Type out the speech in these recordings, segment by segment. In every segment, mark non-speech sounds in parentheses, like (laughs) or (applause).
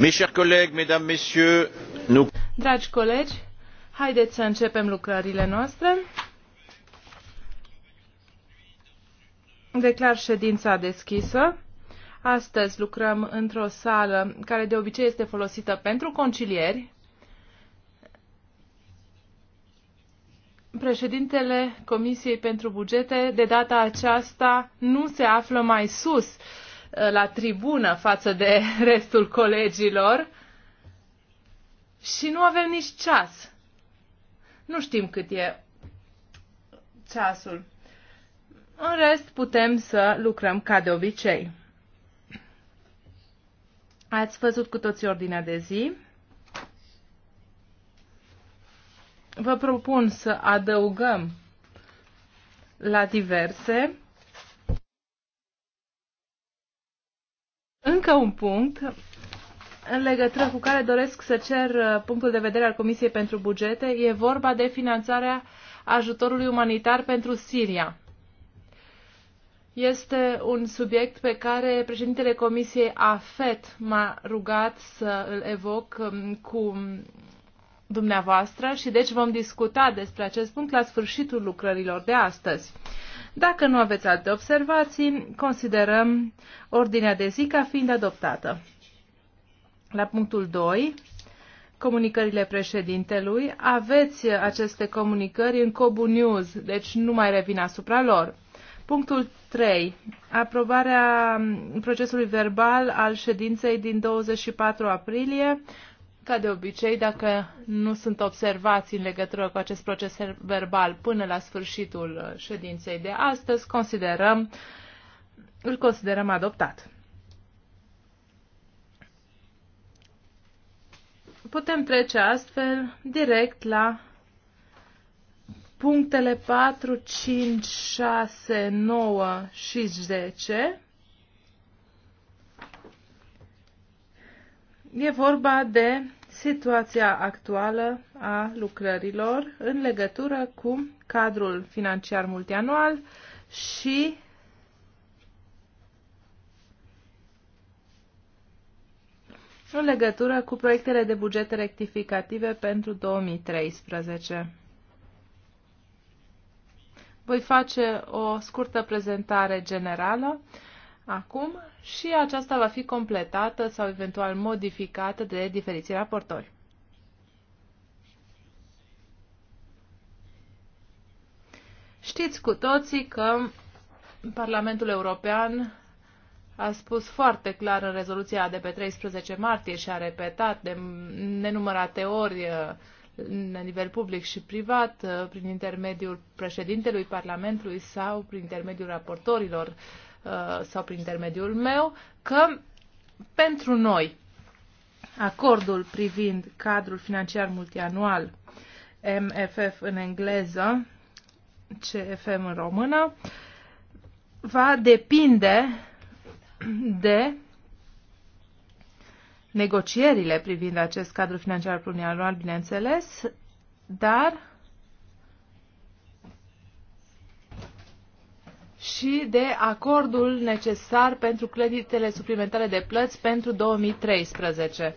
Mes chers collègues, mesdames, messieurs, nous... Dragi colegi, haideți să începem lucrările noastre. Declar ședința deschisă. Astăzi lucrăm într-o sală care de obicei este folosită pentru concilieri, președintele Comisiei pentru Bugete de data aceasta nu se află mai sus uh, la tribună față de (laughs) restul colegilor și nu avem nici ceas. Nu știm cât e ceasul. În rest, putem să lucrăm ca de obicei. Ați văzut cu toții ordinea de zi. vă propun să adăugăm la diverse încă un punct în legătură cu care doresc să cer uh, punctul de vedere al Comisiei pentru Bugete. E vorba de finanțarea ajutorului umanitar pentru Siria. Este un subiect pe care președintele Comisiei AFET m-a rugat să îl evoc um, cu dumneavoastră și deci vom discuta despre acest punct la sfârșitul lucrărilor de astăzi. Dacă nu aveți alte observații, considerăm ordinea de zi ca fiind adoptată. La punctul 2, comunicările președintelui, aveți aceste comunicări în Cobu News, deci nu mai revin asupra lor. Punctul 3. Aprobarea procesului verbal al ședinței din 24 aprilie ca de obicei, dacă nu sunt observați în legătură cu acest proces verbal până la sfârșitul uh, ședinței de astăzi, considerăm, îl considerăm adoptat. Putem trece astfel direct la punctele 4, 5, 6, 9 și 10. E vorba de situația actuală a lucrărilor în legătură cu cadrul financiar multianual și în legătură cu proiectele de bugete rectificative pentru 2013. Voi face o scurtă prezentare generală acum și aceasta va fi completată sau eventual modificată de diferiții raportori. Știți cu toții că Parlamentul European a spus foarte clar în rezoluția de pe 13 martie și a repetat de nenumărate ori uh, la nivel public și privat, uh, prin intermediul președintelui Parlamentului sau prin intermediul raportorilor Uh, sau prin intermediul meu că pentru noi acordul privind cadrul financiar multianual MFF în engleză, CFM în română, va depinde de negocierile privind acest cadru financiar plurianual, bineînțeles, dar și de acordul necesar pentru creditele suplimentare de plăți pentru 2013.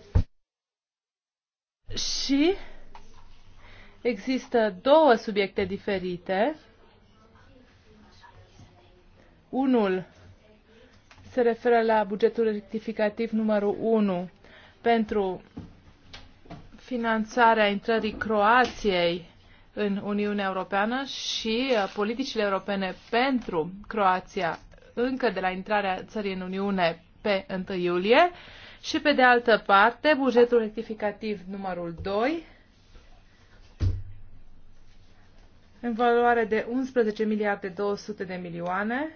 Și există două subiecte diferite. Unul se referă la bugetul rectificativ numărul 1 pentru finanțarea intrării Croației în Uniunea Europeană și uh, politicile europene pentru Croația încă de la intrarea țării în Uniune pe 1 iulie și pe de altă parte bugetul rectificativ numărul 2 în valoare de 11 miliarde 200 de milioane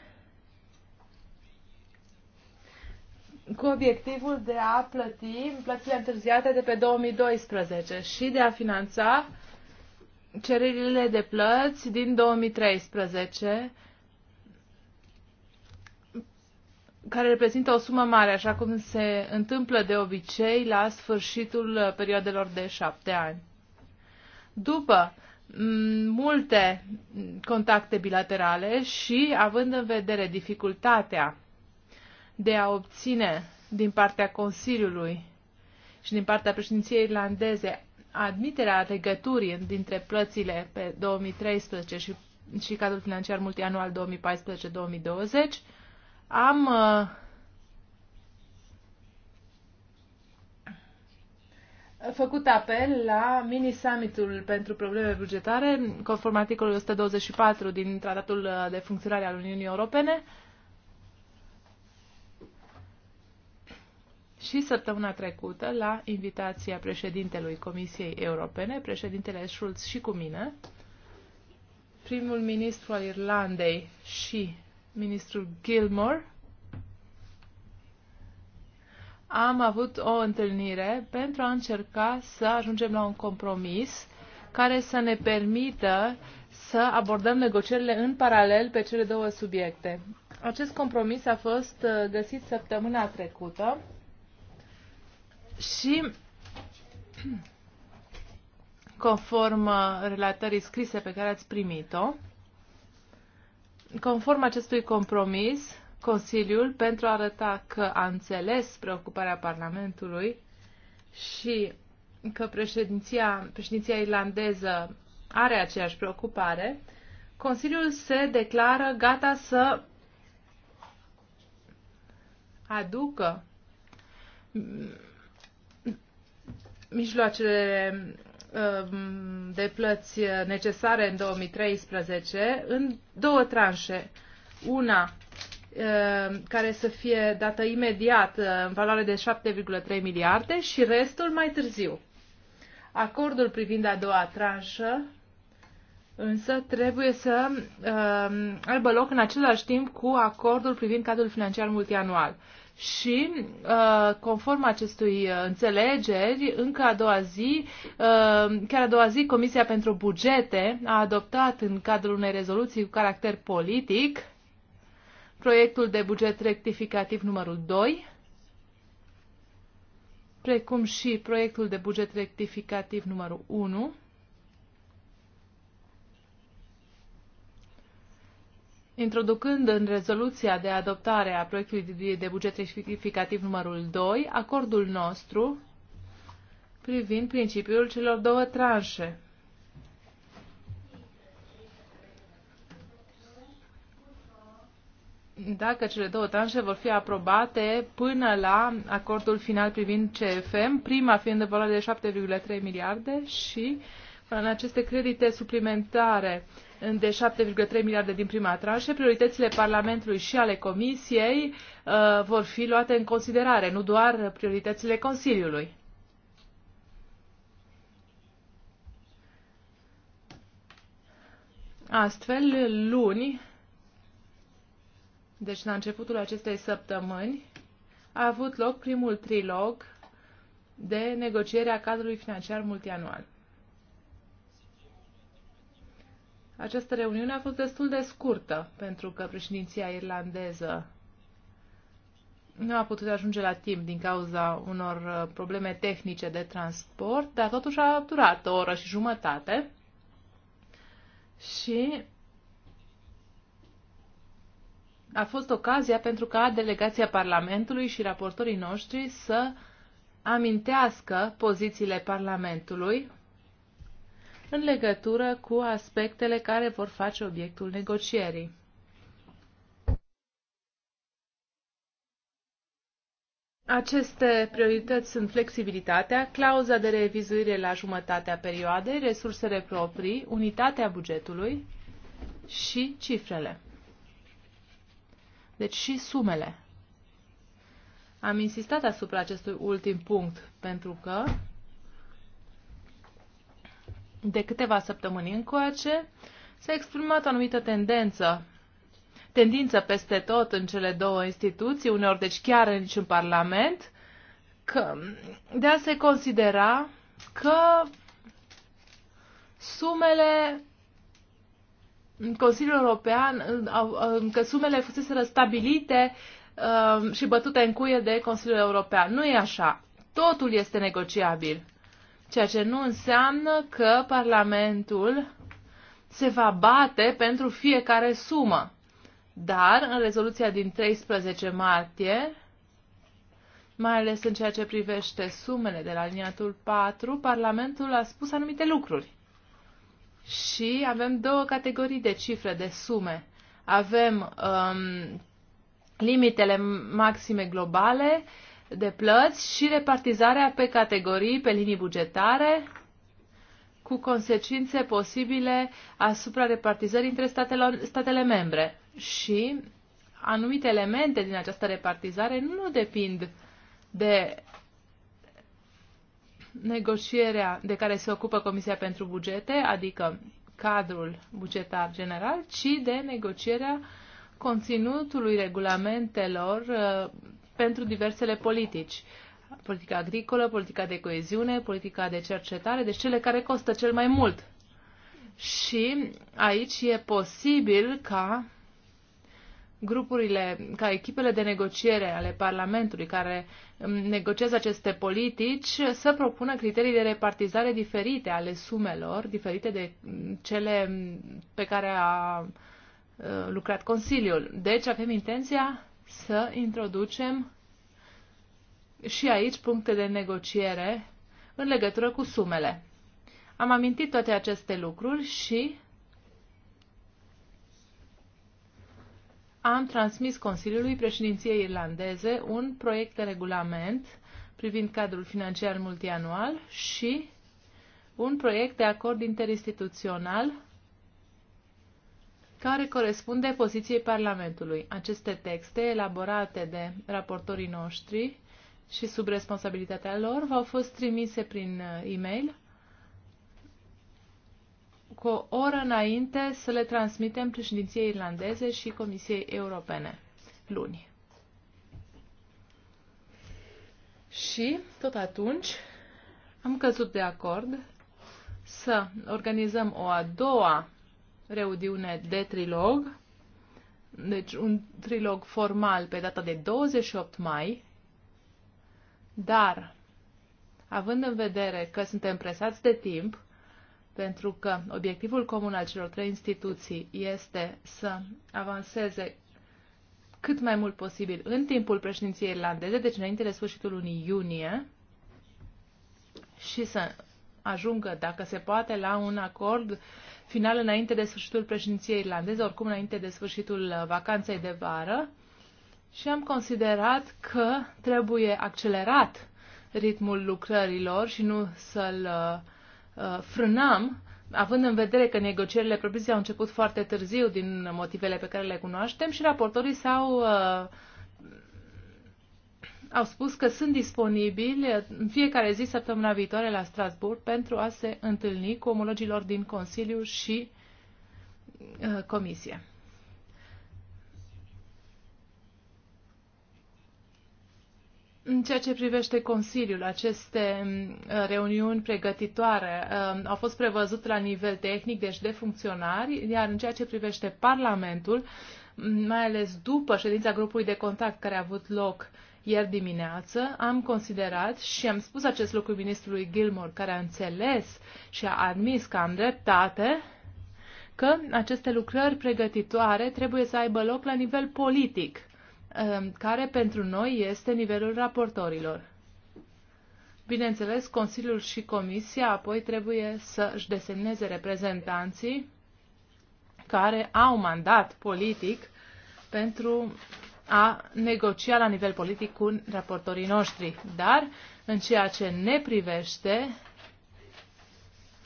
cu obiectivul de a plăti plățile întârziate de pe 2012 și de a finanța uh, cererile de plăți din 2013, care reprezintă o sumă mare, așa cum se întâmplă de obicei la sfârșitul perioadelor de șapte ani. După multe contacte bilaterale și având în vedere dificultatea de a obține din partea Consiliului și din partea președinției irlandeze admiterea legăturii dintre plățile pe 2013 și, și cadrul financiar multianual 2014-2020, am uh, făcut apel la mini-summitul pentru probleme bugetare, conform articolului 124 din Tratatul uh, de Funcționare al Uniunii Europene, uh, Și săptămâna trecută, la invitația președintelui Comisiei Europene, președintele Schulz și cu mine, primul ministru al Irlandei și ministrul Gilmore, am avut o întâlnire pentru a încerca să ajungem la un compromis care să ne permită să abordăm negocierile în paralel pe cele două subiecte. Acest compromis a fost uh, găsit săptămâna trecută și (clears throat) conform uh, relatării scrise pe care ați primit-o, conform acestui compromis, Consiliul, pentru a arăta că a înțeles preocuparea Parlamentului și că președinția, președinția irlandeză are aceeași preocupare, Consiliul se declară gata să aducă mijloacele um, de plăți necesare în 2013 în două tranșe. Una um, care să fie dată imediat uh, în valoare de 7,3 miliarde și restul mai târziu. Acordul privind a doua tranșă însă trebuie să um, aibă loc în același timp cu acordul privind cadrul financiar multianual și, uh, conform acestui uh, înțelegeri, încă a doua zi, uh, chiar a doua zi, Comisia pentru Bugete a adoptat în cadrul unei rezoluții cu caracter politic proiectul de buget rectificativ numărul 2, precum și proiectul de buget rectificativ numărul 1, Introducând în rezoluția de adoptare a proiectului de buget rectificativ numărul 2, acordul nostru privind principiul celor două tranșe. Dacă cele două tranșe vor fi aprobate până la acordul final privind CFM, prima fiind de valoare de 7,3 miliarde și în aceste credite suplimentare de 7,3 miliarde din prima tranșă, prioritățile Parlamentului și ale Comisiei uh, vor fi luate în considerare, nu doar prioritățile Consiliului. Astfel, luni, deci la începutul acestei săptămâni, a avut loc primul trilog de negociere a cadrului financiar multianual. Această reuniune a fost destul de scurtă, pentru că președinția irlandeză nu a putut ajunge la timp din cauza unor uh, probleme tehnice de transport, dar totuși a durat o oră și jumătate. Și a fost ocazia pentru ca delegația Parlamentului și raportorii noștri să amintească pozițiile Parlamentului în legătură cu aspectele care vor face obiectul negocierii. Aceste priorități sunt flexibilitatea, clauza de revizuire la jumătatea perioadei, resursele proprii, unitatea bugetului și cifrele. Deci și sumele. Am insistat asupra acestui ultim punct pentru că de câteva săptămâni încoace, s-a exprimat o anumită tendență tendință peste tot în cele două instituții, uneori deci chiar în niciun parlament, că de a se considera că sumele în Consiliul European, um, că sumele fusese stabilite um, și bătute în cuie de Consiliul European. Nu e așa. Totul este negociabil. Ceea ce nu înseamnă că Parlamentul se va bate pentru fiecare sumă. Dar, în rezoluția din 13 martie, mai ales în ceea ce privește sumele de la liniatul 4, Parlamentul a spus anumite lucruri. Și avem două categorii de cifre, de sume. Avem um, limitele maxime globale de plăți și repartizarea pe categorii, pe linii bugetare, cu consecințe posibile asupra repartizării între statele, statele membre. Și anumite elemente din această repartizare nu depind de negocierea de care se ocupă Comisia pentru Bugete, adică cadrul bugetar general, ci de negocierea conținutului regulamentelor uh, pentru diversele politici. Politica agricolă, politica de coeziune, politica de cercetare, deci cele care costă cel mai mult. Și aici e posibil ca grupurile, ca echipele de negociere ale Parlamentului care mm, negociază aceste politici să propună criterii de repartizare diferite ale sumelor, diferite de mm, cele mm, pe care a uh, lucrat Consiliul. Deci avem intenția să introducem și aici puncte de negociere în legătură cu sumele. Am amintit toate aceste lucruri și am transmis Consiliului Președinției Irlandeze un proiect de regulament privind cadrul financiar multianual și un proiect de acord interinstituțional care corespunde poziției Parlamentului. Aceste texte, elaborate de raportorii noștri și sub responsabilitatea lor, v-au fost trimise prin uh, e-mail cu o oră înainte să le transmitem președinției irlandeze și Comisiei Europene luni. Și tot atunci am căzut de acord să organizăm o a doua reuniune de trilog, deci un trilog formal pe data de 28 mai, dar având în vedere că suntem presați de timp, pentru că obiectivul comun al celor trei instituții este să avanseze cât mai mult posibil în timpul președinției irlandeze, deci înainte de sfârșitul lunii iunie, și să ajungă, dacă se poate, la un acord final înainte de sfârșitul președinției irlandeze, oricum înainte de sfârșitul uh, vacanței de vară și am considerat că trebuie accelerat ritmul lucrărilor și nu să-l uh, uh frânăm, având în vedere că negocierile propriu au început foarte târziu din motivele pe care le cunoaștem și raportorii s-au uh, au spus că sunt disponibili în fiecare zi săptămâna viitoare la Strasburg pentru a se întâlni cu omologilor din Consiliu și uh, Comisie. În ceea ce privește Consiliul, aceste uh, reuniuni pregătitoare uh, au fost prevăzute la nivel tehnic, deci de funcționari, iar în ceea ce privește Parlamentul, mai ales după ședința grupului de contact care a avut loc ieri dimineață, am considerat și am spus acest lucru ministrului Gilmore, care a înțeles și a admis că am dreptate, că aceste lucrări pregătitoare trebuie să aibă loc la nivel politic, um, care pentru noi este nivelul raportorilor. Bineînțeles, Consiliul și Comisia apoi trebuie să și desemneze reprezentanții care au mandat politic pentru a negocia la nivel politic cu raportorii noștri. Dar, în ceea ce ne privește,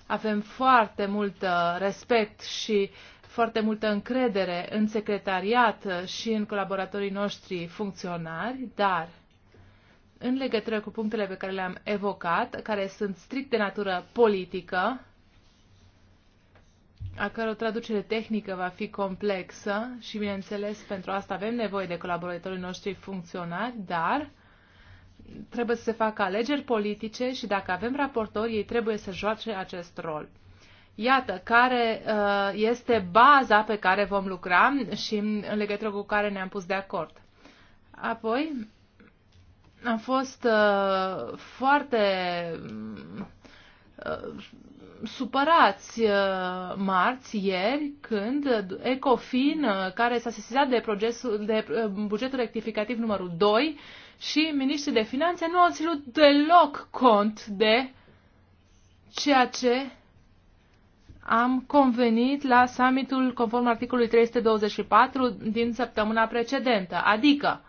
avem foarte mult uh, respect și foarte multă încredere în secretariat uh, și în colaboratorii noștri funcționari, dar în legătură cu punctele pe care le-am evocat, care sunt strict de natură politică, a căror traducere tehnică va fi complexă și, bineînțeles, pentru asta avem nevoie de colaboratorii noștri funcționari, dar trebuie să se facă alegeri politice și dacă avem raportori, ei trebuie să joace acest rol. Iată, care uh, este baza pe care vom lucra și în legătură cu care ne-am pus de acord. Apoi, am fost uh, foarte Uh, supărați uh, marți, ieri, când Ecofin, uh, care s-a sesizat de, procesul, de bugetul rectificativ numărul 2 și ministrii de finanțe nu au ținut deloc cont de ceea ce am convenit la summitul conform articolului 324 din săptămâna precedentă. Adică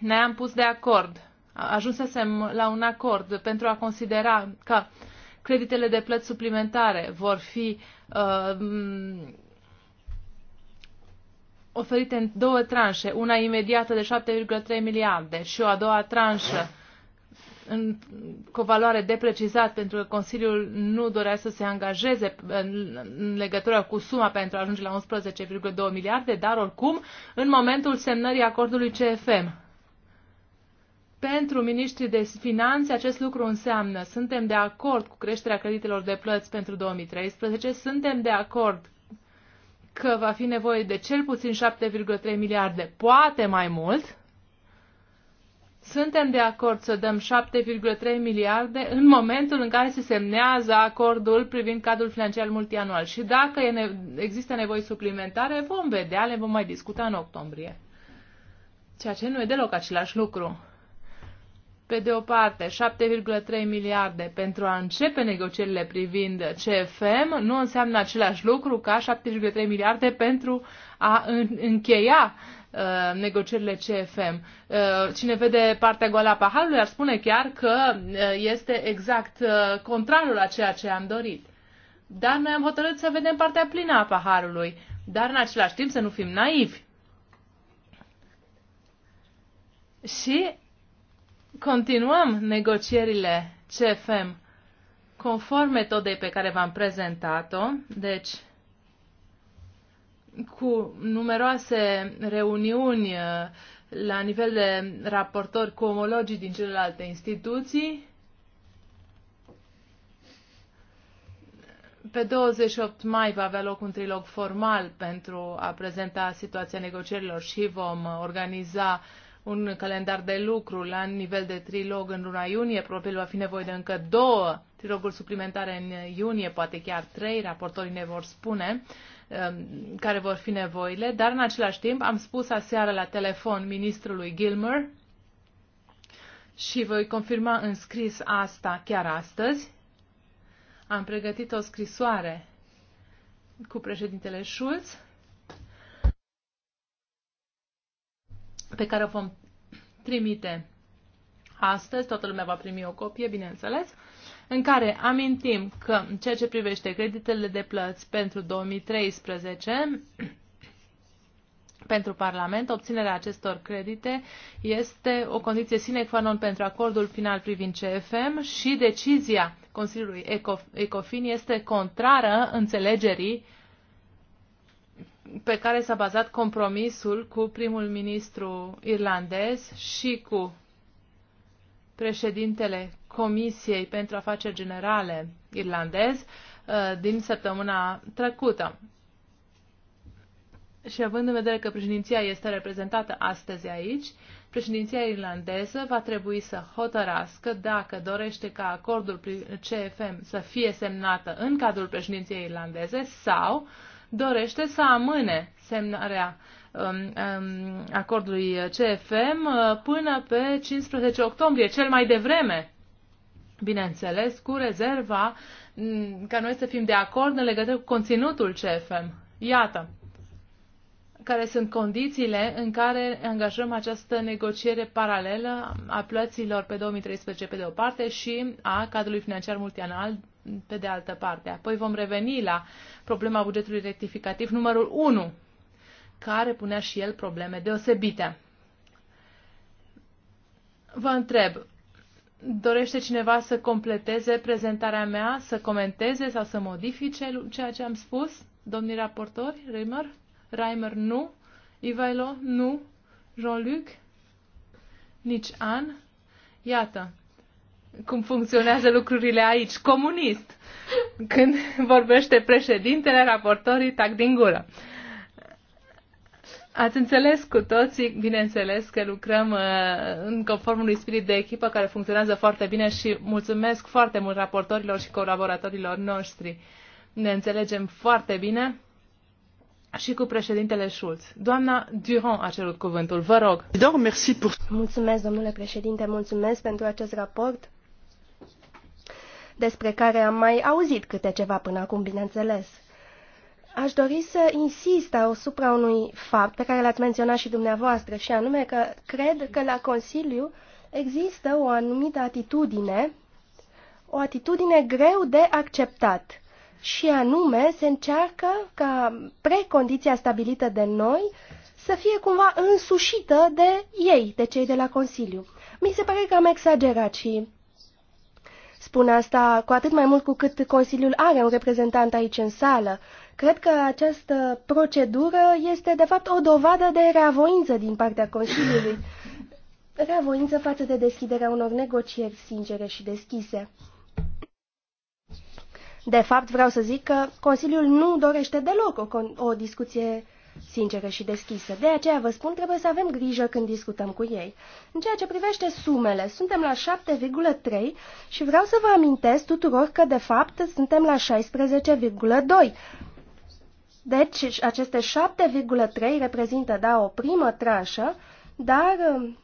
ne-am pus de acord ajunsesem la un acord pentru a considera că creditele de plăți suplimentare vor fi uh, mm, oferite în două tranșe, una imediată de 7,3 miliarde și o a doua tranșă în, cu o valoare deprecizat pentru că Consiliul nu dorea să se angajeze în, în legătură cu suma pentru a ajunge la 11,2 miliarde, dar oricum în momentul semnării acordului CFM pentru ministrii de finanțe acest lucru înseamnă suntem de acord cu creșterea creditelor de plăți pentru 2013, suntem de acord că va fi nevoie de cel puțin 7,3 miliarde, poate mai mult. Suntem de acord să dăm 7,3 miliarde în momentul în care se semnează acordul privind cadrul financiar multianual. Și dacă e ne- există nevoi suplimentare, vom vedea, le vom mai discuta în octombrie. Ceea ce nu e deloc același lucru pe de o parte 7,3 miliarde pentru a începe negocierile privind CFM nu înseamnă același lucru ca 7,3 miliarde pentru a încheia uh, negocierile CFM. Uh, cine vede partea goală a paharului ar spune chiar că uh, este exact uh, contrarul a ceea ce am dorit. Dar noi am hotărât să vedem partea plină a paharului, dar în același timp să nu fim naivi. Și continuăm negocierile CFM conform metodei pe care v-am prezentat-o, deci cu numeroase reuniuni uh, la nivel de raportori cu omologii din celelalte instituții. Pe 28 mai va avea loc un trilog formal pentru a prezenta situația negocierilor și vom organiza uh, un calendar de lucru la nivel de trilog în luna iunie. Probabil va fi nevoie de încă două triloguri suplimentare în iunie, poate chiar trei, raportorii ne vor spune um, care vor fi nevoile, dar în același timp am spus aseară la telefon ministrului Gilmer și voi confirma în scris asta chiar astăzi. Am pregătit o scrisoare cu președintele Schulz pe care o vom trimite astăzi, toată lumea va primi o copie, bineînțeles, în care amintim că în ceea ce privește creditele de plăți pentru 2013, (clears throat) pentru Parlament, obținerea acestor credite este o condiție sine qua non pentru acordul final privind CFM și decizia Consiliului ECOFIN este contrară înțelegerii pe care s-a bazat compromisul cu primul ministru irlandez și cu președintele Comisiei pentru Afaceri Generale irlandez uh, din săptămâna trecută. Și având în vedere că președinția este reprezentată astăzi aici, președinția irlandeză va trebui să hotărască dacă dorește ca acordul CFM să fie semnată în cadrul președinției irlandeze sau uh, dorește să amâne semnarea um, um, acordului CFM uh, până pe 15 octombrie, cel mai devreme, bineînțeles, cu rezerva mm, ca noi să fim de acord în legătură cu conținutul CFM. Iată care sunt condițiile în care angajăm această negociere paralelă a plăților pe 2013 pe de o parte și a cadrului financiar multianual pe de altă parte. Apoi vom reveni la problema bugetului rectificativ numărul 1, care punea și el probleme deosebite. Vă întreb, dorește cineva să completeze prezentarea mea, să comenteze sau să modifice ceea ce am spus? Domnii raportori, Reimer? Reimer, nu. Ivailo, nu. Jean-Luc? Nici An? Iată, cum funcționează lucrurile aici, comunist, când vorbește președintele, raportorii tac din gură. Ați înțeles cu toții, bineînțeles, că lucrăm uh, în conform unui spirit de echipă care funcționează foarte bine și mulțumesc foarte mult raportorilor și colaboratorilor noștri. Ne înțelegem foarte bine și cu președintele Schulz. Doamna Durand a cerut cuvântul. Vă rog. Mulțumesc, domnule președinte, mulțumesc pentru acest raport despre care am mai auzit câte ceva până acum, bineînțeles. Aș dori să insist asupra unui fapt pe care l-ați menționat și dumneavoastră, și anume că cred că la Consiliu există o anumită atitudine, o atitudine greu de acceptat. Și anume, se încearcă ca precondiția stabilită de noi să fie cumva însușită de ei, de cei de la Consiliu. Mi se pare că am exagerat și Spun asta cu atât mai mult cu cât Consiliul are un reprezentant aici în sală. Cred că această procedură este, de fapt, o dovadă de reavoință din partea Consiliului. (coughs) Reavoință față de deschiderea unor negocieri sincere și deschise. De fapt, vreau să zic că Consiliul nu dorește deloc o, o discuție sinceră și deschisă. De aceea vă spun, trebuie să avem grijă când discutăm cu ei. În ceea ce privește sumele, suntem la 7,3 și vreau să vă amintesc tuturor că, de fapt, suntem la 16,2. Deci, aceste 7,3 reprezintă, da, o primă tranșă, dar um,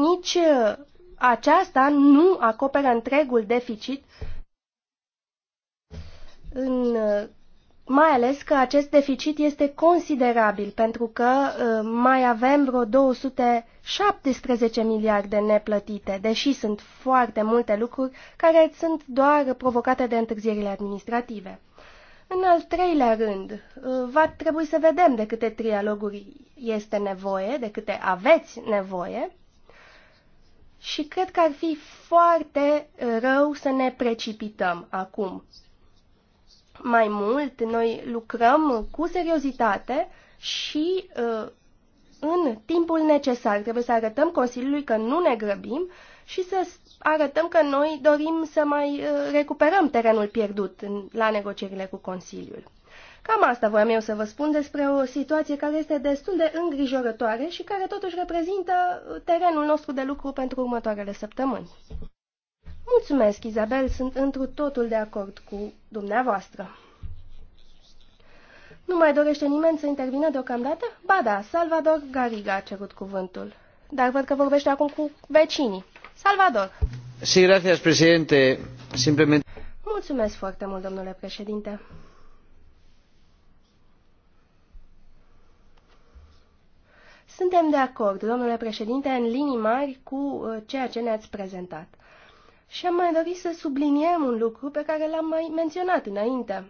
nici uh, aceasta nu acoperă întregul deficit în uh, mai ales că acest deficit este considerabil, pentru că uh, mai avem vreo 217 miliarde neplătite, deși sunt foarte multe lucruri care sunt doar provocate de întârzierile administrative. În al treilea rând, uh, va trebui să vedem de câte trialoguri este nevoie, de câte aveți nevoie, și cred că ar fi foarte uh, rău să ne precipităm acum, mai mult, noi lucrăm cu seriozitate și uh, în timpul necesar. Trebuie să arătăm Consiliului că nu ne grăbim și să arătăm că noi dorim să mai uh, recuperăm terenul pierdut la negocierile cu Consiliul. Cam asta voiam eu să vă spun despre o situație care este destul de îngrijorătoare și care totuși reprezintă uh, terenul nostru de lucru pentru următoarele săptămâni. Mulțumesc, Izabel, sunt întru totul de acord cu dumneavoastră. Nu mai dorește nimeni să intervină deocamdată? Ba da, Salvador Gariga a cerut cuvântul. Dar văd că vorbește acum cu vecinii. Salvador. Si, gracias, presidente. Simplemente... Mulțumesc foarte mult, domnule președinte. Suntem de acord, domnule președinte, în linii mari cu uh, ceea ce ne-ați prezentat. Și am mai dorit să subliniem un lucru pe care l-am mai menționat înainte.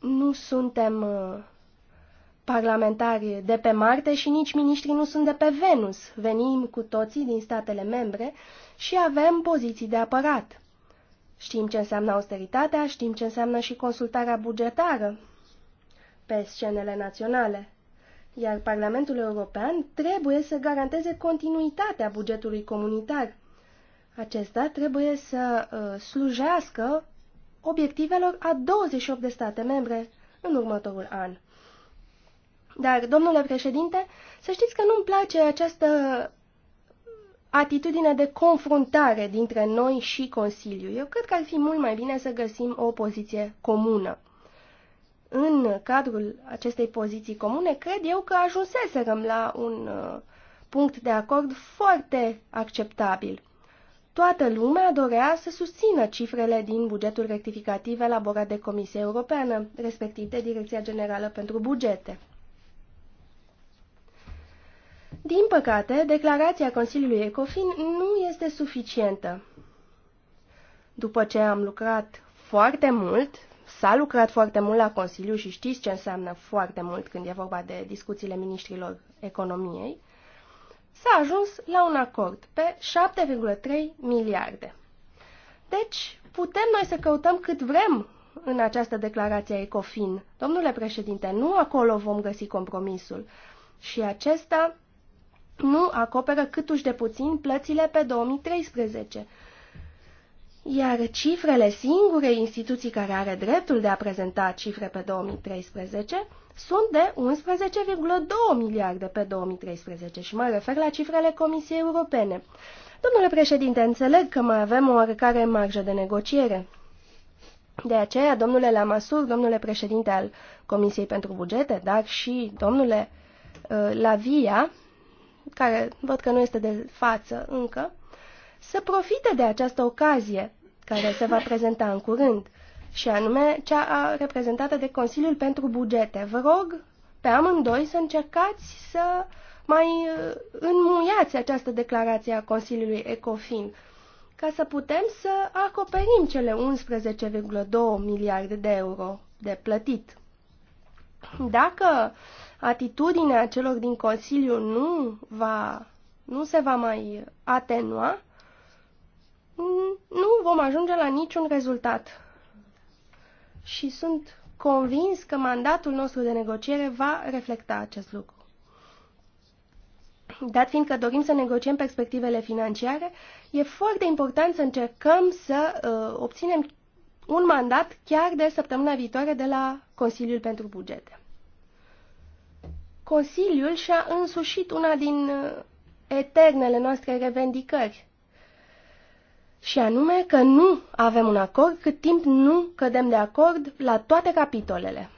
Nu suntem uh, parlamentari de pe Marte și nici miniștrii nu sunt de pe Venus. Venim cu toții din statele membre și avem poziții de apărat. Știm ce înseamnă austeritatea, știm ce înseamnă și consultarea bugetară pe scenele naționale iar Parlamentul European trebuie să garanteze continuitatea bugetului comunitar. Acesta trebuie să uh, slujească obiectivelor a 28 de state membre în următorul an. Dar, domnule președinte, să știți că nu-mi place această atitudine de confruntare dintre noi și Consiliu. Eu cred că ar fi mult mai bine să găsim o poziție comună în cadrul acestei poziții comune, cred eu că ajunseserăm la un uh, punct de acord foarte acceptabil. Toată lumea dorea să susțină cifrele din bugetul rectificativ elaborat de Comisia Europeană, respectiv de Direcția Generală pentru Bugete. Din păcate, declarația Consiliului Ecofin nu este suficientă. După ce am lucrat foarte mult S-a lucrat foarte mult la Consiliu și știți ce înseamnă foarte mult când e vorba de discuțiile ministrilor economiei. S-a ajuns la un acord pe 7,3 miliarde. Deci, putem noi să căutăm cât vrem în această declarație a ECOFIN. Domnule președinte, nu acolo vom găsi compromisul. Și acesta nu acoperă câtuși de puțin plățile pe 2013. Iar cifrele singurei instituții care are dreptul de a prezenta cifre pe 2013 sunt de 11,2 miliarde pe 2013 și mă refer la cifrele Comisiei Europene. Domnule președinte, înțeleg că mai avem o oarecare marjă de negociere. De aceea, domnule Lamasur, domnule președinte al Comisiei pentru Bugete, dar și domnule uh, Lavia, care văd că nu este de față încă, să profite de această ocazie care se va prezenta în curând, și anume cea reprezentată de Consiliul pentru Bugete. Vă rog pe amândoi să încercați să mai uh, înmuiați această declarație a Consiliului ECOFIN ca să putem să acoperim cele 11,2 miliarde de euro de plătit. Dacă atitudinea celor din Consiliu nu, va, nu se va mai atenua, Mm, nu vom ajunge la niciun rezultat. Și sunt convins că mandatul nostru de negociere va reflecta acest lucru. Dat fiind că dorim să negociem perspectivele financiare, e foarte important să încercăm să uh, obținem un mandat chiar de săptămâna viitoare de la Consiliul pentru Bugete. Consiliul și-a însușit una din uh, eternele noastre revendicări, și anume că nu avem un acord cât timp nu cădem de acord la toate capitolele.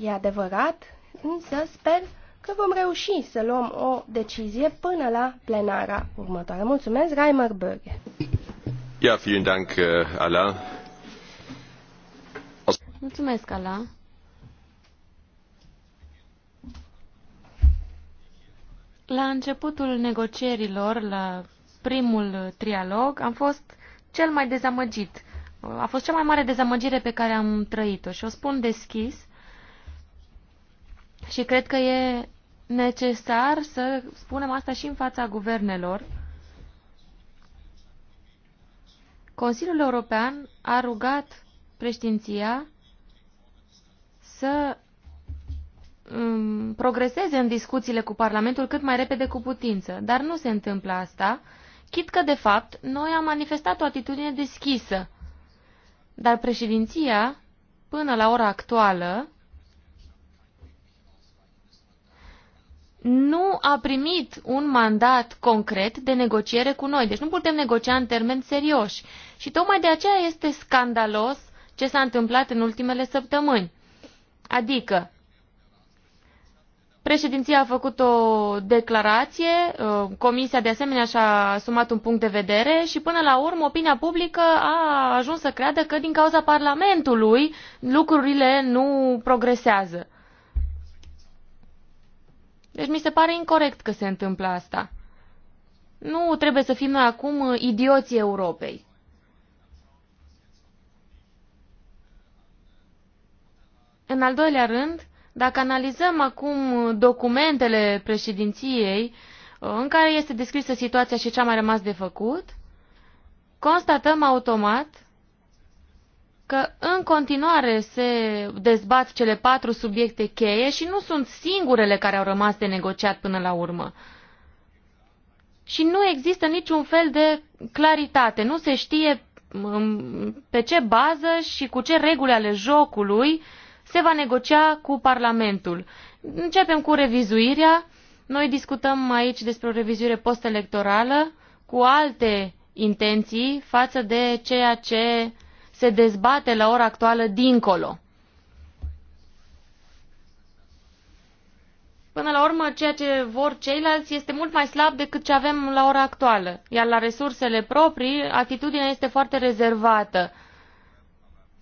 E adevărat, însă sper că vom reuși să luăm o decizie până la plenara următoare. Mulțumesc, Reimer Böge. Ja, vielen Dank, eh, Ala. Mulțumesc, Ala. La începutul negocierilor la primul uh, trialog am fost cel mai dezamăgit. Uh, a fost cea mai mare dezamăgire pe care am trăit-o și o spun deschis și cred că e necesar să spunem asta și în fața guvernelor. Consiliul European a rugat preștinția să um, progreseze în discuțiile cu Parlamentul cât mai repede cu putință, dar nu se întâmplă asta Chit că, de fapt, noi am manifestat o atitudine deschisă, dar președinția, până la ora actuală, nu a primit un mandat concret de negociere cu noi. Deci nu putem negocia în termeni serioși. Și tocmai de aceea este scandalos ce s-a întâmplat în ultimele săptămâni. Adică, Președinția a făcut o declarație, uh, comisia de asemenea și-a asumat un punct de vedere și până la urmă opinia publică a ajuns să creadă că din cauza Parlamentului lucrurile nu progresează. Deci mi se pare incorrect că se întâmplă asta. Nu trebuie să fim noi acum idioții Europei. În al doilea rând, dacă analizăm acum documentele președinției uh, în care este descrisă situația și ce a mai rămas de făcut, constatăm automat că în continuare se dezbat cele patru subiecte cheie și nu sunt singurele care au rămas de negociat până la urmă. Și nu există niciun fel de claritate, nu se știe um, pe ce bază și cu ce reguli ale jocului uh, se va negocia cu Parlamentul. Începem cu revizuirea. Noi discutăm aici despre o revizuire postelectorală cu alte intenții față de ceea ce se dezbate la ora actuală dincolo. Până la urmă, ceea ce vor ceilalți este mult mai slab decât ce avem la ora actuală, iar la resursele proprii, atitudinea este foarte rezervată.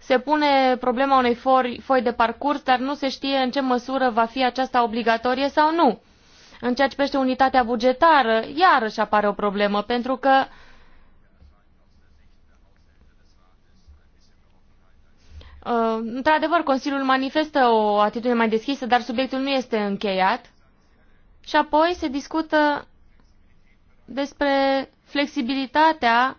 Se pune problema unei foi, foi de parcurs, dar nu se știe în ce măsură va fi aceasta obligatorie sau nu. În ceea ce privește unitatea bugetară, iarăși apare o problemă, pentru că uh, într-adevăr, Consiliul manifestă o atitudine mai deschisă, dar subiectul nu este încheiat. Și apoi se discută despre flexibilitatea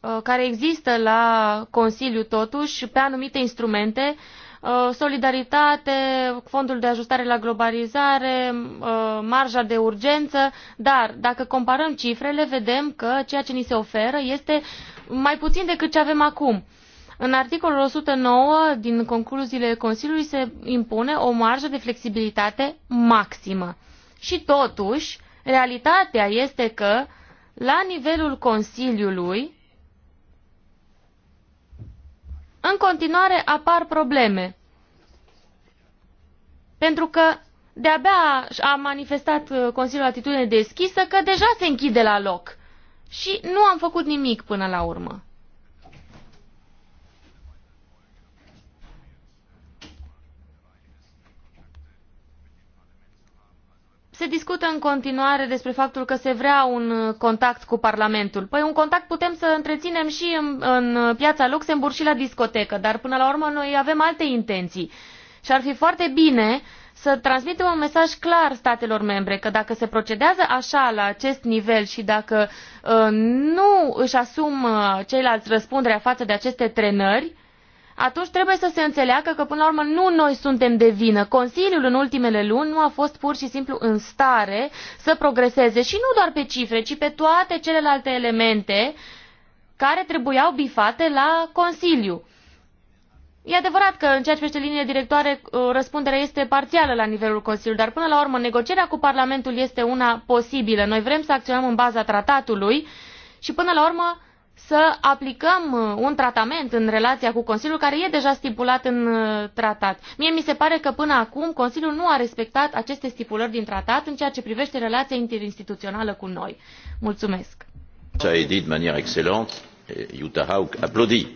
Uh, care există la Consiliu totuși pe anumite instrumente, uh, solidaritate, fondul de ajustare la globalizare, uh, marja de urgență, dar dacă comparăm cifrele, vedem că ceea ce ni se oferă este mai puțin decât ce avem acum. În articolul 109 din concluziile Consiliului se impune o marjă de flexibilitate maximă. Și totuși, realitatea este că, la nivelul Consiliului, în continuare apar probleme. Pentru că de-abia a manifestat uh, Consiliul Atitudine Deschisă că deja se închide la loc. Și nu am făcut nimic până la urmă. Se discută în continuare despre faptul că se vrea un contact cu Parlamentul. Păi un contact putem să întreținem și în, în piața Luxemburg și la discotecă, dar până la urmă noi avem alte intenții. Și ar fi foarte bine să transmitem un mesaj clar statelor membre că dacă se procedează așa la acest nivel și dacă uh, nu își asumă ceilalți răspunderea față de aceste trenări, uh, atunci trebuie să se înțeleagă că, până la urmă, nu noi suntem de vină. Consiliul în ultimele luni nu a fost pur și simplu în stare să progreseze și nu doar pe cifre, ci pe toate celelalte elemente care trebuiau bifate la Consiliu. E adevărat că în ceea ce privește linie directoare uh, răspunderea este parțială la nivelul Consiliului, dar până la urmă negocierea cu Parlamentul este una posibilă. Noi vrem să acționăm în baza tratatului și până la urmă să aplicăm uh, un tratament în relația cu Consiliul care e deja stipulat în uh, tratat. Mie mi se pare că până acum Consiliul nu a respectat aceste stipulări din tratat în ceea ce privește relația interinstituțională cu noi. Mulțumesc! Utah Hawk aplaudi.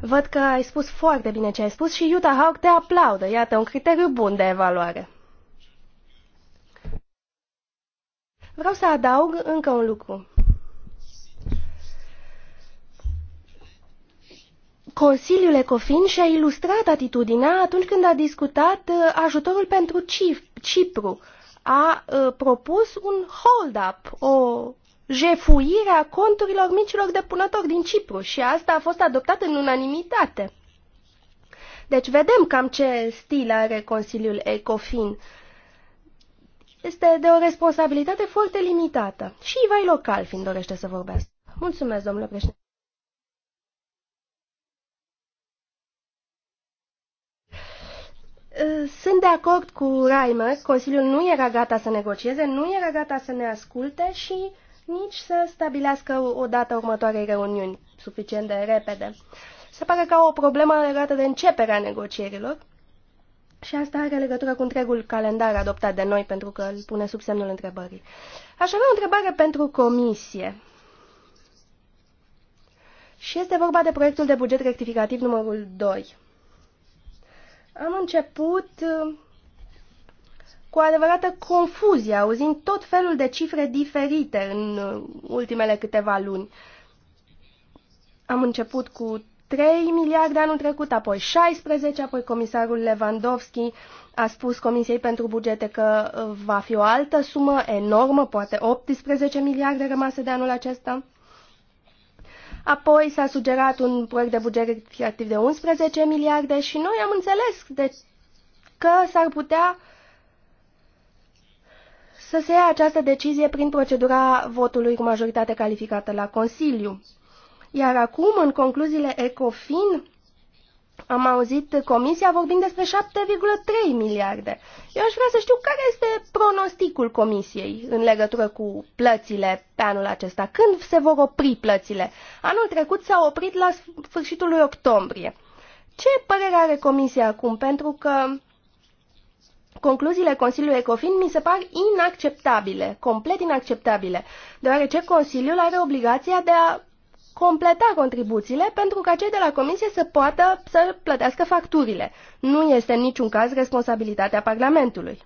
Văd că ai spus foarte bine ce ai spus și Utah Hawk te aplaudă. Iată, un criteriu bun de evaluare. Vreau să adaug încă un lucru. Consiliul Ecofin și-a ilustrat atitudinea atunci când a discutat uh, ajutorul pentru Cipru. A uh, propus un hold-up, o jefuire a conturilor micilor depunători din Cipru și asta a fost adoptat în unanimitate. Deci vedem cam ce stil are Consiliul Ecofin. Este de o responsabilitate foarte limitată. Și Ivai Local, fiind dorește să vorbească. Mulțumesc, domnule președinte. Ă, sunt de acord cu Reimer, Consiliul nu era gata să negocieze, nu era gata să ne asculte și nici să stabilească o dată următoarei reuniuni suficient de repede. Se pare ca o problemă legată de începerea negocierilor și asta are legătură cu întregul calendar adoptat de noi pentru că îl pune sub semnul întrebării. Aș avea o întrebare pentru comisie. Și este vorba de proiectul de buget rectificativ numărul 2 am început uh, cu adevărată confuzie, auzind tot felul de cifre diferite în uh, ultimele câteva luni. Am început cu 3 miliarde anul trecut, apoi 16, apoi comisarul Lewandowski a spus Comisiei pentru Bugete că uh, va fi o altă sumă enormă, poate 18 miliarde rămase de anul acesta. Apoi s-a sugerat un proiect de buget activ de 11 miliarde și noi am înțeles de că s-ar putea să se ia această decizie prin procedura votului cu majoritate calificată la Consiliu. Iar acum, în concluziile ECOFIN, am auzit comisia vorbind despre 7,3 miliarde. Eu aș vrea să știu care este pronosticul comisiei în legătură cu plățile pe anul acesta. Când se vor opri plățile? Anul trecut s-au oprit la sfârșitul lui octombrie. Ce părere are comisia acum? Pentru că concluziile Consiliului Ecofin mi se par inacceptabile, complet inacceptabile, deoarece Consiliul are obligația de a completa contribuțiile pentru ca cei de la comisie să poată să plătească facturile. Nu este în niciun caz responsabilitatea Parlamentului.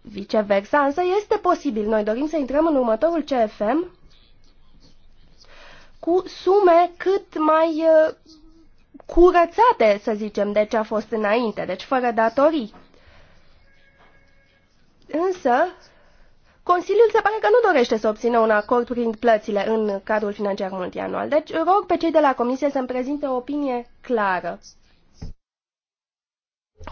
Viceversa, însă, este posibil. Noi dorim să intrăm în următorul CFM cu sume cât mai uh, curățate, să zicem, de ce a fost înainte, deci fără datorii. Însă, Consiliul se pare că nu dorește să obțină un acord privind plățile în cadrul financiar multianual, deci rog pe cei de la Comisie să-mi prezinte o opinie clară.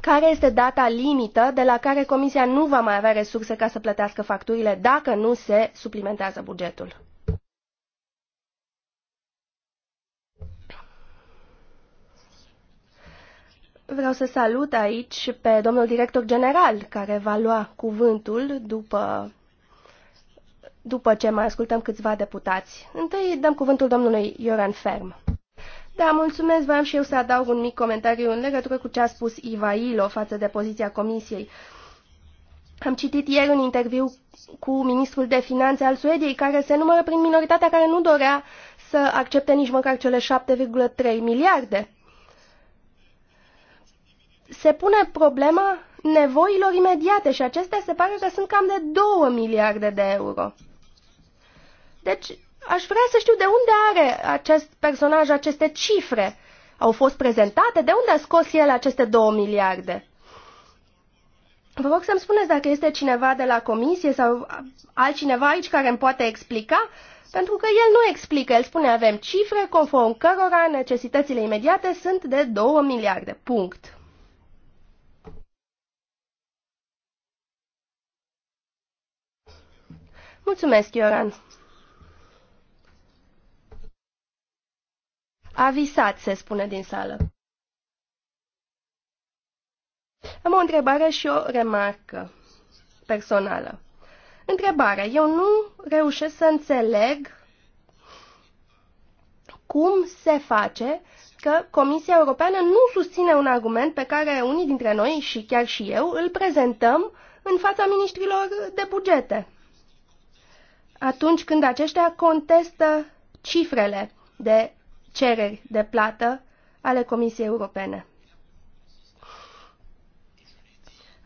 Care este data limită de la care Comisia nu va mai avea resurse ca să plătească facturile dacă nu se suplimentează bugetul? Vreau să salut aici pe domnul director general care va lua cuvântul după după ce mai ascultăm câțiva deputați. Întâi dăm cuvântul domnului Ioran Ferm. Da, mulțumesc, voiam și eu să adaug un mic comentariu în legătură cu ce a spus Ilo față de poziția Comisiei. Am citit ieri un interviu cu ministrul de finanțe al Suediei, care se numără prin minoritatea care nu dorea să accepte nici măcar cele 7,3 miliarde. Se pune problema nevoilor imediate și acestea se pare că sunt cam de 2 miliarde de euro. Deci, aș vrea să știu de unde are acest personaj aceste cifre. Au fost prezentate? De unde a scos el aceste două miliarde? Vă rog să-mi spuneți dacă este cineva de la comisie sau altcineva aici care îmi poate explica, pentru că el nu explică. El spune avem cifre conform cărora necesitățile imediate sunt de 2 miliarde. Punct. Mulțumesc, Ioran. Avisat, se spune din sală. Am o întrebare și o remarcă personală. Întrebare. Eu nu reușesc să înțeleg cum se face că Comisia Europeană nu susține un argument pe care unii dintre noi, și chiar și eu, îl prezentăm în fața ministrilor de bugete. Atunci când aceștia contestă cifrele de cereri de plată ale Comisiei Europene.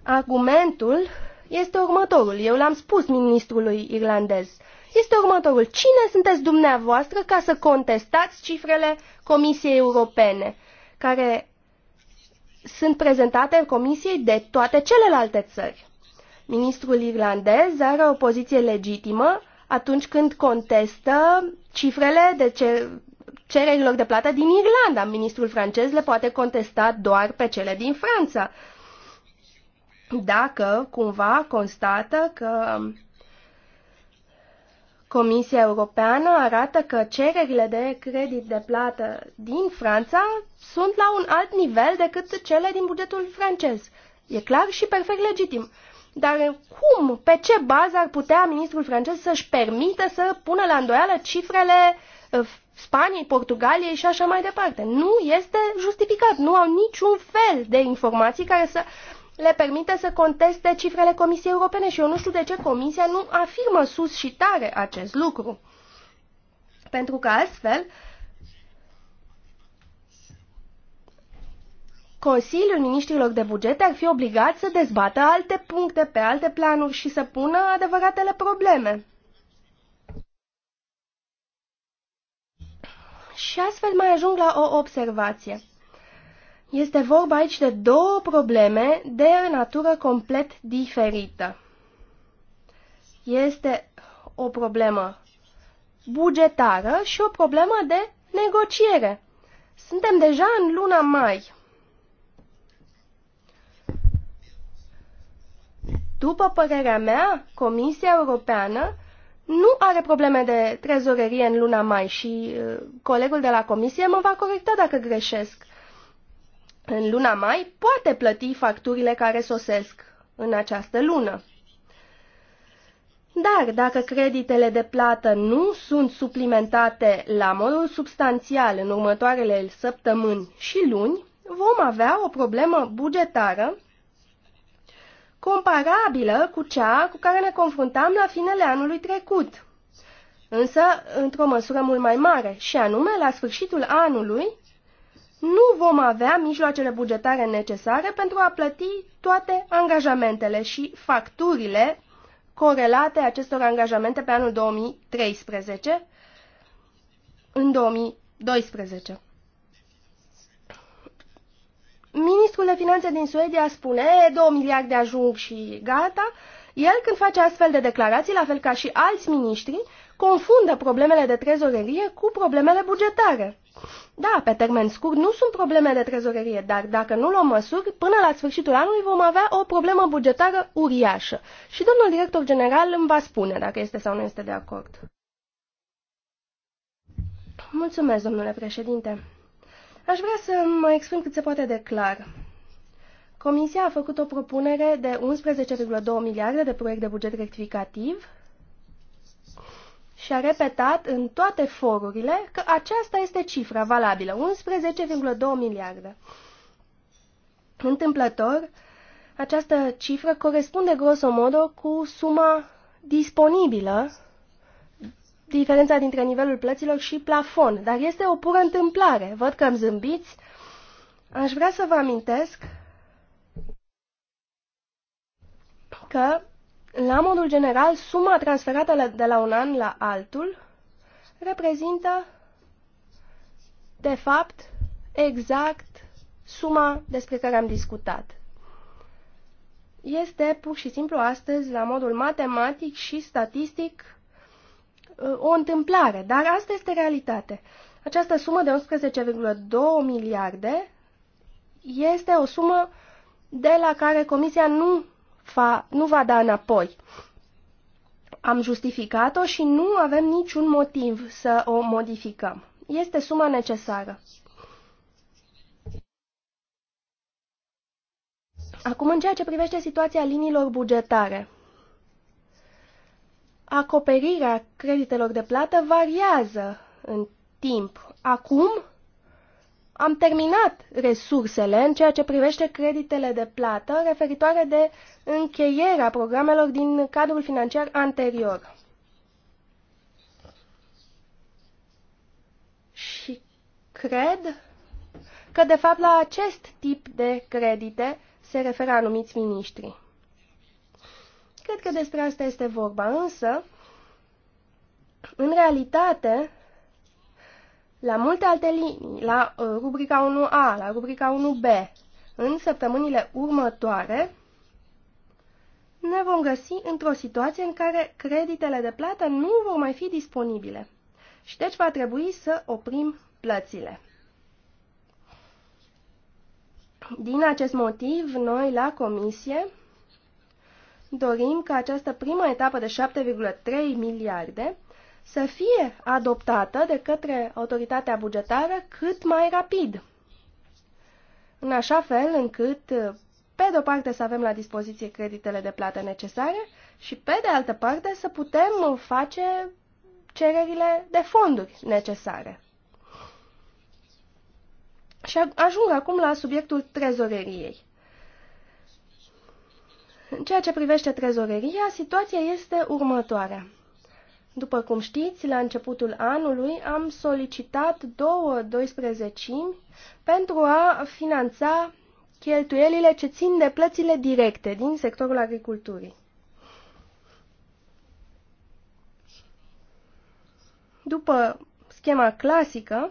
Argumentul este următorul. Eu l-am spus ministrului irlandez. Este următorul. Cine sunteți dumneavoastră ca să contestați cifrele Comisiei Europene, care sunt prezentate în Comisiei de toate celelalte țări? Ministrul irlandez are o poziție legitimă atunci când contestă cifrele de ce cererilor de plată din Irlanda. Ministrul francez le poate contesta doar pe cele din Franța. Dacă cumva constată că Comisia Europeană arată că cererile de credit de plată din Franța sunt la un alt nivel decât cele din bugetul francez. E clar și perfect legitim. Dar cum, pe ce bază ar putea ministrul francez să-și permită să pună la îndoială cifrele eh, Spaniei, Portugaliei și așa mai departe. Nu este justificat. Nu au niciun fel de informații care să le permite să conteste cifrele Comisiei Europene și eu nu știu de ce Comisia nu afirmă sus și tare acest lucru. Pentru că astfel Consiliul Ministrilor de Bugete ar fi obligat să dezbată alte puncte pe alte planuri și să pună adevăratele probleme. Și astfel mai ajung la o observație. Este vorba aici de două probleme de natură complet diferită. Este o problemă bugetară și o problemă de negociere. Suntem deja în luna mai. După părerea mea, Comisia Europeană nu are probleme de trezorerie în luna mai și uh, colegul de la comisie mă va corecta dacă greșesc. În luna mai poate plăti facturile care sosesc în această lună. Dar dacă creditele de plată nu sunt suplimentate la modul substanțial în următoarele săptămâni și luni, vom avea o problemă bugetară comparabilă cu cea cu care ne confruntam la finele anului trecut, însă într-o măsură mult mai mare, și anume, la sfârșitul anului, nu vom avea mijloacele bugetare necesare pentru a plăti toate angajamentele și facturile corelate acestor angajamente pe anul 2013 în 2012. Ministrul de Finanțe din Suedia spune 2 miliarde ajung și gata. El, când face astfel de declarații, la fel ca și alți miniștri, confundă problemele de trezorerie cu problemele bugetare. Da, pe termen scurt nu sunt probleme de trezorerie, dar dacă nu luăm măsuri, până la sfârșitul anului vom avea o problemă bugetară uriașă. Și domnul director general îmi va spune dacă este sau nu este de acord. Mulțumesc, domnule președinte. Aș vrea să mă exprim cât se poate de clar. Comisia a făcut o propunere de 11,2 miliarde de proiect de buget rectificativ și a repetat în toate forurile că aceasta este cifra valabilă, 11,2 miliarde. Întâmplător, această cifră corespunde grosomodo cu suma disponibilă diferența dintre nivelul plăților și plafon, dar este o pură întâmplare. Văd că îmi zâmbiți. Aș vrea să vă amintesc că, la modul general, suma transferată de la un an la altul reprezintă, de fapt, exact suma despre care am discutat. Este pur și simplu astăzi, la modul matematic și statistic, Uh, o întâmplare, dar asta este realitatea. Această sumă de 11,2 miliarde este o sumă de la care Comisia nu, fa, nu va da înapoi. Am justificat-o și nu avem niciun motiv să o modificăm. Este suma necesară. Acum, în ceea ce privește situația liniilor bugetare, acoperirea creditelor de plată variază în timp. Acum am terminat resursele în ceea ce privește creditele de plată referitoare de încheierea programelor din cadrul financiar anterior. Și cred că, de fapt, la acest tip de credite se referă anumiți miniștri. Cred că despre asta este vorba, însă, în realitate, la multe alte linii, la uh, rubrica 1A, la rubrica 1B, în săptămânile următoare, ne vom găsi într-o situație în care creditele de plată nu vor mai fi disponibile și deci va trebui să oprim plățile. Din acest motiv, noi la comisie dorim ca această primă etapă de 7,3 miliarde să fie adoptată de către autoritatea bugetară cât mai rapid, în așa fel încât, pe de o parte, să avem la dispoziție creditele de plată necesare și, pe de altă parte, să putem face cererile de fonduri necesare. Și ajung acum la subiectul trezoreriei. În ceea ce privește trezoreria, situația este următoarea. După cum știți, la începutul anului am solicitat două 12 pentru a finanța cheltuielile ce țin de plățile directe din sectorul agriculturii. După schema clasică,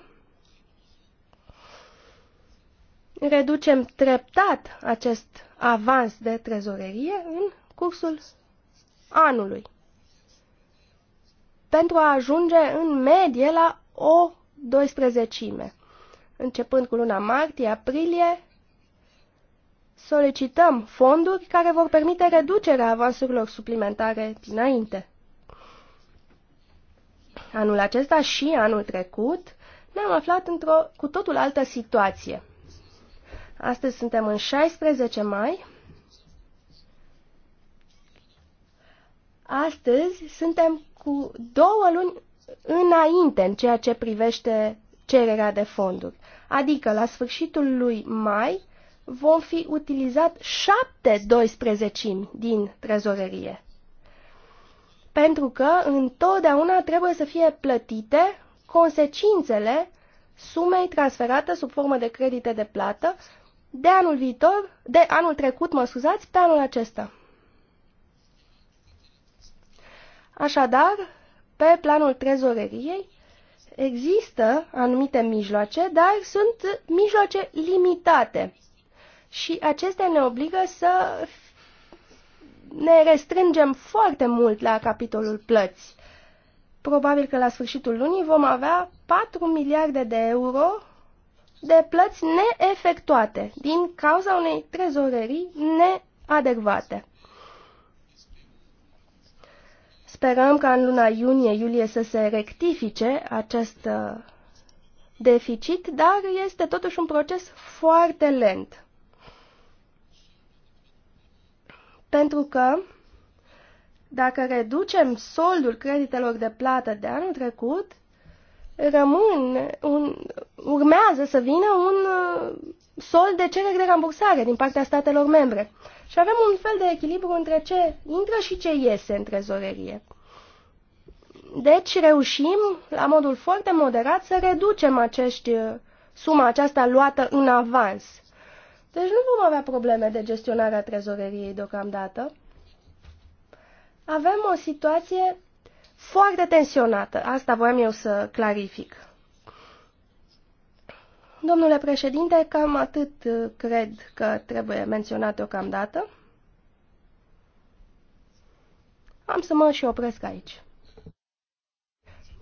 reducem treptat acest avans de trezorerie în cursul anului. Pentru a ajunge în medie la o doisprezecime. Începând cu luna martie-aprilie, solicităm fonduri care vor permite reducerea avansurilor suplimentare dinainte. Anul acesta și anul trecut ne-am aflat într-o cu totul altă situație. Astăzi suntem în 16 mai. Astăzi suntem cu două luni înainte în ceea ce privește cererea de fonduri. Adică la sfârșitul lui mai vom fi utilizat 7 doisprezecimi din trezorerie. Pentru că întotdeauna trebuie să fie plătite consecințele sumei transferate sub formă de credite de plată de anul viitor, de anul trecut, mă scuzați, pe anul acesta. Așadar, pe planul trezoreriei există anumite mijloace, dar sunt mijloace limitate. Și acestea ne obligă să ne restrângem foarte mult la capitolul plăți. Probabil că la sfârșitul lunii vom avea 4 miliarde de euro de plăți neefectuate din cauza unei trezorerii neadecvate. Sperăm ca în luna iunie-iulie să se rectifice acest uh, deficit, dar este totuși un proces foarte lent. Pentru că dacă reducem soldul creditelor de plată de anul trecut, rămân, un, urmează să vină un uh, sol de cereri de rambursare din partea statelor membre. Și avem un fel de echilibru între ce intră și ce iese în trezorerie. Deci reușim, la modul foarte moderat, să reducem acești, uh, suma aceasta luată în avans. Deci nu vom avea probleme de gestionare a trezoreriei deocamdată. Avem o situație foarte tensionată. Asta voiam eu să clarific. Domnule președinte, cam atât uh, cred că trebuie menționat deocamdată. Am să mă și opresc aici.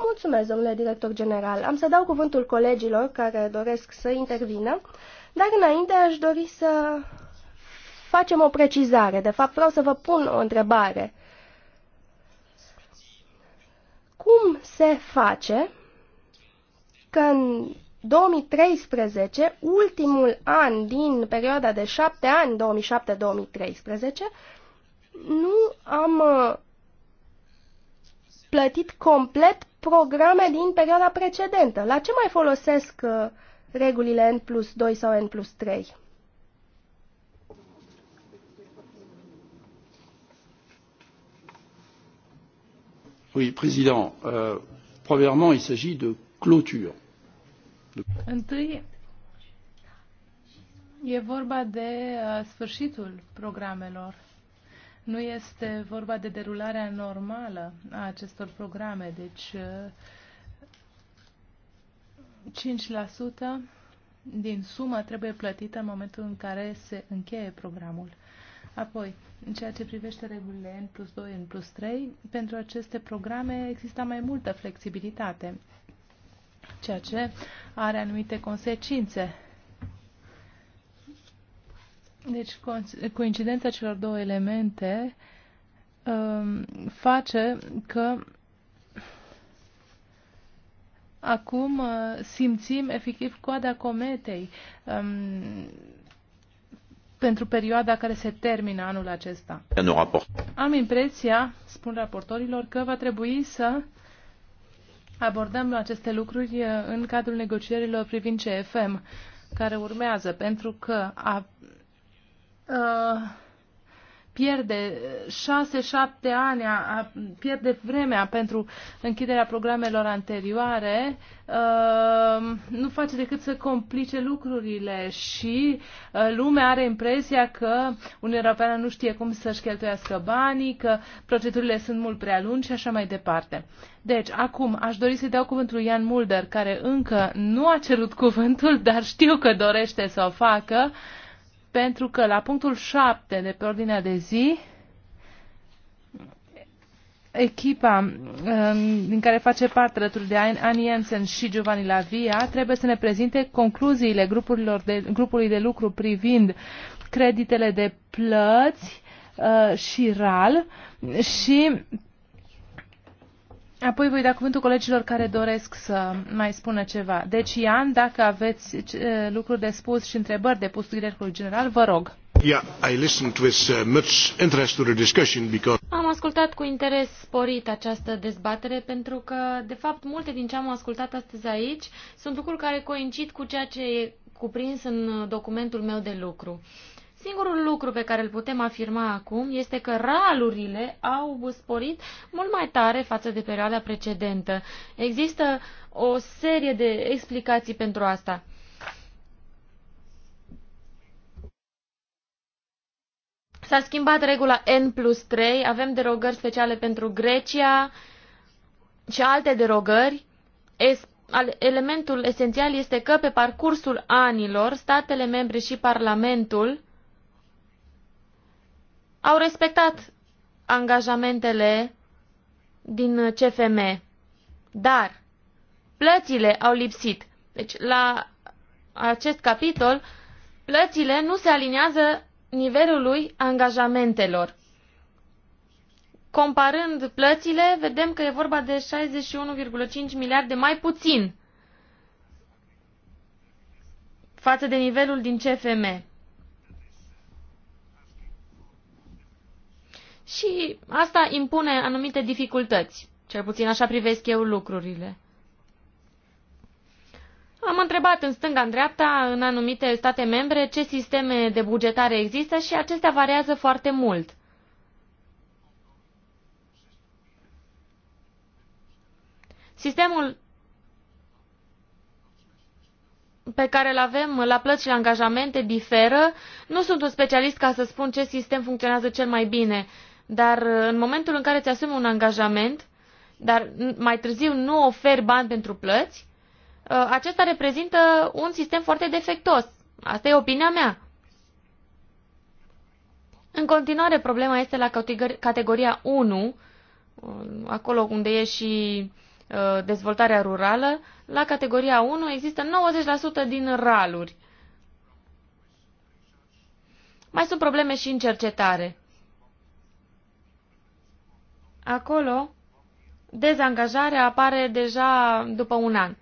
Mulțumesc, domnule director general. Am să dau cuvântul colegilor care doresc să intervină, dar înainte aș dori să facem o precizare. De fapt, vreau să vă pun o întrebare. Cum se face că în 2013, ultimul an din perioada de șapte ani, 2007-2013, nu am uh, plătit complet programe din perioada precedentă. La ce mai folosesc uh, regulile N plus 2 sau N plus 3? Oui, président, euh, premièrement, il s'agit de clôture. De... Întâi, e vorba de uh, sfârșitul programelor. Nu este vorba de derularea normală a acestor programe, deci uh, la 5% din sumă trebuie plătită în momentul în care se încheie programul. Apoi, în ceea ce privește regulile N plus 2, N plus 3, pentru aceste programe există mai multă flexibilitate, ceea ce are anumite consecințe. Deci, coincidența celor două elemente um, face că acum uh, simțim efectiv coada cometei. Um, pentru perioada care se termină anul acesta. Am impresia, spun raportorilor, că va trebui să abordăm aceste lucruri uh, în cadrul negocierilor privind CFM, care urmează, pentru că a, a, uh, pierde eh, șase, șapte ani, a, pierde vremea pentru închiderea programelor anterioare, uh, nu face decât să complice lucrurile și uh, lumea are impresia că Uniunea Europeană nu știe cum să-și cheltuiască banii, că procedurile sunt mult prea lungi și așa mai departe. Deci, acum, aș dori să-i dau cuvântul lui Ian Mulder, care încă nu a cerut cuvântul, dar știu că dorește să o facă. Uh, pentru că la punctul 7 de pe ordinea de zi, echipa um, din care face parte alături de Ani Jensen și Giovanni Lavia trebuie să ne prezinte concluziile grupurilor de, grupului de lucru privind creditele de plăți uh, și RAL și Apoi voi da cuvântul colegilor care doresc să mai spună ceva. Deci, Ian, dacă aveți lucruri de spus și întrebări de pus directorului general, vă rog. Yeah, I listened with uh, much interest to the discussion because... Am ascultat cu interes sporit această dezbatere pentru că, de fapt, multe din ce am ascultat astăzi aici sunt lucruri care coincid cu ceea ce e cuprins în documentul meu de lucru. Uh, Singurul lucru pe care îl putem afirma acum este că ralurile au sporit mult mai tare față de perioada precedentă. Există o serie de explicații pentru asta. S-a schimbat regula N plus 3, avem derogări speciale pentru Grecia și alte derogări. Es elementul esențial este că pe parcursul anilor, statele membre și Parlamentul au respectat angajamentele din CFM, dar plățile au lipsit. Deci, la acest capitol, plățile nu se aliniază nivelului angajamentelor. Comparând plățile, vedem că e vorba de 61,5 miliarde mai puțin față de nivelul din CFM. Și asta impune anumite dificultăți. Cel puțin așa privesc eu lucrurile. Am întrebat în stânga, în dreapta, în anumite state membre, ce sisteme de bugetare există și acestea variază foarte mult. Sistemul pe care îl avem la plăți și la angajamente diferă. Nu sunt un specialist ca să spun ce sistem funcționează cel mai bine. Dar uh, în momentul în care îți asumi un angajament, dar mai târziu nu oferi bani pentru plăți, uh, acesta reprezintă un sistem foarte defectos. Asta e opinia mea. În continuare, problema este la categoria 1, uh, acolo unde e și dezvoltarea rurală. La categoria 1 există 90% din raluri. Mai sunt probleme și în cercetare. Acolo, dezangajarea apare deja după un an.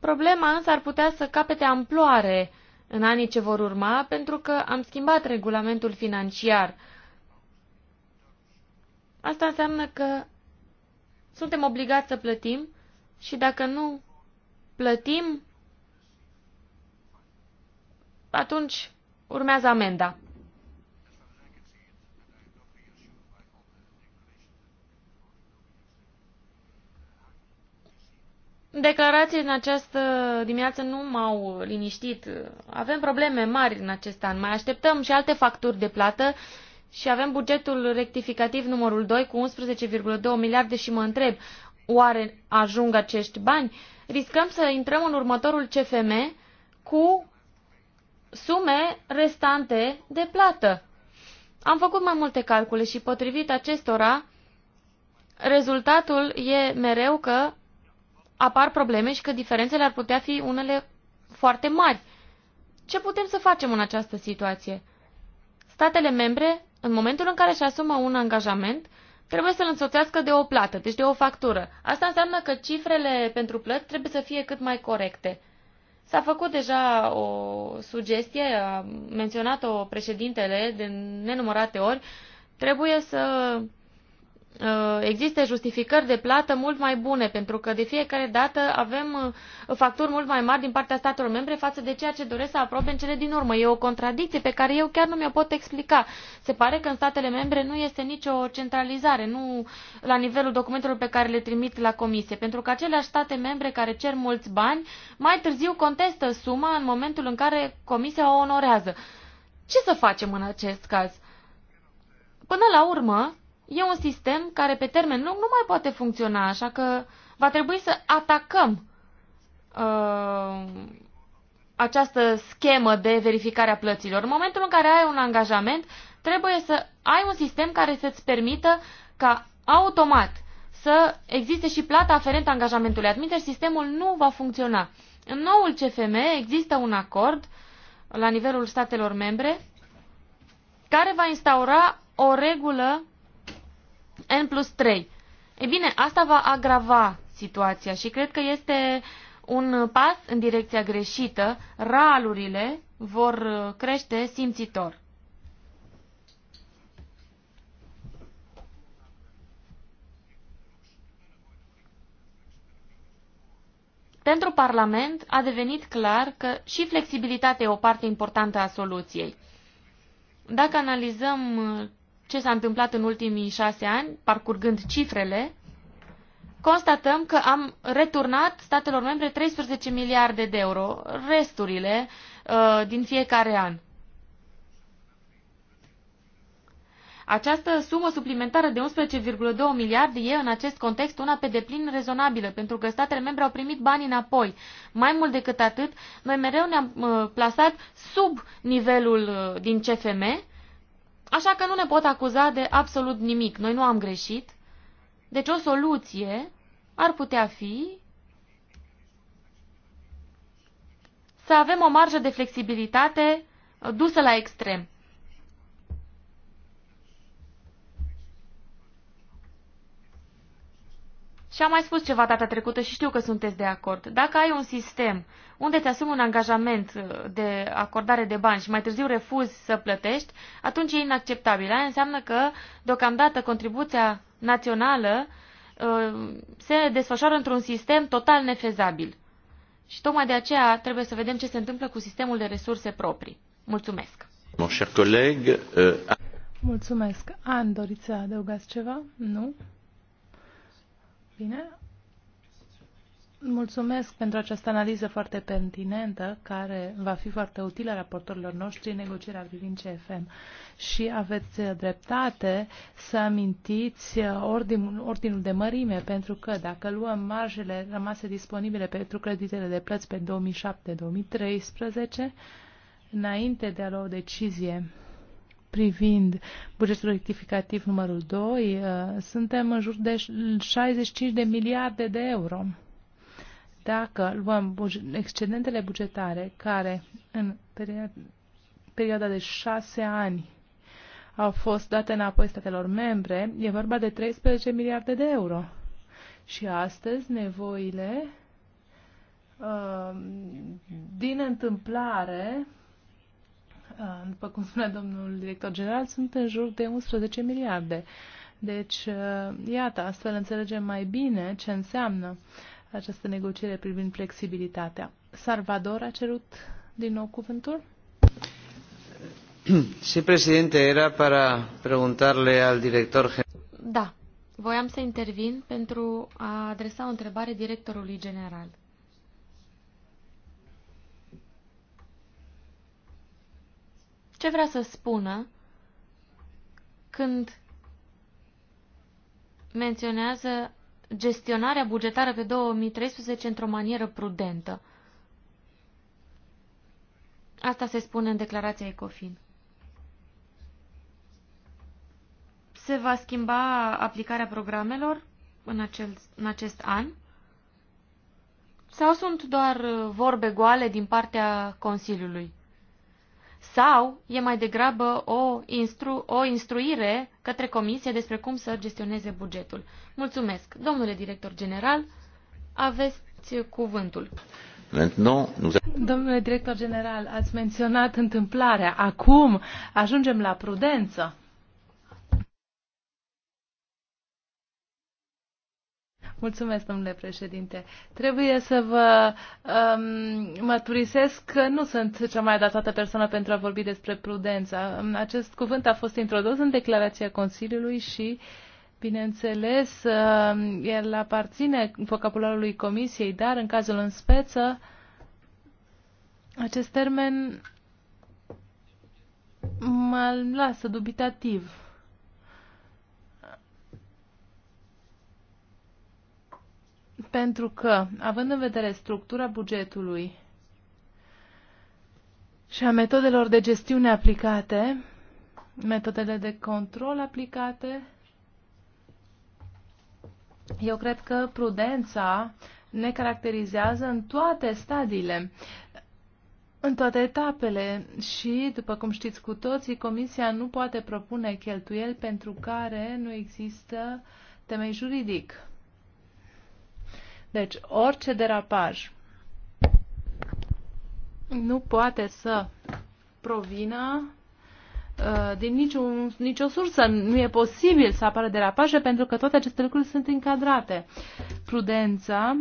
Problema însă ar putea să capete amploare în anii ce vor urma, pentru că am schimbat regulamentul financiar. Asta înseamnă că suntem obligați să plătim și dacă nu plătim, atunci urmează amenda. Declarații în această dimineață nu m-au liniștit. Avem probleme mari în acest an. Mai așteptăm și alte facturi de plată și avem bugetul rectificativ numărul 2 cu 11,2 miliarde și mă întreb, oare ajung acești bani? Riscăm să intrăm în următorul CFM cu sume restante de plată. Am făcut mai multe calcule și potrivit acestora, rezultatul e mereu că apar probleme și că diferențele ar putea fi unele foarte mari. Ce putem să facem în această situație? Statele membre, în momentul în care își asumă un angajament, trebuie să-l însoțească de o plată, deci de o factură. Asta înseamnă că cifrele pentru plăți trebuie să fie cât mai corecte. S-a făcut deja o sugestie, a menționat-o președintele de nenumărate ori, trebuie să Uh, existe justificări de plată mult mai bune, pentru că de fiecare dată avem uh, facturi mult mai mari din partea statelor membre față de ceea ce doresc să aprobe în cele din urmă. E o contradicție pe care eu chiar nu mi-o pot explica. Se pare că în statele membre nu este nicio centralizare, nu la nivelul documentelor pe care le trimit la comisie, pentru că aceleași state membre care cer mulți bani mai târziu contestă suma în momentul în care comisia o onorează. Ce să facem în acest caz? Până la urmă, e un sistem care pe termen lung nu mai poate funcționa, așa că va trebui să atacăm uh, această schemă de verificare a plăților. În momentul în care ai un angajament, trebuie să ai un sistem care să-ți permită ca automat să existe și plata aferentă angajamentului. Admite, sistemul nu va funcționa. În noul CFM există un acord la nivelul statelor membre care va instaura o regulă N plus 3. E bine, asta va agrava situația și cred că este un pas în direcția greșită. Ralurile vor uh, crește simțitor. Pentru Parlament a devenit clar că și flexibilitatea e o parte importantă a soluției. Dacă analizăm uh, ce s-a întâmplat în ultimii șase ani, parcurgând cifrele, constatăm că am returnat statelor membre 13 miliarde de euro, resturile uh, din fiecare an. Această sumă suplimentară de 11,2 miliarde e în acest context una pe deplin rezonabilă, pentru că statele membre au primit bani înapoi. Mai mult decât atât, noi mereu ne-am uh, plasat sub nivelul uh, din CFM, Așa că nu ne pot acuza de absolut nimic. Noi nu am greșit. Deci o soluție ar putea fi să avem o marjă de flexibilitate dusă la extrem. Și am mai spus ceva data trecută și știu că sunteți de acord. Dacă ai un sistem unde te asumi un angajament uh, de acordare de bani și mai târziu refuzi să plătești, atunci e inacceptabil. Aia înseamnă că, deocamdată, contribuția națională uh, se desfășoară într-un sistem total nefezabil. Și tocmai de aceea trebuie să vedem ce se întâmplă cu sistemul de resurse proprii. Mulțumesc! Mon uh, Mulțumesc! An, doriți să adăugați ceva? Nu? Bine. Mulțumesc pentru această analiză foarte pertinentă, care va fi foarte utilă raportorilor noștri în negocierea privind CFM. Și aveți dreptate să amintiți ordinul de mărime, pentru că dacă luăm marjele rămase disponibile pentru creditele de plăți pe 2007-2013, înainte de a lua o decizie privind bugetul rectificativ numărul 2, uh, suntem în jur de 65 de miliarde de euro. Dacă luăm excedentele bugetare care în perioada de 6 ani au fost date înapoi statelor membre, e vorba de 13 miliarde de euro. Și astăzi nevoile uh, din întâmplare Uh, după cum spunea domnul director general, sunt în jur de 11 miliarde. Deci, uh, iată, astfel înțelegem mai bine ce înseamnă această negociere privind flexibilitatea. Salvador a cerut din nou cuvântul? Sí, președinte, era para preguntarle al director general. Da, voiam să intervin pentru a adresa o întrebare directorului general. ce vrea să spună când menționează gestionarea bugetară pe 2013 într-o manieră prudentă. Asta se spune în declarația ECOFIN. Se va schimba aplicarea programelor în, acel, în acest an? Sau sunt doar vorbe goale din partea Consiliului? sau e mai degrabă o, instru o instruire către comisie despre cum să gestioneze bugetul. Mulțumesc. Domnule director general, aveți cuvântul. Domnule director general, ați menționat întâmplarea. Acum ajungem la prudență. Mulțumesc, domnule președinte. Trebuie să vă um, măturisesc că nu sunt cea mai adaptată persoană pentru a vorbi despre prudență. Um, acest cuvânt a fost introdus în declarația Consiliului și, bineînțeles, um, el aparține vocabularului Comisiei, dar în cazul în speță, acest termen mă lasă dubitativ. Pentru că, având în vedere structura bugetului și a metodelor de gestiune aplicate, metodele de control aplicate, eu cred că prudența ne caracterizează în toate stadiile, în toate etapele și, după cum știți cu toții, Comisia nu poate propune cheltuieli pentru care nu există temei juridic. Deci, orice derapaj nu poate să provină uh, din niciun, nicio sursă. Nu e posibil să apară derapaje pentru că toate aceste lucruri sunt încadrate. Prudența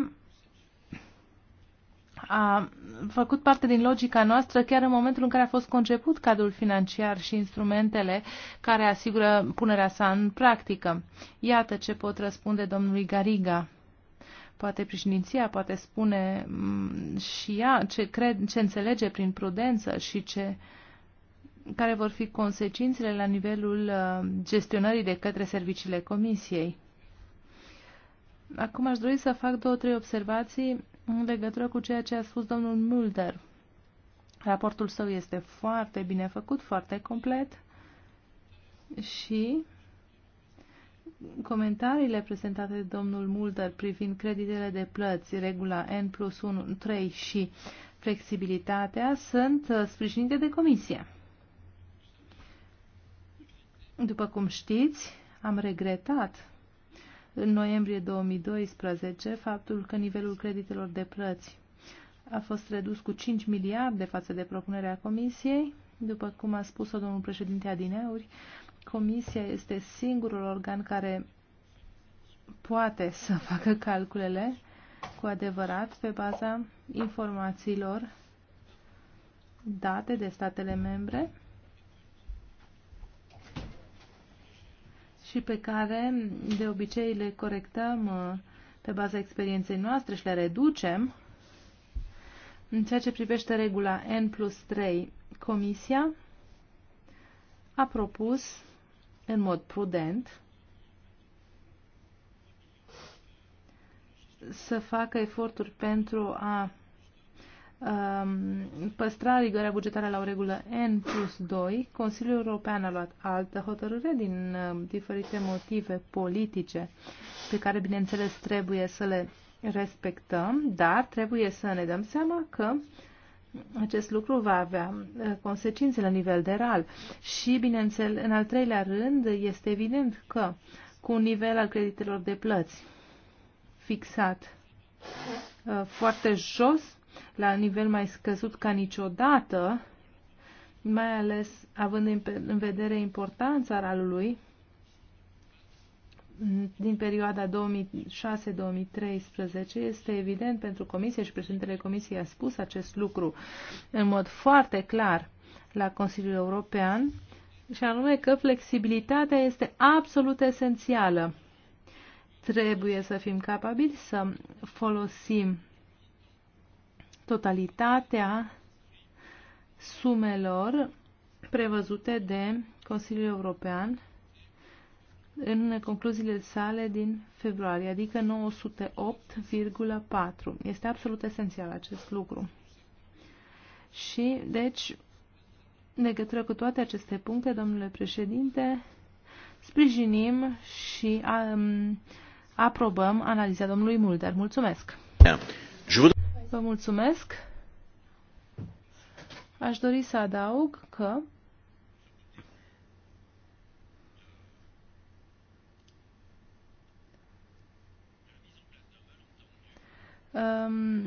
a făcut parte din logica noastră chiar în momentul în care a fost conceput cadrul financiar și instrumentele care asigură punerea sa în practică. Iată ce pot răspunde domnului Gariga. Poate președinția poate spune mm, și ea ce, cred, ce înțelege prin prudență și ce, care vor fi consecințele la nivelul uh, gestionării de către serviciile Comisiei. Acum aș dori să fac două, trei observații în legătură cu ceea ce a spus domnul Mulder. Raportul său este foarte bine făcut, foarte complet și comentariile prezentate de domnul Mulder privind creditele de plăți, regula N plus 1, 3 și flexibilitatea sunt uh, sprijinite de comisie. După cum știți, am regretat în noiembrie 2012 faptul că nivelul creditelor de plăți a fost redus cu 5 miliarde față de propunerea comisiei, după cum a spus-o domnul președinte Adineuri, Comisia este singurul organ care poate să (laughs) facă calculele cu adevărat pe baza informațiilor date de statele membre și pe care de obicei le corectăm uh, pe baza experienței noastre și le reducem. În ceea ce privește regula N plus 3, Comisia a propus în mod prudent să facă eforturi pentru a um, păstra rigoarea bugetară la o regulă N plus 2, Consiliul European a luat altă hotărâre din um, diferite motive politice pe care, bineînțeles, trebuie să le respectăm, dar trebuie să ne dăm seama că uh, acest lucru va avea uh, consecințe la nivel de RAL. Și, bineînțeles, în al treilea rând, este evident că cu un nivel al creditelor de plăți fixat uh, foarte jos, la nivel mai scăzut ca niciodată, mai ales având în vedere importanța RAL-ului, din perioada 2006-2013. Este evident pentru Comisie și președintele Comisiei a spus acest lucru în mod foarte clar la Consiliul European și anume că flexibilitatea este absolut esențială. Trebuie să fim capabili să folosim totalitatea sumelor prevăzute de Consiliul European în concluziile sale din februarie, adică 908,4. Este absolut esențial acest lucru. Și, deci, legătură cu toate aceste puncte, domnule președinte, sprijinim și um, aprobăm analiza domnului Mulder. Mulțumesc! Vă mulțumesc! Aș dori să adaug că um,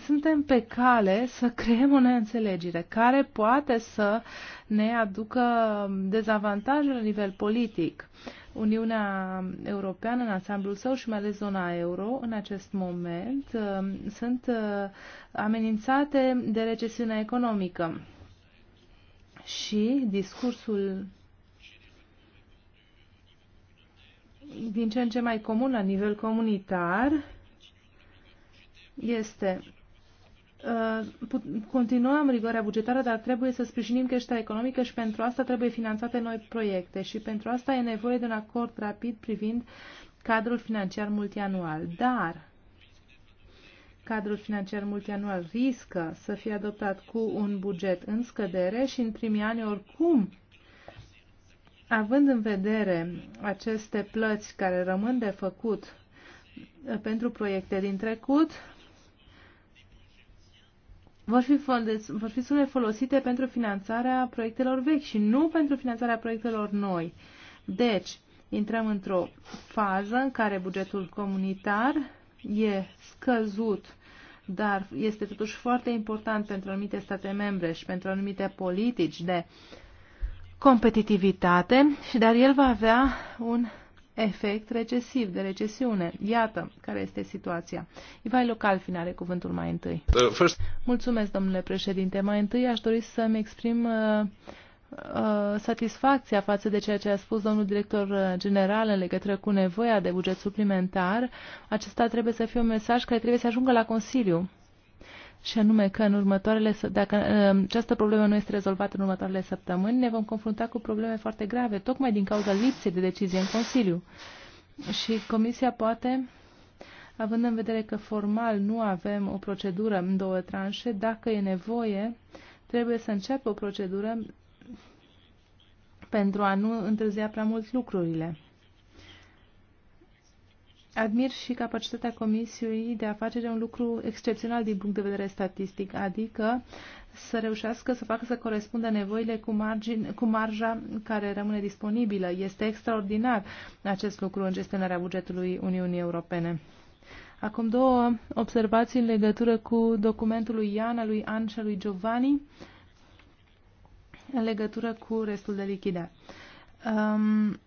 suntem pe cale să (laughs) creăm o neînțelegere care poate să ne aducă dezavantaje la nivel politic. Uniunea Europeană în ansamblul său și mai ales zona euro în acest moment sunt uh, amenințate de recesiunea economică. Și discursul din ce în ce mai comun la nivel comunitar este uh, continuăm rigoarea bugetară, dar trebuie să sprijinim creșterea economică și pentru asta trebuie finanțate noi proiecte și pentru asta e nevoie de un acord rapid privind cadrul financiar multianual. Dar cadrul financiar multianual riscă să fie adoptat cu un buget în scădere și în primii ani oricum Având în vedere aceste plăți care rămân de făcut uh, pentru proiecte din trecut, vor fi, vor fi sume folosite pentru finanțarea proiectelor vechi și nu pentru finanțarea proiectelor noi. Deci, intrăm într-o fază în care bugetul comunitar e scăzut, dar este totuși foarte important pentru anumite state membre și pentru anumite politici de competitivitate, și dar el va avea un efect recesiv, de recesiune. Iată care este situația. Ivailo Calfin are cuvântul mai întâi. Uh, Mulțumesc, domnule președinte. Mai întâi aș dori să-mi exprim uh, uh satisfacția față de ceea ce a spus domnul director uh, general în legătură cu nevoia de buget suplimentar. Acesta trebuie să fie un mesaj care trebuie să ajungă la Consiliu și anume că în următoarele, dacă um, această problemă nu este rezolvată în următoarele săptămâni, ne vom confrunta cu probleme foarte grave, tocmai din cauza lipsei de decizie în Consiliu. Și Comisia poate, având în vedere că formal nu avem o procedură în două tranșe, dacă e nevoie, trebuie să înceapă o procedură pentru a nu întârzia prea mult lucrurile. Admir și capacitatea Comisiei de a face un lucru excepțional din punct de vedere statistic, adică să reușească să facă să corespundă nevoile cu, margin, cu marja care rămâne disponibilă. Este extraordinar acest lucru în gestionarea bugetului Uniunii Europene. Acum două observații în legătură cu documentul lui Iana, lui An și lui Giovanni în legătură cu restul de lichidat. Um,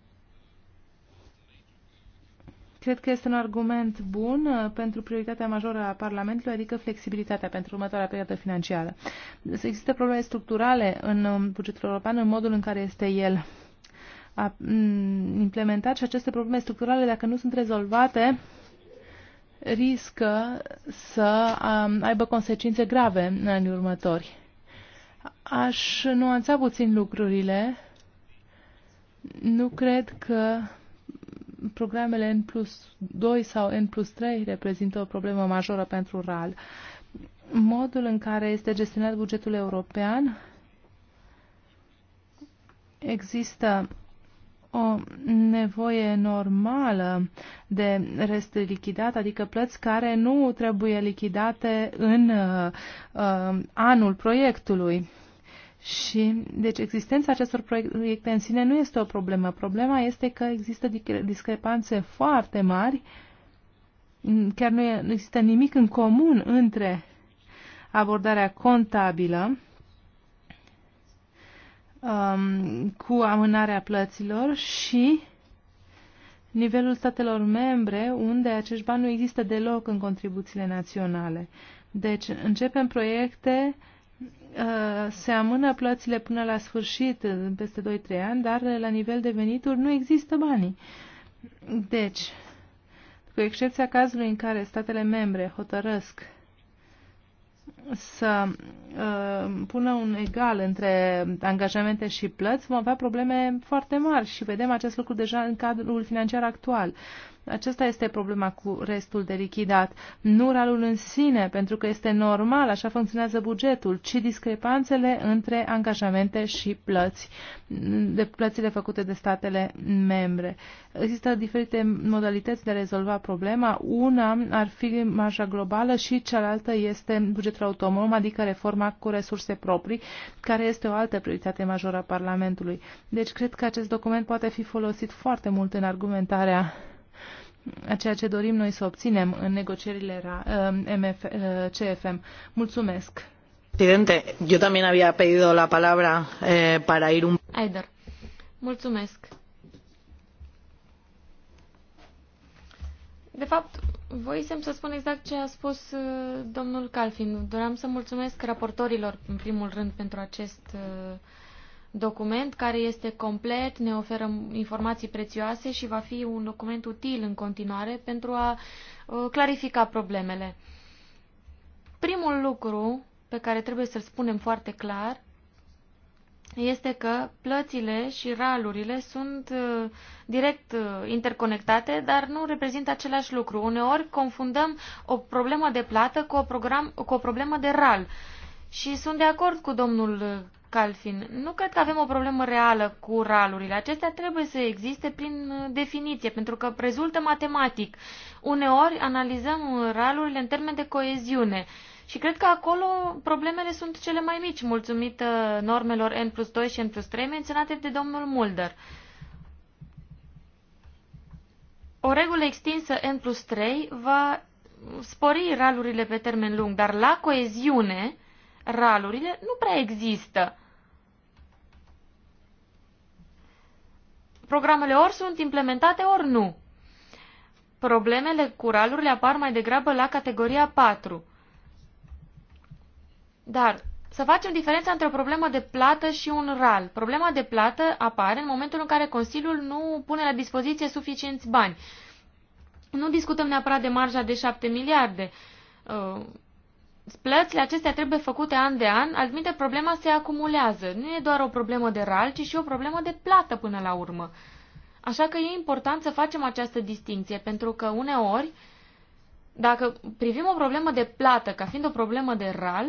Cred că este un argument bun uh, pentru prioritatea majoră a Parlamentului, adică flexibilitatea pentru următoarea perioadă financiară. Există probleme structurale în um, bugetul european, în modul în care este el mm, implementat și aceste probleme structurale, dacă nu sunt rezolvate, riscă să um, aibă consecințe grave în anii următori. Aș nuanța puțin lucrurile. Nu cred că programele N plus 2 sau N plus 3 reprezintă o problemă majoră pentru RAL. Modul în care este gestionat bugetul european există o nevoie normală de rest lichidat, adică plăți care nu trebuie lichidate în uh, uh, anul proiectului. Și, deci, existența acestor proiecte în sine nu este o problemă. Problema este că există discrepanțe foarte mari, chiar nu, e, nu există nimic în comun între abordarea contabilă um, cu amânarea plăților și nivelul statelor membre, unde acești bani nu există deloc în contribuțiile naționale. Deci, începem proiecte Uh, se amână plățile până la sfârșit, peste 2-3 ani, dar la nivel de venituri nu există banii. Deci, cu excepția cazului în care statele membre hotărăsc să uh, pună un egal între angajamente și plăți, vom avea probleme foarte mari și vedem acest lucru deja în cadrul financiar actual. Acesta este problema cu restul de lichidat. Nu ralul în sine, pentru că este normal, așa funcționează bugetul, ci discrepanțele între angajamente și plăți, de plățile făcute de statele membre. Există diferite modalități de a rezolva problema. Una ar fi marja globală și cealaltă este bugetul autonom, adică reforma cu resurse proprii, care este o altă prioritate majoră a Parlamentului. Deci cred că acest document poate fi folosit foarte mult în argumentarea ceea ce dorim noi să obținem în negocierile uh, MF, uh, CFM. Mulțumesc. Presidente, eu también había pedido la palabra eh, para ir un... Aider. Mulțumesc. De fapt, voisem să spun exact ce a spus uh, domnul Calfin. Doream să mulțumesc raportorilor, în primul rând, pentru acest uh, document care este complet, ne oferă informații prețioase și va fi un document util în continuare pentru a uh, clarifica problemele. Primul lucru pe care trebuie să-l spunem foarte clar este că plățile și ralurile sunt uh, direct uh, interconectate, dar nu reprezintă același lucru. Uneori confundăm o problemă de plată cu o, program, cu o problemă de ral. Și sunt de acord cu domnul Calfin, nu cred că avem o problemă reală cu ralurile. Acestea trebuie să existe prin uh, definiție, pentru că rezultă matematic. Uneori analizăm uh, ralurile în termen de coeziune și cred că acolo problemele sunt cele mai mici, mulțumită uh, normelor N plus 2 și N plus 3 menționate de domnul Mulder. O regulă extinsă N plus 3 va spori ralurile pe termen lung, dar la coeziune, ralurile nu prea există. Programele ori sunt implementate, ori nu. Problemele cu ralurile apar mai degrabă la categoria 4. Dar să facem diferența între o problemă de plată și un RAL. Problema de plată apare în momentul în care Consiliul nu pune la dispoziție suficienți bani. Nu discutăm neapărat de marja de 7 miliarde. Uh, plățile acestea trebuie făcute an de an, altminte problema se acumulează. Nu e doar o problemă de ral, ci și o problemă de plată până la urmă. Așa că e important să facem această distinție, pentru că uneori, dacă privim o problemă de plată ca fiind o problemă de ral,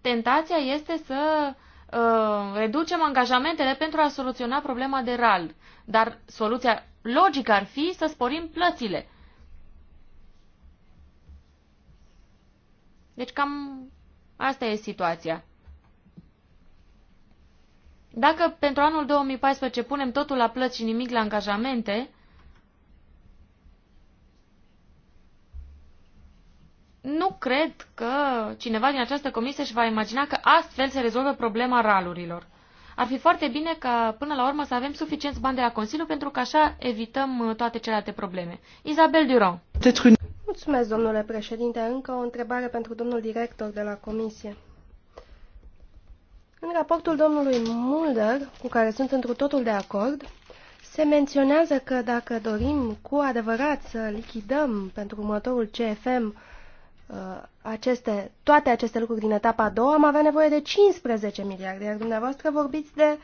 tentația este să uh, reducem angajamentele pentru a soluționa problema de ral. Dar soluția logică ar fi să sporim plățile. Deci cam asta e situația. Dacă pentru anul 2014 punem totul la plăți și nimic la angajamente, nu cred că cineva din această comisie își va imagina că astfel se rezolvă problema ralurilor. Ar fi foarte bine ca până la urmă să avem suficienți bani de la Consiliu pentru că așa evităm uh, toate celelalte probleme. Isabel Durand. Mulțumesc, domnule președinte. Încă o întrebare pentru domnul director de la comisie. În raportul domnului Mulder, cu care sunt întru totul de acord, se menționează că dacă dorim cu adevărat să lichidăm pentru următorul CFM uh, aceste, toate aceste lucruri din etapa a doua, am avea nevoie de 15 miliarde, iar dumneavoastră vorbiți de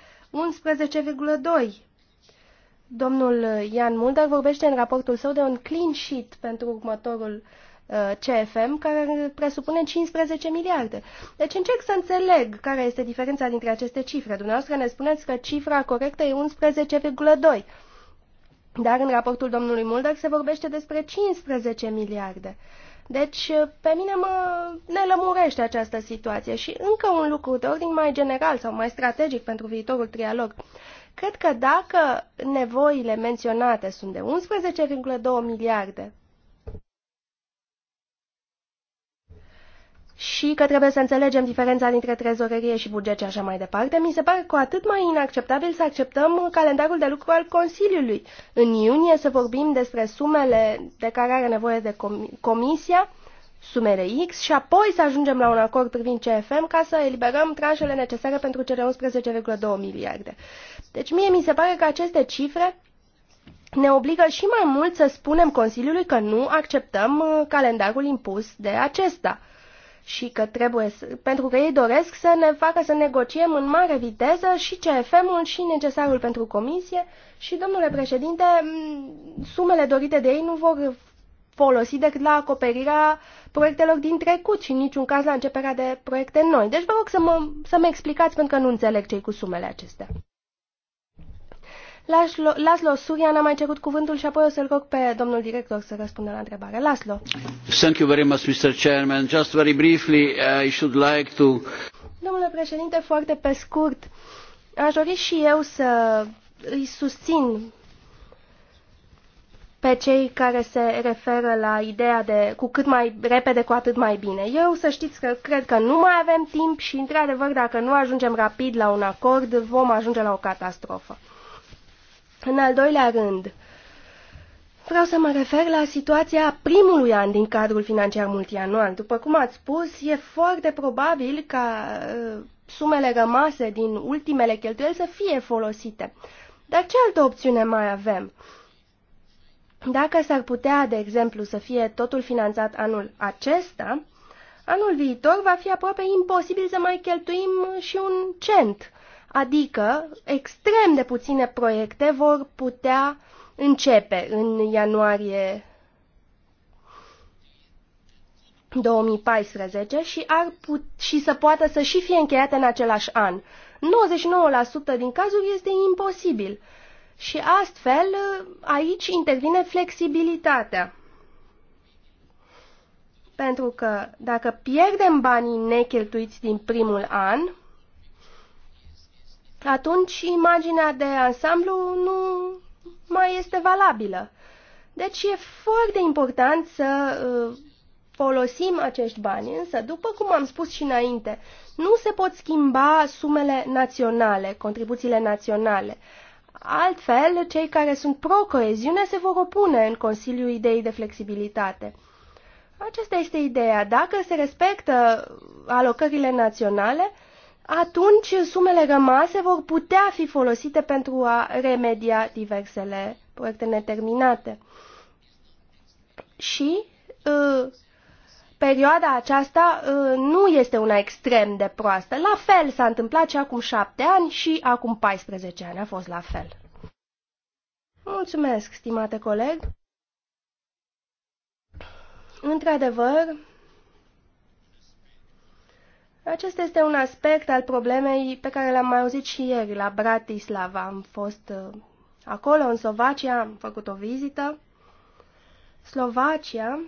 Domnul Ian Mulder vorbește în raportul său de un clean sheet pentru următorul uh, CFM, care presupune 15 miliarde. Deci încerc să înțeleg care este diferența dintre aceste cifre. Dumneavoastră ne spuneți că cifra corectă e 11,2, dar în raportul domnului Mulder se vorbește despre 15 miliarde. Deci, uh, pe mine mă nelămurește această situație și încă un lucru de ordin mai general sau mai strategic pentru viitorul trialog. Cred că dacă nevoile menționate sunt de 11,2 miliarde și că trebuie să înțelegem diferența dintre trezorerie și buget și așa mai departe, mi se pare cu atât mai inacceptabil să acceptăm calendarul de lucru al Consiliului. În iunie să vorbim despre sumele de care are nevoie de com Comisia, sumele X și apoi să ajungem la un acord privind CFM ca să eliberăm tranșele necesare pentru cele 11,2 miliarde. Deci mie mi se pare că aceste cifre ne obligă și mai mult să spunem Consiliului că nu acceptăm uh, calendarul impus de acesta și că trebuie să, pentru că ei doresc să ne facă să negociem în mare viteză și CFM-ul și necesarul pentru comisie și, domnule președinte, sumele dorite de ei nu vor folosi decât la acoperirea proiectelor din trecut și în niciun caz la începerea de proiecte noi. Deci vă rog să mă, să mă explicați pentru că nu înțeleg cei cu sumele acestea. Laslo, Laslo Surian a mai cerut cuvântul și apoi o să-l rog pe domnul director să răspundă la întrebare. Laslo. Thank you very much, Mr. Chairman. Just very briefly, I should like to... Domnule președinte, foarte pe scurt, aș dori și eu să îi susțin pe cei care se referă la ideea de cu cât mai repede, cu atât mai bine. Eu să știți că cred că nu mai avem timp și, într-adevăr, dacă nu ajungem rapid la un acord, vom ajunge la o catastrofă. În al doilea rând, vreau să mă refer la situația primului an din cadrul financiar multianual. După cum ați spus, e foarte probabil ca uh, sumele rămase din ultimele cheltuieli să fie folosite. Dar ce altă opțiune mai avem? Dacă s-ar putea, de exemplu, să fie totul finanțat anul acesta, anul viitor va fi aproape imposibil să mai cheltuim și un cent. Adică, extrem de puține proiecte vor putea începe în ianuarie 2014 și, ar put, și să poată să și fie încheiate în același an. 99% din cazuri este imposibil. Și astfel, aici intervine flexibilitatea. Pentru că dacă pierdem banii necheltuiți din primul an, atunci imaginea de ansamblu nu mai este valabilă. Deci e foarte important să uh, folosim acești bani, însă, după cum am spus și înainte, nu se pot schimba sumele naționale, contribuțiile naționale. Altfel, cei care sunt pro-coeziune se vor opune în Consiliul Ideii de Flexibilitate. Aceasta este ideea. Dacă se respectă alocările naționale, atunci sumele rămase vor putea fi folosite pentru a remedia diversele proiecte neterminate. Și uh, perioada aceasta uh, nu este una extrem de proastă. La fel s-a întâmplat și acum șapte ani și acum 14 ani a fost la fel. Mulțumesc, stimate coleg. Într-adevăr, acesta este un aspect al problemei pe care l-am mai auzit și ieri la Bratislava. Am fost uh, acolo, în Slovacia, am făcut o vizită. Slovacia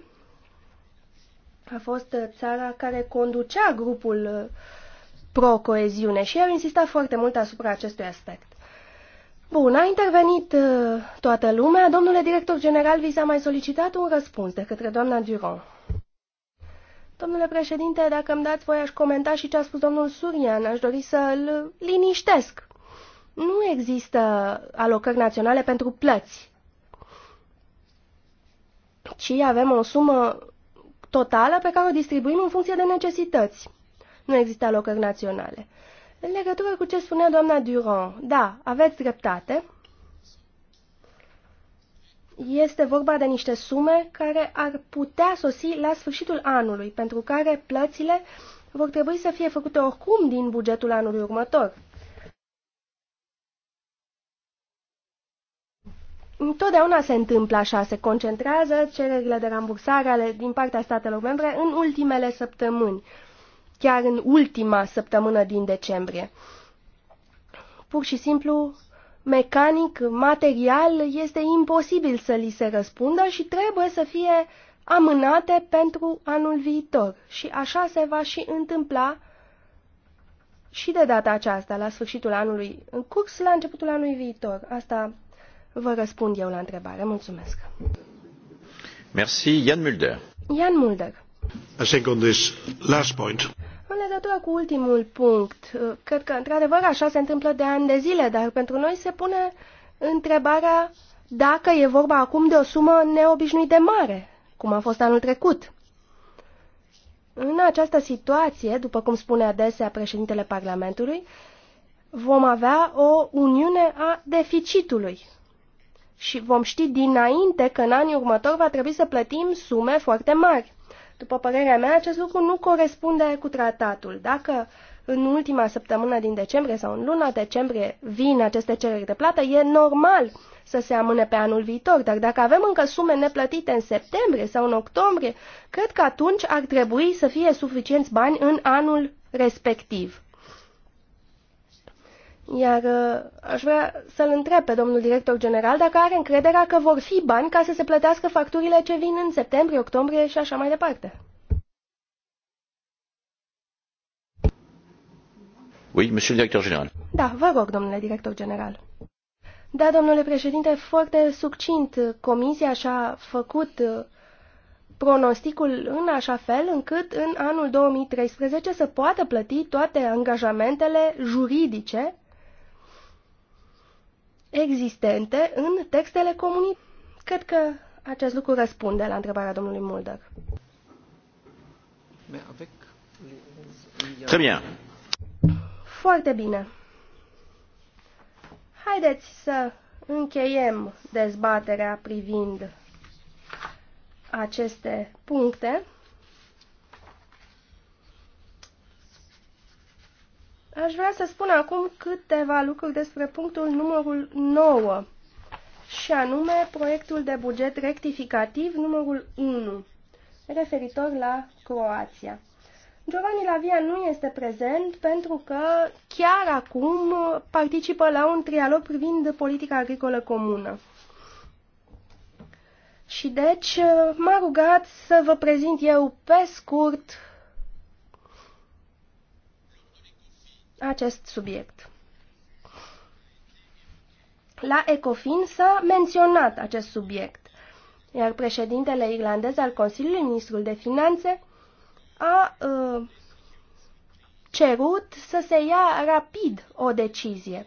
a fost uh, țara care conducea grupul uh, pro-coeziune și au insistat foarte mult asupra acestui aspect. Bun, a intervenit toată lumea. Domnule director general, vi s-a mai solicitat un răspuns de către doamna Duron. Domnule președinte, dacă îmi dați voi, aș comenta și ce a spus domnul Surian. Aș dori să-l liniștesc. Nu există alocări naționale pentru plăți, ci avem o sumă totală pe care o distribuim în funcție de necesități. Nu există alocări naționale. În legătură cu ce spunea doamna Durand, da, aveți dreptate, este vorba de niște sume care ar putea sosi la sfârșitul anului, pentru care plățile vor trebui să fie făcute oricum din bugetul anului următor. Întotdeauna se întâmplă așa, se concentrează cererile de rambursare ale, din partea statelor membre în ultimele săptămâni, chiar în ultima săptămână din decembrie. Pur și simplu mecanic, material, este imposibil să li se răspundă și trebuie să fie amânate pentru anul viitor. Și așa se va și întâmpla și de data aceasta, la sfârșitul anului în curs, la începutul anului viitor. Asta vă răspund eu la întrebare. Mulțumesc. Merci, Jan Mulder. Jan Mulder. I think on this last point. În legătură cu ultimul punct, uh, cred că într-adevăr așa se întâmplă de ani de zile, dar pentru noi se pune întrebarea dacă e vorba acum de o sumă neobișnuit de mare, cum a fost anul trecut. În această situație, după cum spune adesea președintele Parlamentului, vom avea o uniune a deficitului. Și vom ști dinainte că în anii următori va trebui să plătim sume foarte mari. După părerea mea, acest lucru nu corespunde cu tratatul. Dacă în ultima săptămână din decembrie sau în luna decembrie vin aceste cereri de plată, e normal să se amâne pe anul viitor, dar dacă avem încă sume neplătite în septembrie sau în octombrie, cred că atunci ar trebui să fie suficienți bani în anul respectiv. Iar uh, aș vrea să-l întreb pe domnul director general dacă are încrederea că vor fi bani ca să se plătească facturile ce vin în septembrie, octombrie și așa mai departe. Oui, monsieur le directeur general. Da, vă rog, domnule director general. Da, domnule președinte, foarte succint comisia și-a făcut uh, pronosticul în așa fel încât în anul 2013 să poată plăti toate angajamentele juridice existente în textele comunitare. Cred că acest lucru răspunde la întrebarea domnului Mulder. Très Foarte bine. Haideți să încheiem dezbaterea privind aceste puncte. Aș vrea să spun acum câteva lucruri despre punctul numărul 9, și anume proiectul de buget rectificativ numărul 1, referitor la Croația. Giovanni Lavia nu este prezent pentru că chiar acum participă la un trialog privind politica agricolă comună. Și deci m-a rugat să vă prezint eu pe scurt acest subiect. La Ecofin s-a menționat acest subiect, iar președintele irlandez al Consiliului, ministrul de Finanțe, a uh, cerut să se ia rapid o decizie.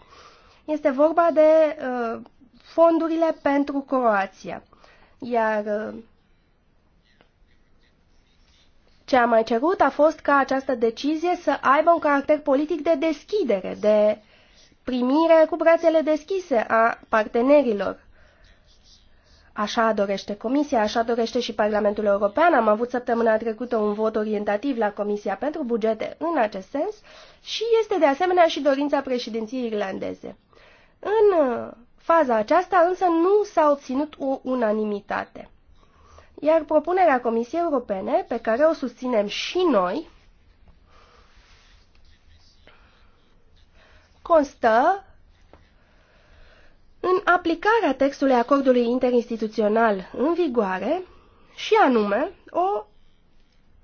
Este vorba de uh, fondurile pentru Croația. Iar uh, ce am mai cerut a fost ca această decizie să aibă un caracter politic de deschidere, de primire cu brațele deschise a partenerilor. Așa dorește Comisia, așa dorește și Parlamentul European. Am avut săptămâna trecută un vot orientativ la Comisia pentru bugete în acest sens și este de asemenea și dorința președinției irlandeze. În faza aceasta însă nu s-a obținut o unanimitate. Iar propunerea Comisiei Europene, pe care o susținem și noi, constă în aplicarea textului acordului interinstituțional în vigoare și anume o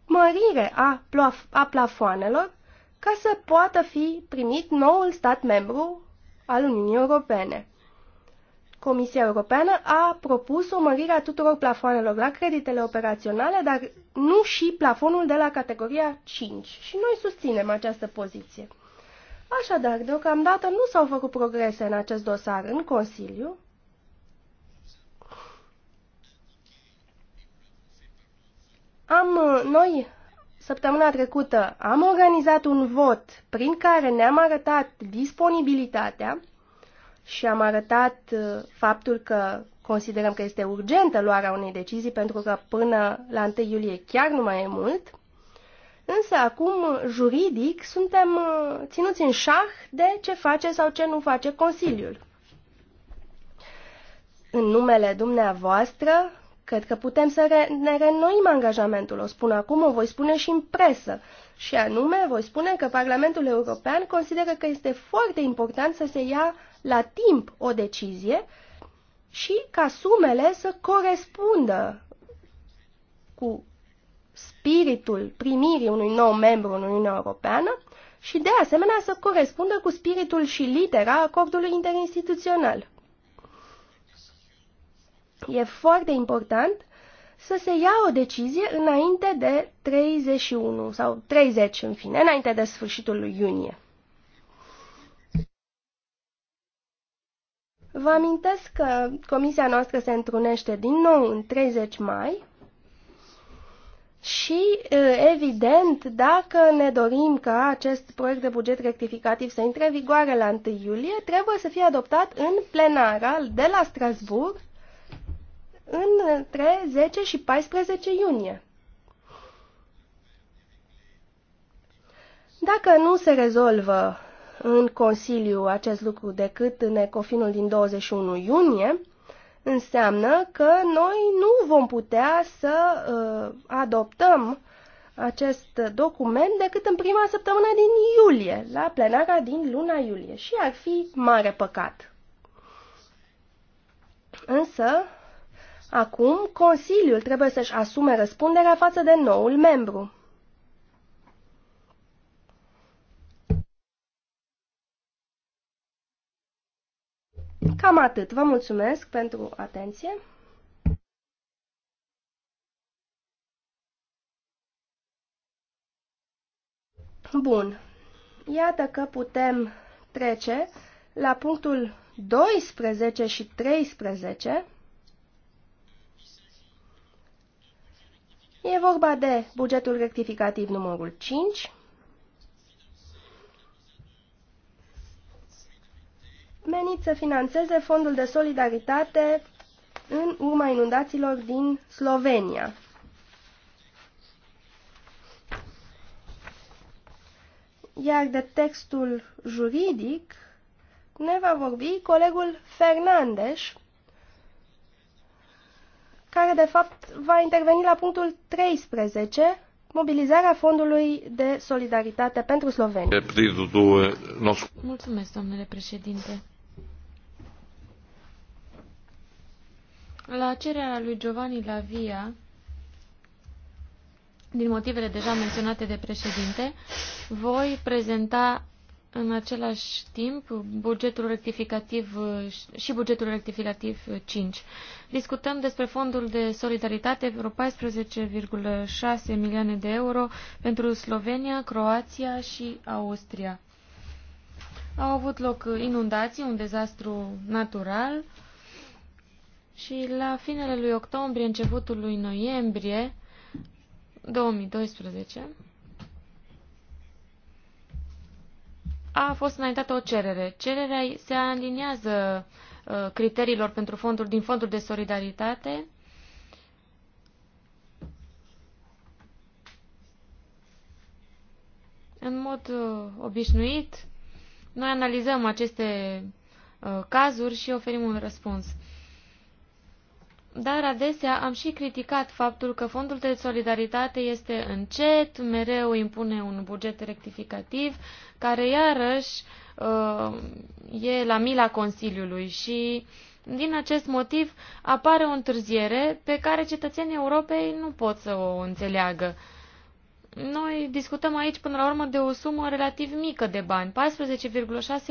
mărire a, plaf a plafoanelor ca să poată fi primit noul stat membru al Uniunii Europene. Comisia Europeană a propus o mărire a tuturor plafoanelor la creditele operaționale, dar nu și plafonul de la categoria 5. Și noi susținem această poziție. Așadar, deocamdată nu s-au făcut progrese în acest dosar în Consiliu. Am, noi, săptămâna trecută, am organizat un vot prin care ne-am arătat disponibilitatea și am arătat uh, faptul că considerăm că este urgentă luarea unei decizii pentru că până la 1 iulie chiar nu mai e mult. Însă acum, juridic, suntem uh, ținuți în șah de ce face sau ce nu face Consiliul. În numele dumneavoastră, cred că putem să re- ne reînnoim angajamentul. O spun acum, o voi spune și în presă. Și anume, voi spune că Parlamentul European consideră că este foarte important să se ia la timp o decizie și ca sumele să corespundă cu spiritul primirii unui nou membru în Uniunea Europeană și, de asemenea, să corespundă cu spiritul și litera acordului interinstituțional. E foarte important să se ia o decizie înainte de 31 sau 30, în fine, înainte de sfârșitul lui iunie. Vă amintesc că comisia noastră se întrunește din nou în 30 mai și, evident, dacă ne dorim ca acest proiect de buget rectificativ să intre în vigoare la 1 iulie, trebuie să fie adoptat în plenară de la Strasburg între 10 și 14 iunie. Dacă nu se rezolvă în Consiliu acest lucru decât în Ecofinul din 21 iunie, înseamnă că noi nu vom putea să uh, adoptăm acest document decât în prima săptămână din iulie, la plenara din luna iulie. Și ar fi mare păcat. Însă, acum, Consiliul trebuie să-și asume răspunderea față de noul membru. Cam atât. Vă mulțumesc pentru atenție. Bun. Iată că putem trece la punctul 12 și 13. E vorba de bugetul rectificativ numărul 5, menit să financeze fondul de solidaritate în urma inundațiilor din Slovenia. Iar de textul juridic ne va vorbi colegul Fernandes, care de fapt va interveni la punctul 13, mobilizarea Fondului de Solidaritate pentru Slovenia. Mulțumesc, domnule președinte. La cererea lui Giovanni Lavia, din motivele deja menționate de președinte, voi prezenta în același timp, bugetul rectificativ și bugetul rectificativ 5. Discutăm despre fondul de solidaritate, vreo 14,6 milioane de euro pentru Slovenia, Croația și Austria. Au avut loc inundații, un dezastru natural și la finele lui octombrie, începutul lui noiembrie 2012, a fost înaintată o cerere. Cererea se aliniază uh, criteriilor pentru fonduri din fondul de solidaritate. În mod uh, obișnuit, noi analizăm aceste uh, cazuri și oferim un răspuns dar adesea am și criticat faptul că fondul de solidaritate este încet, mereu impune un buget rectificativ, care iarăși uh, e la mila Consiliului și din acest motiv apare o întârziere pe care cetățenii Europei nu pot să o înțeleagă. Noi discutăm aici până la urmă de o sumă relativ mică de bani, 14,6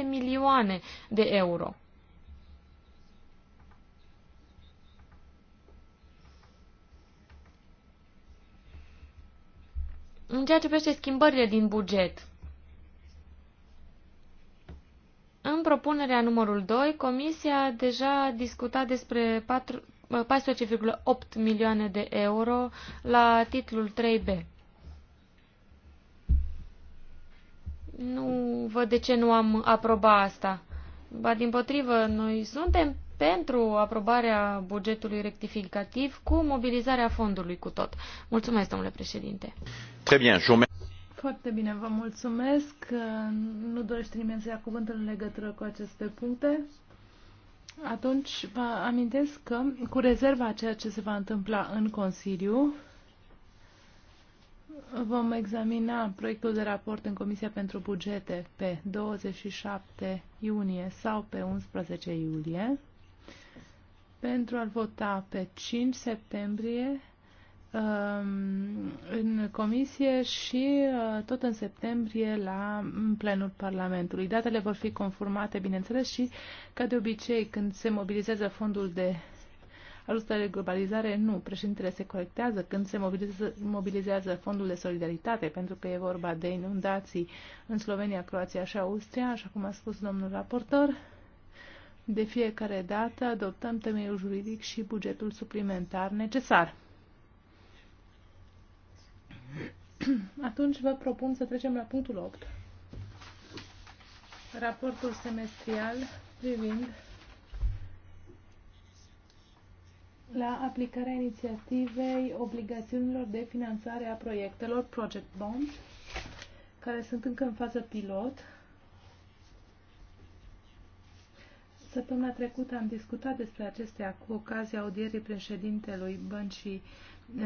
milioane de euro. În ceea ce privește schimbările din buget, în propunerea numărul 2, Comisia deja discutat despre 14,8 milioane de euro la titlul 3B. Nu văd de ce nu am aprobat asta. Ba din potrivă, noi suntem pentru aprobarea bugetului rectificativ cu mobilizarea fondului cu tot. Mulțumesc, domnule președinte. foarte bine, vă mulțumesc. Nu dorește nimeni să ia cuvântul în legătură cu aceste puncte. Atunci vă amintesc că, cu rezerva a ceea ce se va întâmpla în Consiliu, vom examina proiectul de raport în Comisia pentru Bugete pe 27 iunie sau pe 11 iulie pentru a vota pe 5 septembrie um, în comisie și uh, tot în septembrie la plenul Parlamentului. Datele vor fi conformate, bineînțeles, și ca de obicei când se mobilizează fondul de ajustare de globalizare, nu, președintele se corectează când se mobilizează, mobilizează fondul de solidaritate, pentru că e vorba de inundații în Slovenia, Croația și Austria, așa cum a spus domnul raportor. De fiecare dată adoptăm temeiul juridic și bugetul suplimentar necesar. (clears throat) Atunci vă propun să trecem la punctul 8. Raportul semestrial privind la aplicarea inițiativei obligațiunilor de finanțare a proiectelor Project Bond, care sunt încă în fază pilot Săptămâna trecută am discutat despre acestea cu ocazia audierii președintelui Băncii uh,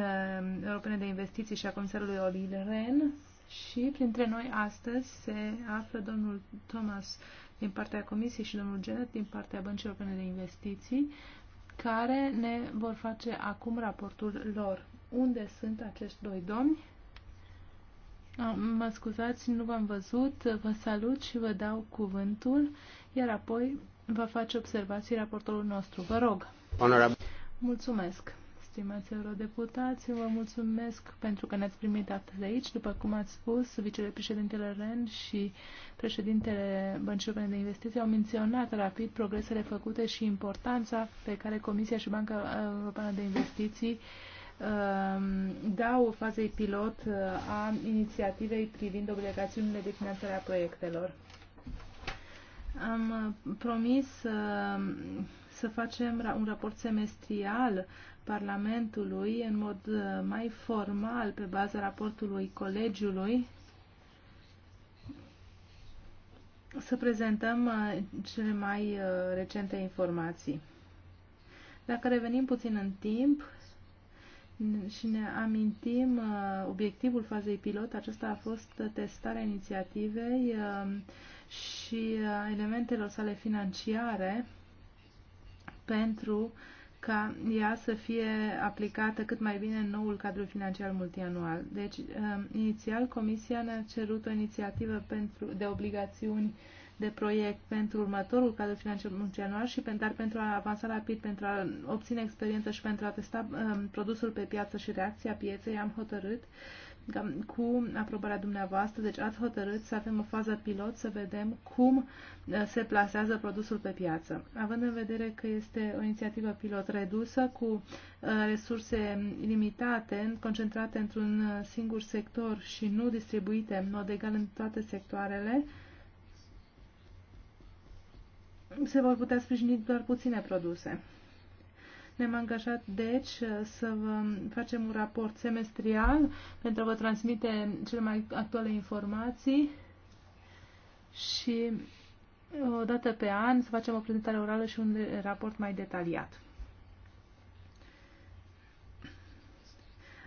Europene de Investiții și a comisarului Olil Ren și printre noi astăzi se află domnul Thomas din partea Comisiei și domnul Genet din partea Băncii Europene de Investiții, care ne vor face acum raportul lor. Unde sunt acești doi domni? Ah, mă scuzați, nu v-am văzut, vă salut și vă dau cuvântul, iar apoi va face observații raportorul nostru. Vă rog. Honorabil. Mulțumesc, stimați eurodeputați. Vă mulțumesc pentru că ne-ați primit astăzi aici. După cum ați spus, vicepreședintele REN și președintele Băncii de Investiții au menționat rapid progresele făcute și importanța pe care Comisia și Banca Europeană de Investiții um, dau fazei pilot uh, a inițiativei privind obligațiunile de finanțare a proiectelor. Am uh, promis uh, să facem un raport semestrial Parlamentului în mod uh, mai formal pe baza raportului colegiului să prezentăm cele mai recente informații. Dacă revenim puțin în timp și ne amintim obiectivul fazei pilot, acesta a fost testarea inițiativei și a uh, elementelor sale financiare pentru ca ea să fie aplicată cât mai bine în noul cadru financiar multianual. Deci, um, inițial, Comisia ne-a cerut o inițiativă pentru, de obligațiuni de proiect pentru următorul cadru financiar multianual și pentru, dar pentru a avansa rapid, pentru a obține experiență și pentru a testa um, produsul pe piață și reacția pieței, am hotărât cu aprobarea dumneavoastră, deci ați hotărât să avem o fază pilot, să vedem cum uh, se plasează produsul pe piață. Având în vedere că este o inițiativă pilot redusă, cu uh, resurse limitate, concentrate într-un uh, singur sector și nu distribuite în mod egal în toate sectoarele, se vor putea sprijini doar puține produse. Ne-am angajat, deci, să facem un raport semestrial pentru a vă transmite cele mai actuale informații și o dată pe an să facem o prezentare orală și un raport mai detaliat.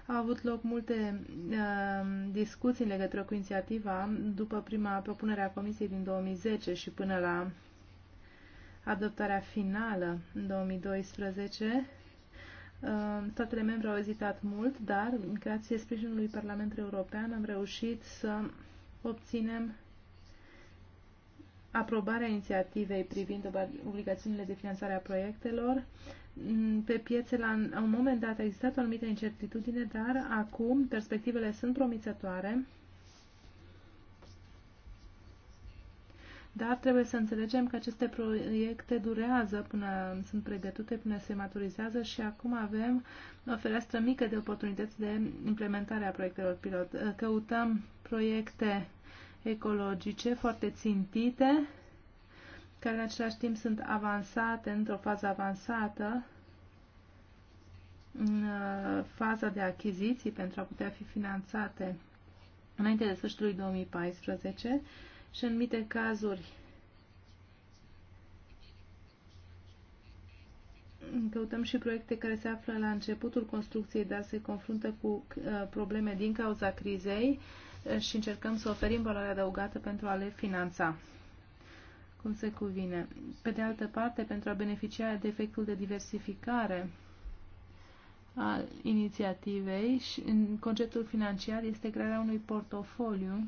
Au avut loc multe uh, discuții în legătură cu inițiativa după prima propunere a Comisiei din 2010 și până la adoptarea finală în 2012. Uh, statele membre au ezitat mult, dar grație sprijinului Parlamentului European am reușit să obținem aprobarea inițiativei privind obligațiunile de finanțare a proiectelor. Mm, pe piețe, la un moment dat, a existat o anumită incertitudine, dar acum perspectivele sunt promițătoare Dar trebuie să înțelegem că aceste proiecte durează până sunt pregătite, până se maturizează și acum avem o fereastră mică de oportunități de implementare a proiectelor pilot. Căutăm proiecte ecologice foarte țintite, care în același timp sunt avansate, într-o fază avansată, în uh, faza de achiziții pentru a putea fi finanțate înainte de sfârșitul 2014 și în anumite cazuri căutăm și proiecte care se află la începutul construcției, dar se confruntă cu uh, probleme din cauza crizei uh, și încercăm să oferim valoare adăugată pentru a le finanța cum se cuvine. Pe de altă parte, pentru a beneficia de efectul de diversificare al inițiativei, și în conceptul financiar este crearea unui portofoliu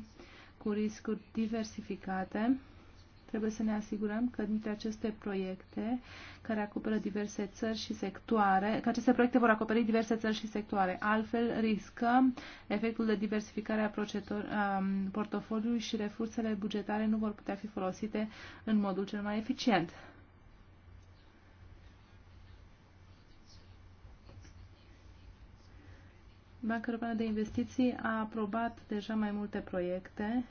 cu riscuri diversificate. Trebuie să ne asigurăm că dintre aceste proiecte care acoperă diverse țări și sectoare, că aceste proiecte vor acoperi diverse țări și sectoare. Altfel riscăm efectul de diversificare a, a portofoliului și resursele bugetare nu vor putea fi folosite în modul cel mai eficient. Banca Europeană de Investiții a aprobat deja mai multe proiecte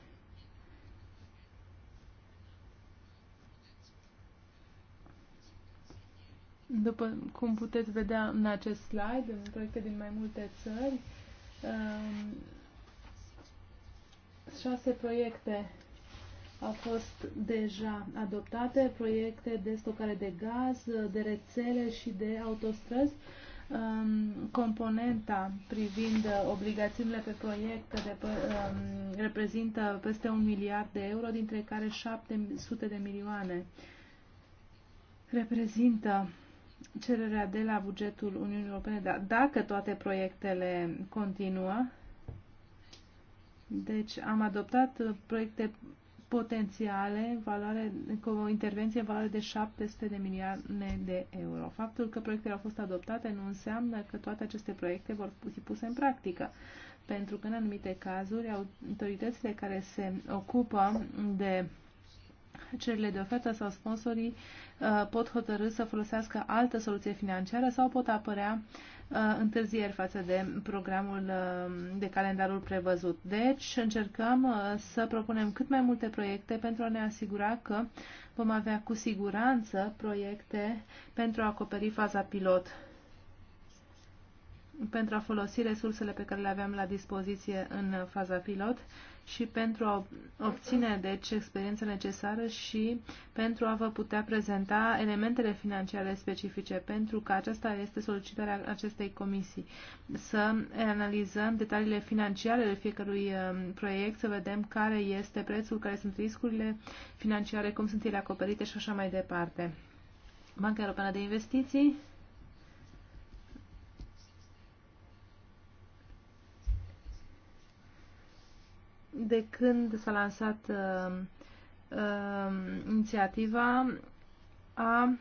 După cum puteți vedea în acest slide, în proiecte din mai multe țări, um, șase proiecte au fost deja adoptate, proiecte de stocare de gaz, de rețele și de autostrăzi um, componenta privind obligațiunile pe proiect de, um, reprezintă peste un miliard de euro, dintre care 700 de milioane reprezintă cererea de la bugetul Uniunii Europene, dar dacă toate proiectele continuă, deci am adoptat proiecte potențiale valoare, cu o intervenție valoare de 700 de milioane de euro. Faptul că proiectele au fost adoptate nu înseamnă că toate aceste proiecte vor fi puse în practică, pentru că în anumite cazuri autoritățile care se ocupă de cererile de ofertă sau sponsorii uh, pot hotărâ să folosească altă soluție financiară sau pot apărea uh, întârzieri față de programul uh, de calendarul prevăzut. Deci încercăm să propunem cât mai multe proiecte pentru a ne asigura că vom avea cu siguranță proiecte pentru a acoperi faza pilot pentru a folosi resursele pe care le aveam la dispoziție în faza pilot și pentru a obține deci experiența necesară și pentru a vă putea prezenta elementele financiare specifice, pentru că aceasta este solicitarea acestei comisii. Să analizăm detaliile financiare ale fiecărui um, proiect, să vedem care este prețul, care sunt riscurile financiare, cum sunt ele acoperite și așa mai departe. Banca Europeană de Investiții de când s-a lansat uh, uh, inițiativa, a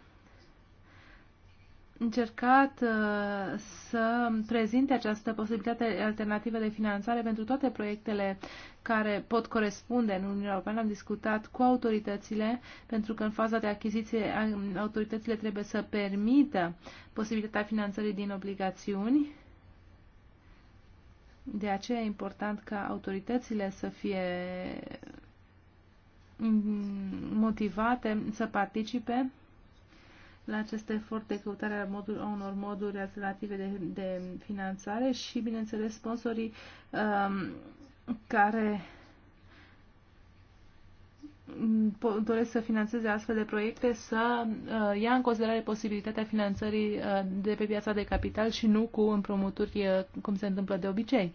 încercat uh, să prezinte această posibilitate alternativă de finanțare pentru toate proiectele care pot corespunde în Uniunea Europeană. Am discutat cu autoritățile, pentru că în faza de achiziție autoritățile trebuie să permită posibilitatea finanțării din obligațiuni de aceea e important ca autoritățile să fie motivate să participe la acest efort de căutare a, modul, a unor moduri alternative de, de finanțare și, bineînțeles, sponsorii um, care doresc să financeze astfel de proiecte să uh, ia în considerare posibilitatea finanțării uh, de pe piața de capital și nu cu împrumuturi uh, cum se întâmplă de obicei.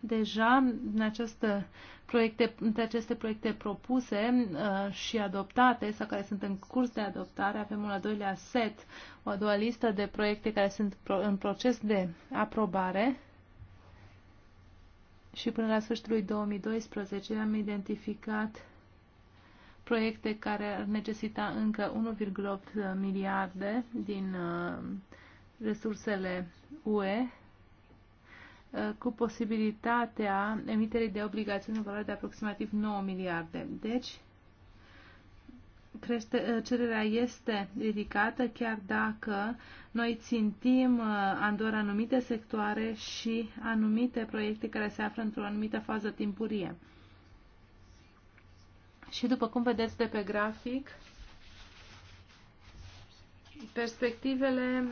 Deja în aceste proiecte, între aceste proiecte propuse și adoptate sau care sunt în curs de adoptare, avem un al doilea set, o a doua listă de proiecte care sunt în proces de aprobare și până la sfârșitul lui 2012 am identificat proiecte care ar necesita încă 1,8 miliarde din uh, resursele UE uh, cu posibilitatea emiterii de obligațiuni în valoare de aproximativ 9 miliarde. Deci, crește, eh, cererea este ridicată chiar dacă noi țintim eh, doar anumite sectoare și anumite proiecte care se află într-o anumită fază timpurie. Și după cum vedeți de pe grafic, perspectivele eh,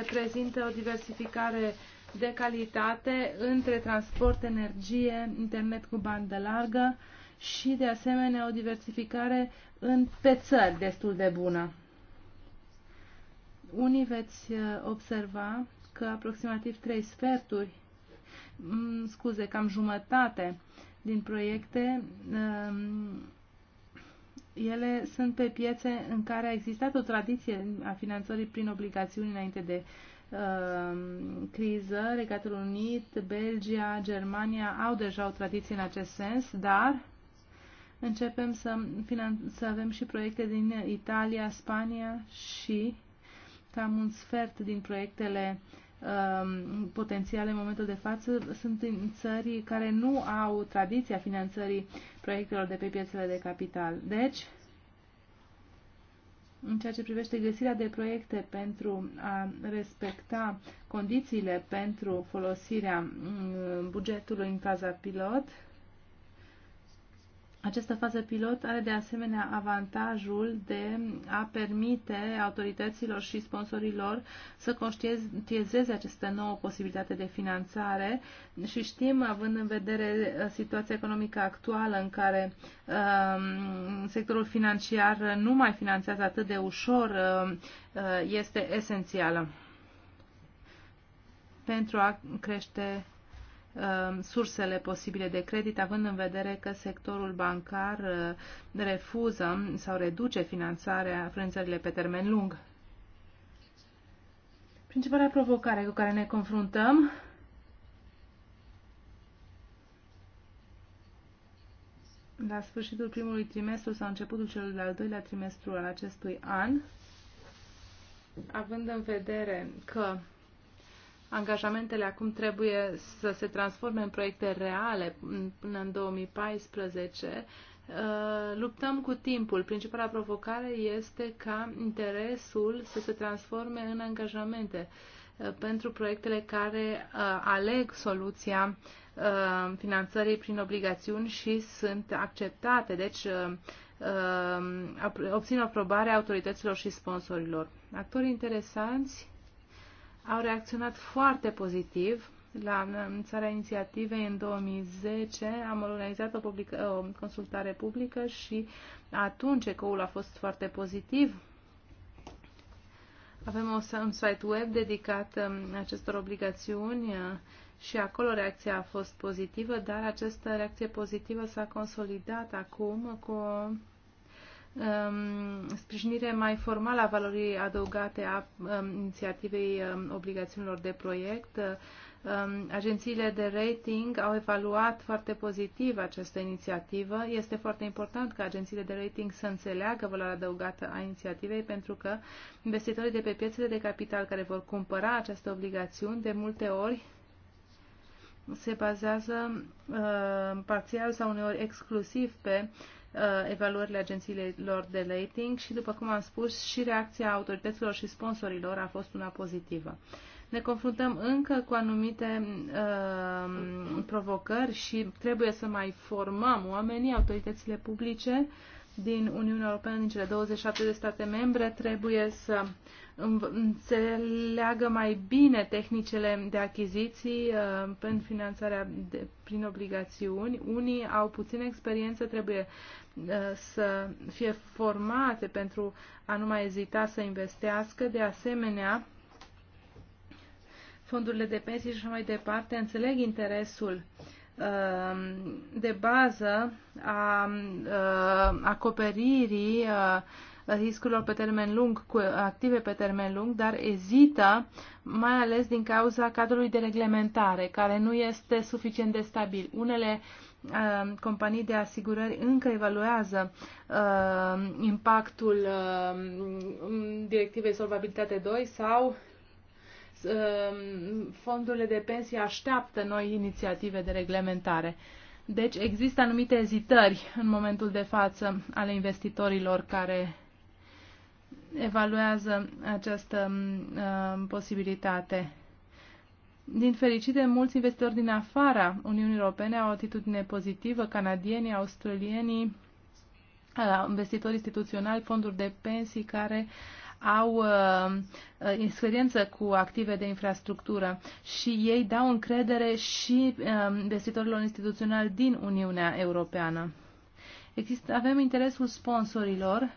reprezintă o diversificare de calitate între transport, energie, internet cu bandă largă, și, de asemenea, o diversificare în, pe țări destul de bună. Unii veți uh, observa că aproximativ trei sferturi, mm, scuze, cam jumătate din proiecte, um, ele sunt pe piețe în care a existat o tradiție a finanțării prin obligațiuni înainte de um, criză, Regatul Unit, Belgia, Germania au deja o tradiție în acest sens, dar începem să, să avem și proiecte din Italia, Spania și cam un sfert din proiectele um, potențiale în momentul de față sunt în țări care nu au tradiția finanțării proiectelor de pe piețele de capital. Deci, în ceea ce privește găsirea de proiecte pentru a respecta condițiile pentru folosirea um, bugetului în faza pilot, această fază pilot are de asemenea avantajul de a permite autorităților și sponsorilor să conștientizeze această nouă posibilitate de finanțare și știm, având în vedere uh, situația economică actuală în care um, sectorul financiar nu mai finanțează atât de ușor, um, este esențială pentru a crește Um, sursele posibile de credit, având în vedere că sectorul bancar uh, refuză sau reduce finanțarea frânțările pe termen lung. Principala provocare cu care ne confruntăm la sfârșitul primului trimestru sau începutul celui de-al doilea trimestru al acestui an, având în vedere că Angajamentele acum trebuie să se transforme în proiecte reale până în 2014. Uh, luptăm cu timpul. Principala provocare este ca interesul să se transforme în angajamente uh, pentru proiectele care uh, aleg soluția finanțării prin obligațiuni și sunt acceptate, deci obțin aprobarea autorităților și sponsorilor. Actori interesanți au reacționat foarte pozitiv la țara inițiativei în 2010 am organizat o, publică, o consultare publică și atunci ecoul a fost foarte pozitiv. Avem un site web dedicat um, acestor obligațiuni uh, și acolo reacția a fost pozitivă, dar această reacție pozitivă s-a consolidat acum cu Um, sprijinire mai formală a valorii adăugate a um, inițiativei um, obligațiunilor de proiect. Agențiile de rating au evaluat foarte pozitiv această inițiativă. Este foarte important ca agențiile de rating să înțeleagă valoarea adăugată a inițiativei pentru că investitorii de pe piețele de capital care vor cumpăra aceste obligațiune de multe ori se bazează uh, parțial sau uneori exclusiv pe uh, Uh, evaluările agențiilor de rating și, după cum am spus, și reacția autorităților și sponsorilor a fost una pozitivă. Ne confruntăm încă cu anumite uh, provocări și trebuie să mai formăm oamenii, autoritățile publice din Uniunea Europeană, din cele 27 de state membre, trebuie să înțeleagă mai bine tehnicele de achiziții în uh, finanțarea de, prin obligațiuni. Unii au puțină experiență, trebuie să fie formate pentru a nu mai ezita să investească. De asemenea, fondurile de pensii și așa mai departe înțeleg interesul um, de bază a uh, acoperirii uh, riscurilor pe termen lung, cu active pe termen lung, dar ezită, mai ales din cauza cadrului de reglementare, care nu este suficient de stabil. Unele uh, Uh, companii de asigurări încă evaluează uh, impactul uh, directivei Solvabilitate 2 sau uh, fondurile de pensie așteaptă noi inițiative de reglementare. Deci există anumite ezitări în momentul de față ale investitorilor care evaluează această um, uh, posibilitate din fericire, mulți investitori din afara Uniunii Europene au o atitudine pozitivă, canadienii, australienii, uh, investitori instituționali, fonduri de pensii care au uh, uh, experiență cu active de infrastructură și ei dau încredere și uh, investitorilor instituționali din Uniunea Europeană. Există, avem interesul sponsorilor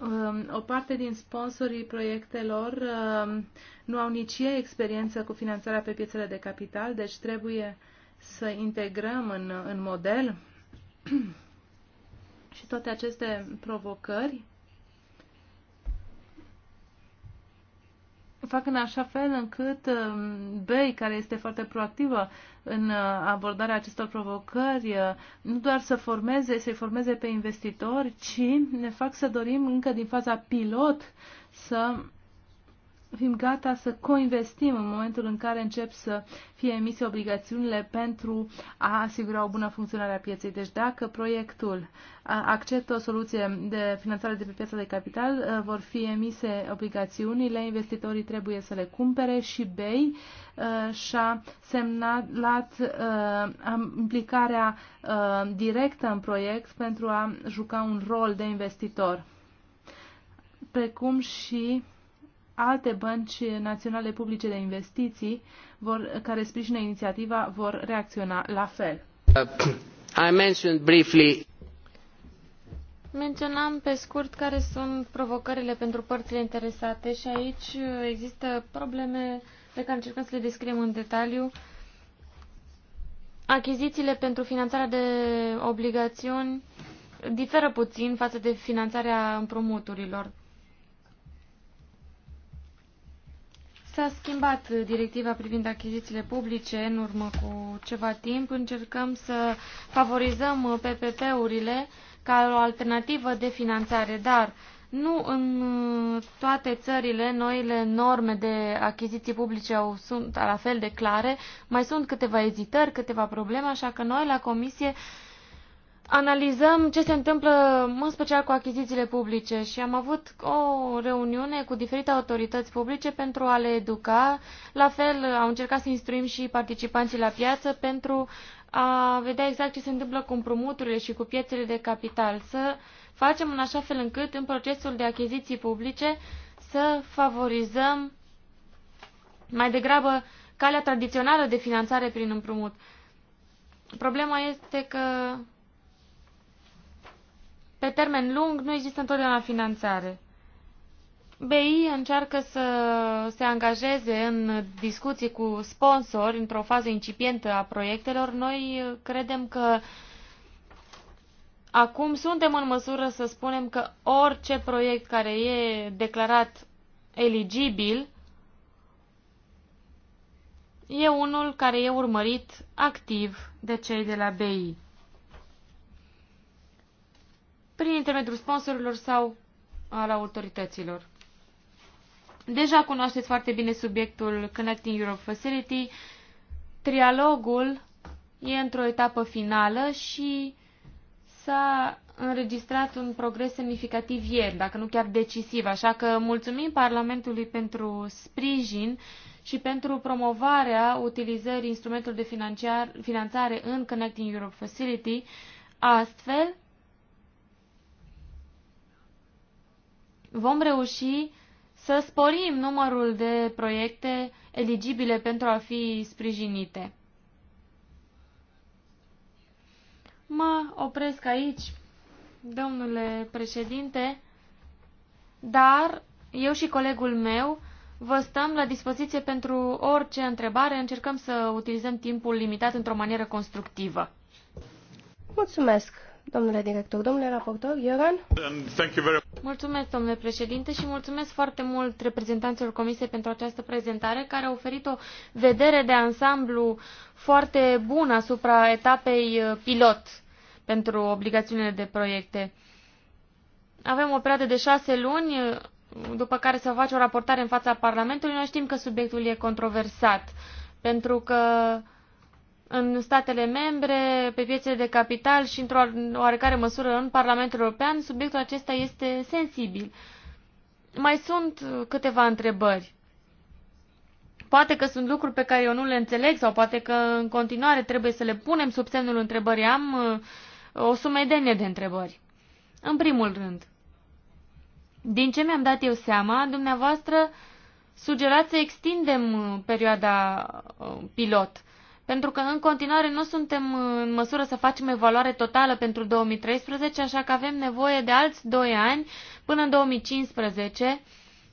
Um, o parte din sponsorii proiectelor um, nu au nici ei experiență cu finanțarea pe piețele de capital, deci trebuie să integrăm în, în model (clears throat) și toate aceste provocări fac în așa fel încât um, BEI, care este foarte proactivă în uh, abordarea acestor provocări, uh, nu doar să formeze, să-i formeze pe investitori, ci ne fac să dorim încă din faza pilot să fim gata să coinvestim în momentul în care încep să fie emise obligațiunile pentru a asigura o bună funcționare a pieței. Deci dacă proiectul acceptă o soluție de finanțare de pe piața de capital, vor fi emise obligațiunile, investitorii trebuie să le cumpere și BEI și-a semnalat implicarea directă în proiect pentru a juca un rol de investitor precum și alte bănci naționale publice de investiții vor, care sprijină inițiativa vor reacționa la fel. I mentioned briefly Menționam pe scurt care sunt provocările pentru părțile interesate și aici există probleme pe care încercăm să le descriem în detaliu. Achizițiile pentru finanțarea de obligațiuni diferă puțin față de finanțarea împrumuturilor. S-a schimbat directiva privind achizițiile publice în urmă cu ceva timp. Încercăm să favorizăm PPP-urile ca o alternativă de finanțare, dar nu în toate țările noile norme de achiziții publice au, sunt la fel de clare. Mai sunt câteva ezitări, câteva probleme, așa că noi la Comisie uh, analizăm ce se întâmplă în special cu achizițiile publice și am avut o reuniune cu diferite autorități publice pentru a le educa. La fel am încercat să instruim și participanții la piață pentru a vedea exact ce se întâmplă cu împrumuturile și cu piețele de capital. Să facem în așa fel încât în procesul de achiziții publice să favorizăm mai degrabă calea tradițională de finanțare prin împrumut. Problema este că pe termen lung nu există întotdeauna finanțare. BI încearcă să se angajeze în discuții cu sponsori într-o fază incipientă a proiectelor. Noi credem că acum suntem în măsură să spunem că orice proiect care e declarat eligibil e unul care e urmărit activ de cei de la BI prin intermediul sponsorilor sau al autorităților. Deja cunoașteți foarte bine subiectul Connecting Europe Facility. Trialogul e într-o etapă finală și s-a înregistrat un progres semnificativ ieri, dacă nu chiar decisiv, așa că mulțumim Parlamentului pentru sprijin și pentru promovarea utilizării instrumentului de finanțare în Connecting Europe Facility. Astfel, vom reuși să sporim numărul de proiecte eligibile pentru a fi sprijinite. Mă opresc aici, domnule președinte, dar eu și colegul meu vă stăm la dispoziție pentru orice întrebare. Încercăm să utilizăm timpul limitat într-o manieră constructivă. Mulțumesc! domnule director, domnule raportor, Ioran. Mulțumesc, domnule președinte, și mulțumesc foarte mult reprezentanților Comisiei pentru această prezentare, care a oferit o vedere de ansamblu foarte bună asupra etapei uh, pilot pentru obligațiunile de proiecte. Avem o perioadă de șase luni, uh, după care se face o raportare în fața Parlamentului. Noi știm că subiectul e controversat, pentru că în statele membre, pe piețele de capital și într-o oarecare măsură în Parlamentul European, subiectul acesta este sensibil. Mai sunt câteva întrebări. Poate că sunt lucruri pe care eu nu le înțeleg sau poate că în continuare trebuie să le punem sub semnul întrebării. Am uh, o sumedenie de întrebări. În primul rând, din ce mi-am dat eu seama, dumneavoastră sugerați să extindem uh, perioada uh, pilot – pentru că în continuare nu suntem în măsură să facem evaluare totală pentru 2013, așa că avem nevoie de alți 2 ani până în 2015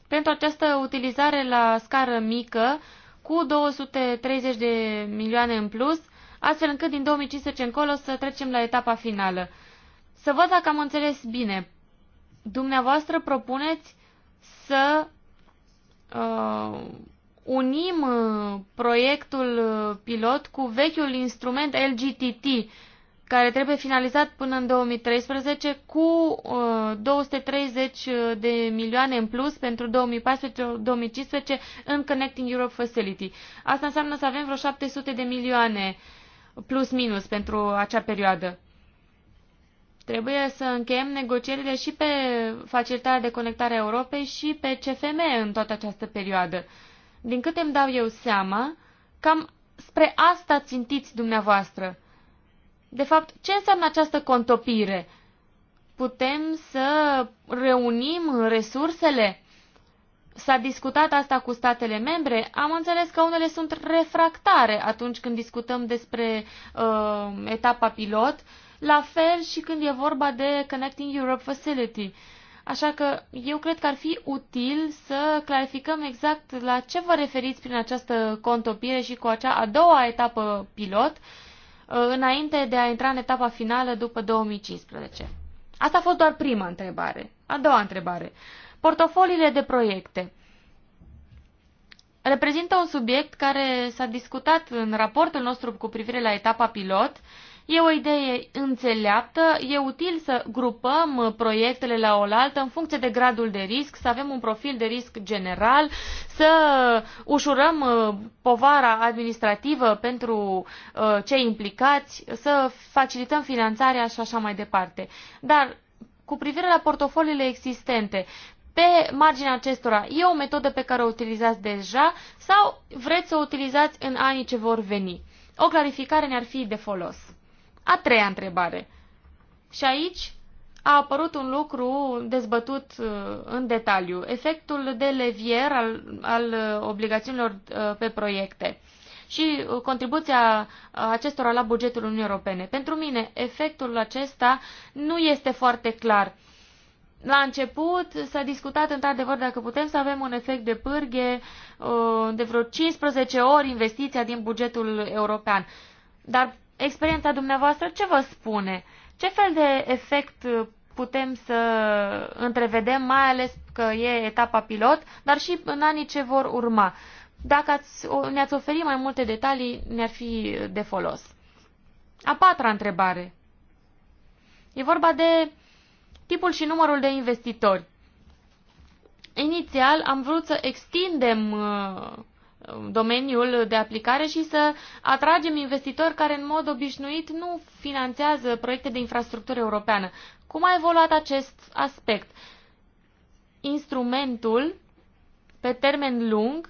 pentru această utilizare la scară mică cu 230 de milioane în plus, astfel încât din 2015 încolo să trecem la etapa finală. Să văd dacă am înțeles bine. Dumneavoastră propuneți să uh, unim uh, proiectul uh, pilot cu vechiul instrument LGTT, care trebuie finalizat până în 2013 cu 230 uh, de milioane în plus pentru 2014-2015 în Connecting Europe Facility. Asta înseamnă să avem vreo 700 de milioane plus minus pentru acea perioadă. Trebuie să încheiem negocierile și pe facilitarea de conectare a Europei și pe CFM în toată această perioadă din câte îmi dau eu seama, cam spre asta țintiți dumneavoastră. De fapt, ce înseamnă această contopire? Putem să reunim resursele? S-a discutat asta cu statele membre. Am înțeles că unele sunt refractare atunci când discutăm despre uh, etapa pilot, la fel și când e vorba de Connecting Europe Facility. Uh, Așa că eu cred că ar fi util să clarificăm exact la ce vă referiți prin această contopire și cu acea a doua etapă pilot, uh, înainte de a intra în etapa finală după 2015. Asta a fost doar prima întrebare. A doua întrebare. Portofoliile de proiecte reprezintă un subiect care s-a discutat în raportul nostru cu privire la etapa pilot E o idee înțeleaptă, e util să grupăm proiectele la oaltă în funcție de gradul de risc, să avem un profil de risc general, să ușurăm uh, povara administrativă pentru uh, cei implicați, să facilităm finanțarea și așa mai departe. Dar cu privire la portofoliile existente, pe marginea acestora, e o metodă pe care o utilizați deja sau vreți să o utilizați în anii ce vor veni? O clarificare ne-ar fi de folos. A treia întrebare. Și aici a apărut un lucru dezbătut uh, în detaliu, efectul de levier al, al uh, obligațiunilor uh, pe proiecte și contribuția acestora la bugetul Uniunii Europene. Pentru mine, efectul acesta nu este foarte clar. La început s-a discutat într-adevăr dacă putem să avem un efect de pârghe de vreo 15 ori investiția din bugetul european. Dar experiența dumneavoastră ce vă spune? Ce fel de efect putem să întrevedem, mai ales că e etapa pilot, dar și în anii ce vor urma? Dacă ați, ne-ați oferi mai multe detalii, ne-ar fi de folos. A patra întrebare. E vorba de tipul și numărul de investitori. Inițial am vrut să extindem uh, domeniul de aplicare și să atragem investitori care în mod obișnuit nu finanțează proiecte de infrastructură europeană. Cum a evoluat acest aspect? Instrumentul, pe termen lung,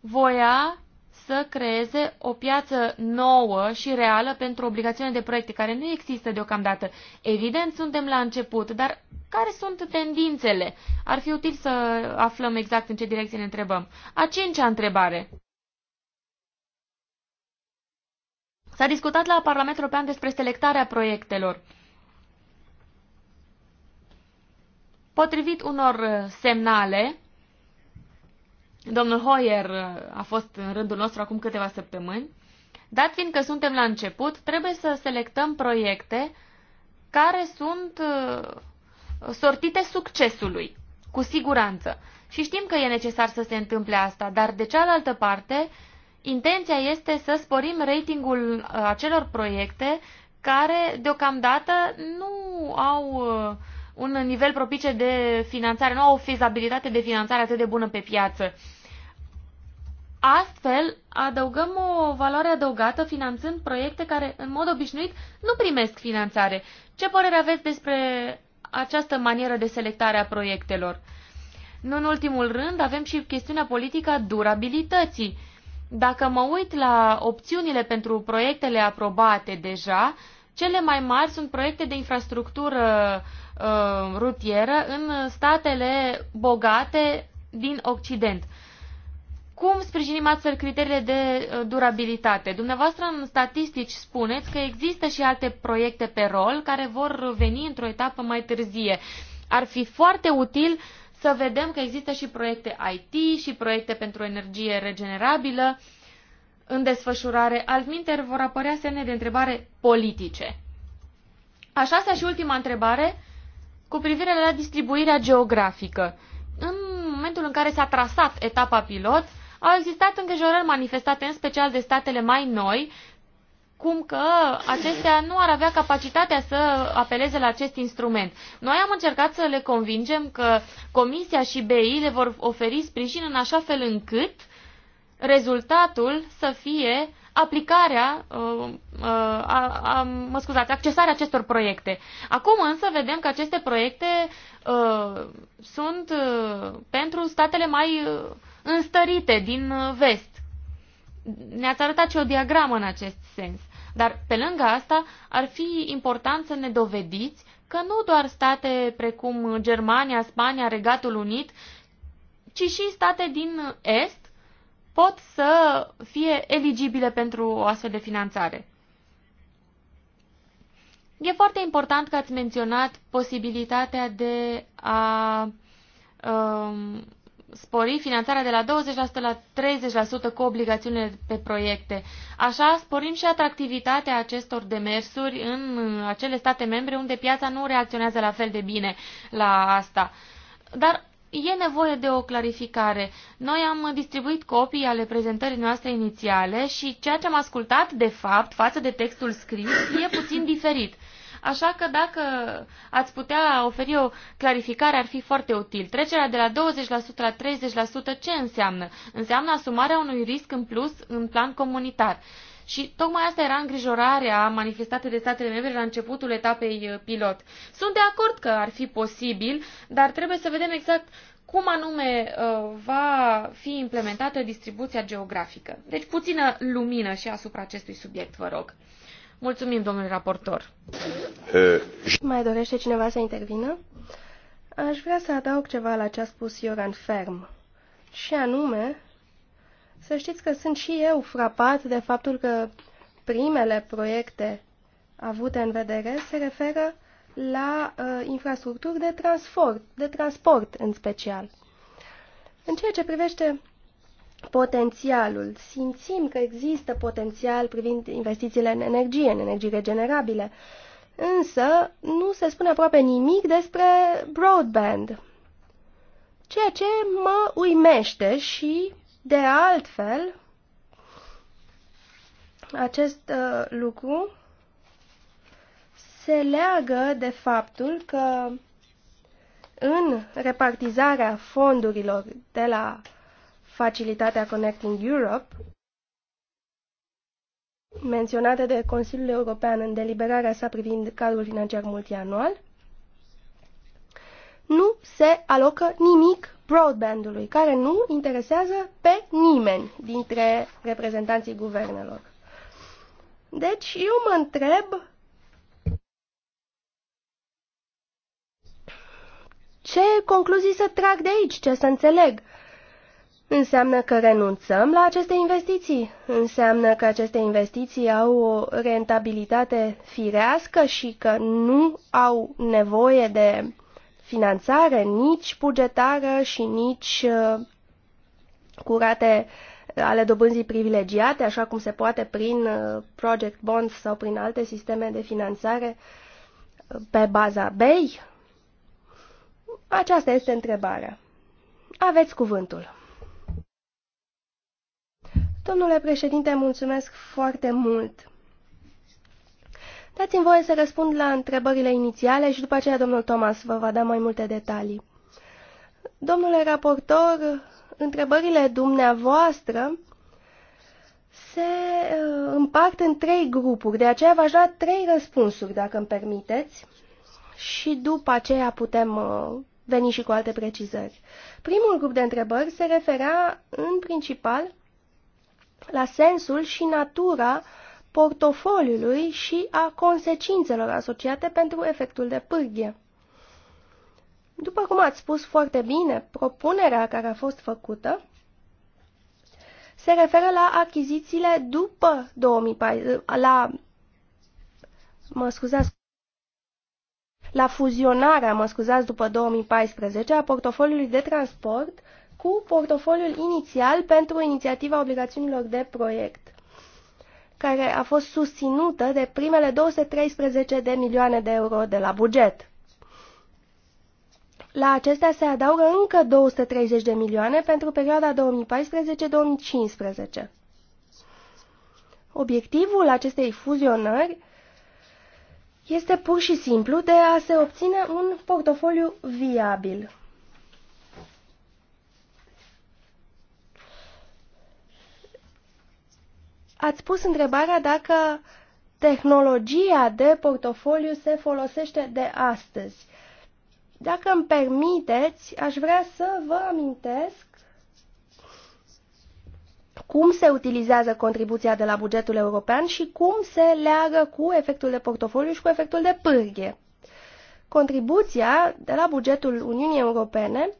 voia să creeze o piață nouă și reală pentru obligațiune de proiecte, care nu există deocamdată. Evident, suntem la început, dar care sunt tendințele? Ar fi util să aflăm exact în ce direcție ne întrebăm. A cincea întrebare. S-a discutat la Parlamentul European despre selectarea proiectelor. Potrivit unor semnale, Domnul Hoyer uh, a fost în rândul nostru acum câteva săptămâni. Dat fiind că suntem la început, trebuie să selectăm proiecte care sunt uh, sortite succesului, cu siguranță. Și știm că e necesar să se întâmple asta, dar de cealaltă parte, intenția este să sporim ratingul uh, acelor proiecte care deocamdată nu au un nivel propice de finanțare, nu au o fezabilitate de finanțare atât de bună pe piață. Astfel, adăugăm o valoare adăugată finanțând proiecte care, în mod obișnuit, nu primesc finanțare. Ce părere aveți despre această manieră de selectare a proiectelor? Nu în ultimul rând, avem și chestiunea politică a durabilității. Dacă mă uit la opțiunile pentru proiectele aprobate deja, cele mai mari sunt proiecte de infrastructură uh, Uh, rutieră în statele bogate din Occident. Cum sprijinim astfel criteriile de uh, durabilitate? Dumneavoastră în statistici spuneți că există și alte proiecte pe rol care vor veni într-o etapă mai târzie. Ar fi foarte util să vedem că există și proiecte IT și proiecte pentru energie regenerabilă în desfășurare. Altminte vor apărea semne de întrebare politice. Așa și ultima întrebare cu privire la distribuirea geografică. În momentul în care s-a trasat etapa pilot, au existat îngrijorări manifestate în special de statele mai noi, cum că acestea nu ar avea capacitatea să apeleze la acest instrument. Noi am încercat să le convingem că Comisia și BI le vor oferi sprijin în așa fel încât rezultatul să fie aplicarea, uh, uh, a, a, mă scuzați, accesarea acestor proiecte. Acum însă vedem că aceste proiecte uh, sunt uh, pentru statele mai uh, înstărite din uh, vest. Ne-ați arătat și o diagramă în acest sens. Dar pe lângă asta ar fi important să ne dovediți că nu doar state precum Germania, Spania, Regatul Unit, ci și state din uh, Est pot să fie eligibile pentru o astfel de finanțare. E foarte important că ați menționat posibilitatea de a um, spori finanțarea de la 20% la 30% cu obligațiunile pe proiecte. Așa sporim și atractivitatea acestor demersuri în acele state membre unde piața nu reacționează la fel de bine la asta. Dar e nevoie de o clarificare. Noi am distribuit copii ale prezentării noastre inițiale și ceea ce am ascultat, de fapt, față de textul scris, e puțin diferit. Așa că dacă ați putea oferi o clarificare, ar fi foarte util. Trecerea de la 20% la 30% ce înseamnă? Înseamnă asumarea unui risc în plus în plan comunitar. Și tocmai asta era îngrijorarea manifestată de statele membre la începutul etapei uh, pilot. Sunt de acord că ar fi posibil, dar trebuie să vedem exact cum anume uh, va fi implementată distribuția geografică. Deci puțină lumină și asupra acestui subiect, vă rog. Mulțumim, domnule raportor. Uh, Mai dorește cineva să intervină? Aș vrea să adaug ceva la ce a spus Ioran Ferm. Și anume, să știți că sunt și eu frapat de faptul că primele proiecte avute în vedere se referă la uh, infrastructuri de transport, de transport în special. În ceea ce privește potențialul, simțim că există potențial privind investițiile în energie, în energii regenerabile, însă nu se spune aproape nimic despre broadband, ceea ce mă uimește și de altfel, acest uh, lucru se leagă de faptul că în repartizarea fondurilor de la facilitatea Connecting Europe, menționată de Consiliul European în deliberarea sa privind cadrul financiar multianual, nu se alocă nimic broadbandului, care nu interesează pe nimeni dintre reprezentanții guvernelor. Deci eu mă întreb ce concluzii să trag de aici, ce să înțeleg. Înseamnă că renunțăm la aceste investiții? Înseamnă că aceste investiții au o rentabilitate firească și că nu au nevoie de finanțare, nici bugetară și nici uh, curate uh, ale dobânzii privilegiate, așa cum se poate prin uh, project bonds sau prin alte sisteme de finanțare pe baza BEI? Aceasta este întrebarea. Aveți cuvântul. Domnule președinte, mulțumesc foarte mult. Dați-mi voie să răspund la întrebările inițiale și după aceea domnul Thomas vă va da mai multe detalii. Domnule raportor, întrebările dumneavoastră se uh, împart în trei grupuri, de aceea v-aș da trei răspunsuri, dacă îmi permiteți, și după aceea putem uh, veni și cu alte precizări. Primul grup de întrebări se referea în principal la sensul și natura portofoliului și a consecințelor asociate pentru efectul de pârghie. După cum ați spus foarte bine, propunerea care a fost făcută se referă la achizițiile după 2014, la, mă scuzați, la fuzionarea, mă scuzați, după 2014 a portofoliului de transport cu portofoliul inițial pentru inițiativa obligațiunilor de proiect care a fost susținută de primele 213 de milioane de euro de la buget. La acestea se adaugă încă 230 de milioane pentru perioada 2014-2015. Obiectivul acestei fuzionări este pur și simplu de a se obține un portofoliu viabil. Ați pus întrebarea dacă tehnologia de portofoliu se folosește de astăzi. Dacă îmi permiteți, aș vrea să vă amintesc cum se utilizează contribuția de la bugetul european și cum se leagă cu efectul de portofoliu și cu efectul de pârghie. Contribuția de la bugetul Uniunii Europene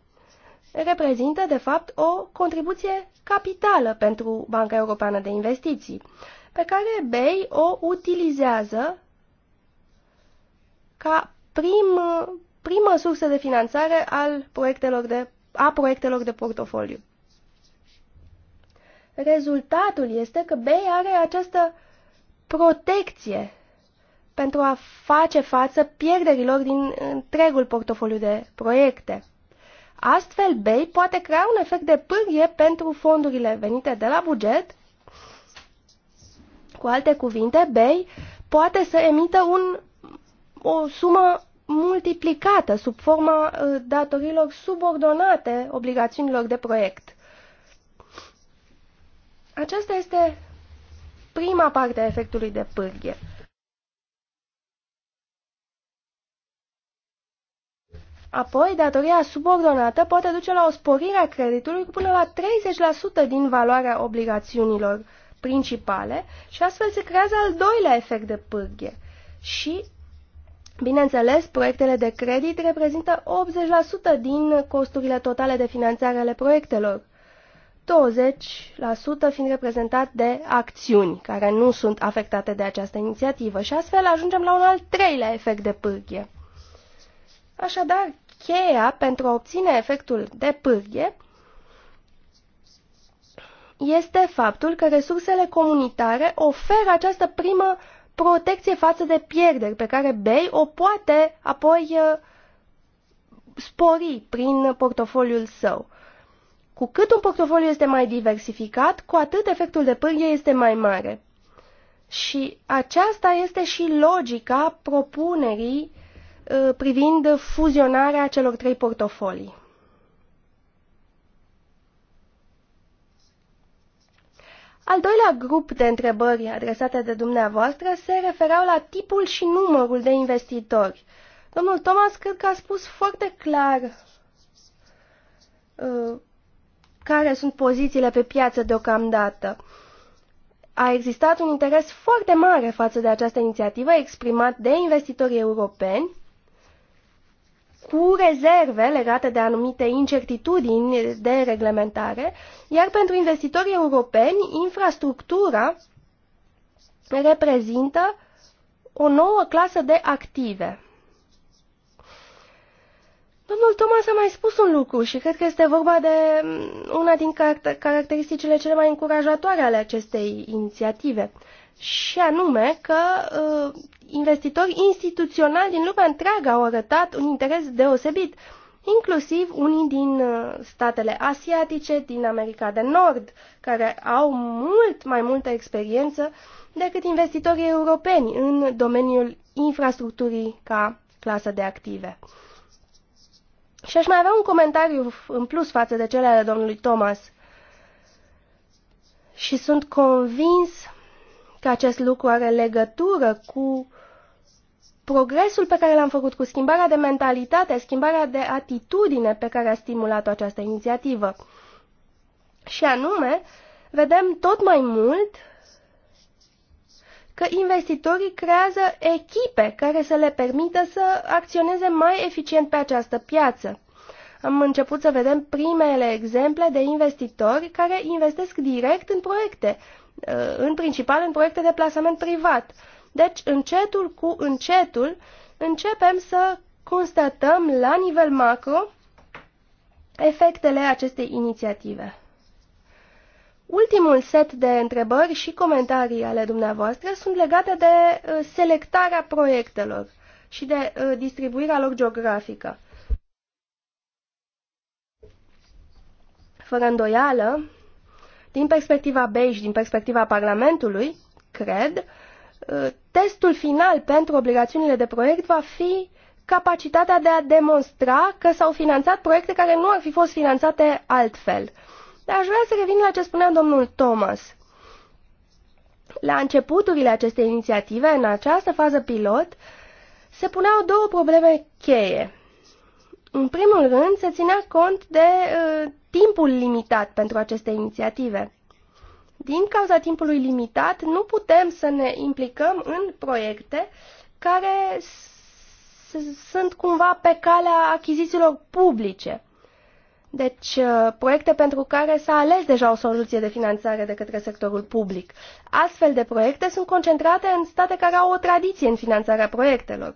reprezintă, de fapt, o contribuție capitală pentru Banca Europeană de Investiții, pe care BEI o utilizează ca prim, primă sursă de finanțare al proiectelor de, a proiectelor de portofoliu. Rezultatul este că BEI are această protecție pentru a face față pierderilor din întregul portofoliu de proiecte. Astfel, BEI poate crea un efect de pârghie pentru fondurile venite de la buget. Cu alte cuvinte, BEI poate să emită un, o sumă multiplicată sub forma uh, datorilor subordonate obligațiunilor de proiect. Aceasta este prima parte a efectului de pârghie. Apoi, datoria subordonată poate duce la o sporire a creditului cu până la 30% din valoarea obligațiunilor principale și astfel se creează al doilea efect de pârghie. Și, bineînțeles, proiectele de credit reprezintă 80% din costurile totale de finanțare ale proiectelor, 20% fiind reprezentat de acțiuni care nu sunt afectate de această inițiativă și astfel ajungem la un al treilea efect de pârghie. Așadar, cheia pentru a obține efectul de pârghie este faptul că resursele comunitare oferă această primă protecție față de pierderi pe care BEI o poate apoi uh, spori prin portofoliul său. Cu cât un portofoliu este mai diversificat, cu atât efectul de pârghie este mai mare. Și aceasta este și logica propunerii Uh, privind fuzionarea celor trei portofolii. Al doilea grup de întrebări adresate de dumneavoastră se referau la tipul și numărul de investitori. Domnul Thomas cred că a spus foarte clar uh, care sunt pozițiile pe piață deocamdată. A existat un interes foarte mare față de această inițiativă exprimat de investitorii europeni cu rezerve legate de anumite incertitudini de reglementare, iar pentru investitorii europeni, infrastructura reprezintă o nouă clasă de active. Domnul Thomas a mai spus un lucru și cred că este vorba de mm, una din caracteristicile cele mai încurajatoare ale acestei inițiative și anume că uh, investitori instituționali din lumea întreagă au arătat un interes deosebit, inclusiv unii din uh, statele asiatice, din America de Nord, care au mult mai multă experiență decât investitorii europeni în domeniul infrastructurii ca clasă de active. Și aș mai avea un comentariu în plus față de cele ale domnului Thomas. Și sunt convins că acest lucru are legătură cu progresul pe care l-am făcut, cu schimbarea de mentalitate, schimbarea de atitudine pe care a stimulat-o această inițiativă. Și anume, vedem tot mai mult că investitorii creează echipe care să le permită să acționeze mai eficient pe această piață. Am început să vedem primele exemple de investitori care investesc direct în proiecte, Uh, în principal în proiecte de plasament privat. Deci, încetul cu încetul, începem să constatăm la nivel macro efectele acestei inițiative. Ultimul set de întrebări și comentarii ale dumneavoastră sunt legate de uh, selectarea proiectelor și de uh, distribuirea lor geografică. Fără îndoială, din perspectiva BEI și din perspectiva Parlamentului, cred, ă, testul final pentru obligațiunile de proiect va fi capacitatea de a demonstra că s-au finanțat proiecte care nu ar fi fost finanțate altfel. Dar aș vrea să revin la ce spunea domnul Thomas. La începuturile acestei inițiative, în această fază pilot, se puneau două probleme cheie. În primul rând, se ținea cont de uh, timpul limitat pentru aceste inițiative. Din cauza timpului limitat, nu putem să ne implicăm în proiecte care sunt cumva pe calea achizițiilor publice. Deci, uh, proiecte pentru care s-a ales deja o soluție de finanțare de către sectorul public. Astfel de proiecte sunt concentrate în state care au o tradiție în finanțarea proiectelor.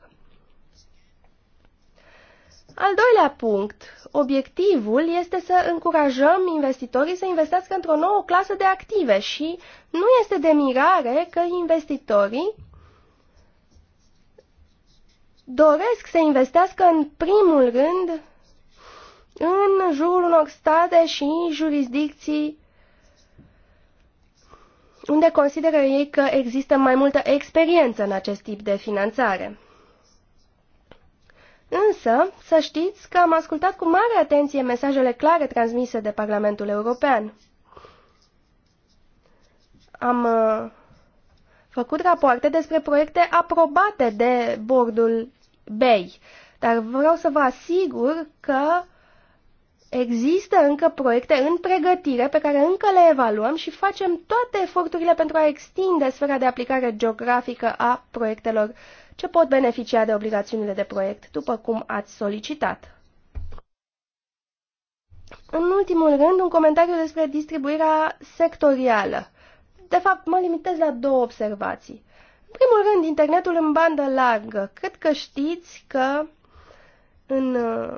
Al doilea punct. Obiectivul este să încurajăm investitorii să investească într-o nouă clasă de active și nu este de mirare că investitorii doresc să investească în primul rând în jurul unor state și jurisdicții unde consideră ei că există mai multă experiență în acest tip de finanțare. Însă, să știți că am ascultat cu mare atenție mesajele clare transmise de Parlamentul European. Am uh, făcut rapoarte despre proiecte aprobate de bordul BEI, dar vreau să vă asigur că există încă proiecte în pregătire pe care încă le evaluăm și facem toate eforturile pentru a extinde sfera de aplicare geografică a proiectelor uh, ce pot beneficia de obligațiunile de proiect, după cum ați solicitat. În ultimul rând, un comentariu despre distribuirea sectorială. De fapt, mă limitez la două observații. În primul rând, internetul în bandă largă. Cred că știți că în uh,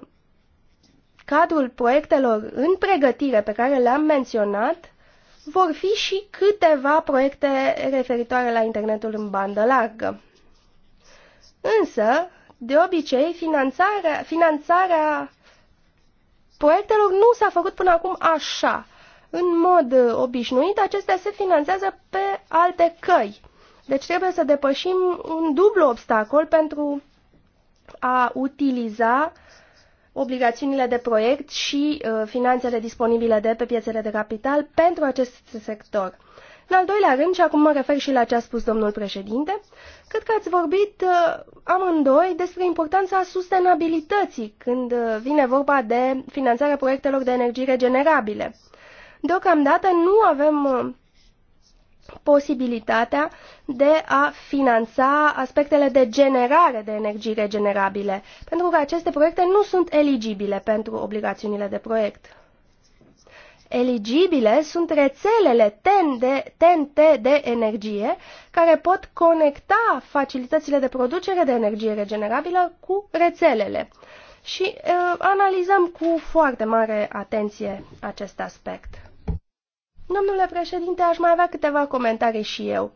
cadrul proiectelor în pregătire pe care le-am menționat, vor fi și câteva proiecte referitoare la internetul în bandă largă. Însă, de obicei, finanțarea, finanțarea proiectelor nu s-a făcut până acum așa. În mod obișnuit, acestea se finanțează pe alte căi. Deci trebuie să depășim un dublu obstacol pentru a utiliza obligațiunile de proiect și uh, finanțele disponibile de pe piețele de capital pentru acest sector. În al doilea rând, și acum mă refer și la ce a spus domnul președinte, cred că ați vorbit uh, amândoi despre importanța sustenabilității când uh, vine vorba de finanțarea proiectelor de energie regenerabile. Deocamdată nu avem uh, posibilitatea de a finanța aspectele de generare de energie regenerabile, pentru că aceste proiecte nu sunt eligibile pentru obligațiunile de proiect. Eligibile sunt rețelele TNT de energie care pot conecta facilitățile de producere de energie regenerabilă cu rețelele. Și uh, analizăm cu foarte mare atenție acest aspect. Domnule președinte, aș mai avea câteva comentarii și eu.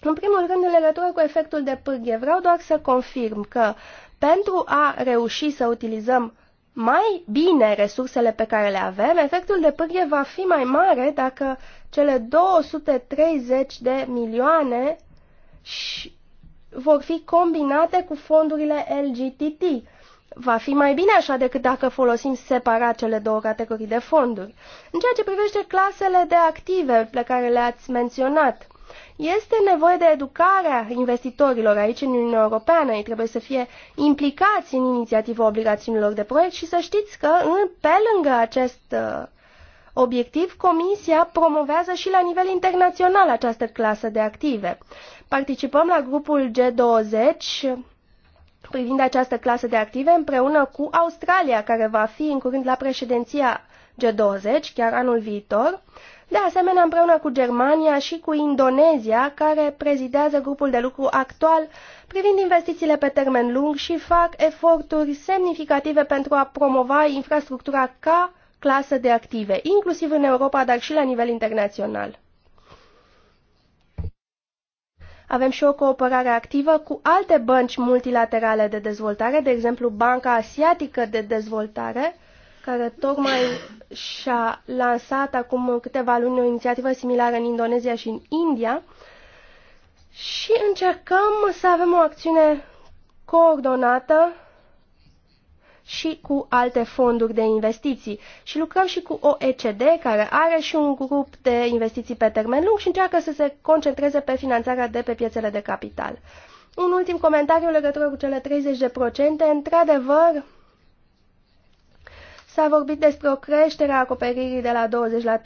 În primul rând, în legătură cu efectul de pârghie, vreau doar să confirm că pentru a reuși să utilizăm mai bine resursele pe care le avem, efectul de pârghie va fi mai mare dacă cele 230 de milioane vor fi combinate cu fondurile LGTT. Va fi mai bine așa decât dacă folosim separat cele două categorii de fonduri. În ceea ce privește clasele de active pe care le-ați menționat, este nevoie de educarea investitorilor aici în Uniunea Europeană. Ei trebuie să fie implicați în inițiativa obligațiunilor de proiect și să știți că pe lângă acest uh, obiectiv, Comisia promovează și la nivel internațional această clasă de active. Participăm la grupul G20 privind această clasă de active împreună cu Australia, care va fi în curând la președinția G20, chiar anul viitor, de asemenea, împreună cu Germania și cu Indonezia, care prezidează grupul de lucru actual privind investițiile pe termen lung și fac eforturi semnificative pentru a promova infrastructura ca clasă de active, inclusiv în Europa, dar și la nivel internațional. Avem și o cooperare activă cu alte bănci multilaterale de dezvoltare, de exemplu Banca Asiatică de Dezvoltare, care tocmai și-a lansat acum câteva luni o inițiativă similară în Indonezia și în India și încercăm să avem o acțiune coordonată și cu alte fonduri de investiții. Și lucrăm și cu OECD, care are și un grup de investiții pe termen lung și încearcă să se concentreze pe finanțarea de pe piețele de capital. Un ultim comentariu în legătură cu cele 30%. Într-adevăr, S-a vorbit despre o creștere a acoperirii de la 20 la 30%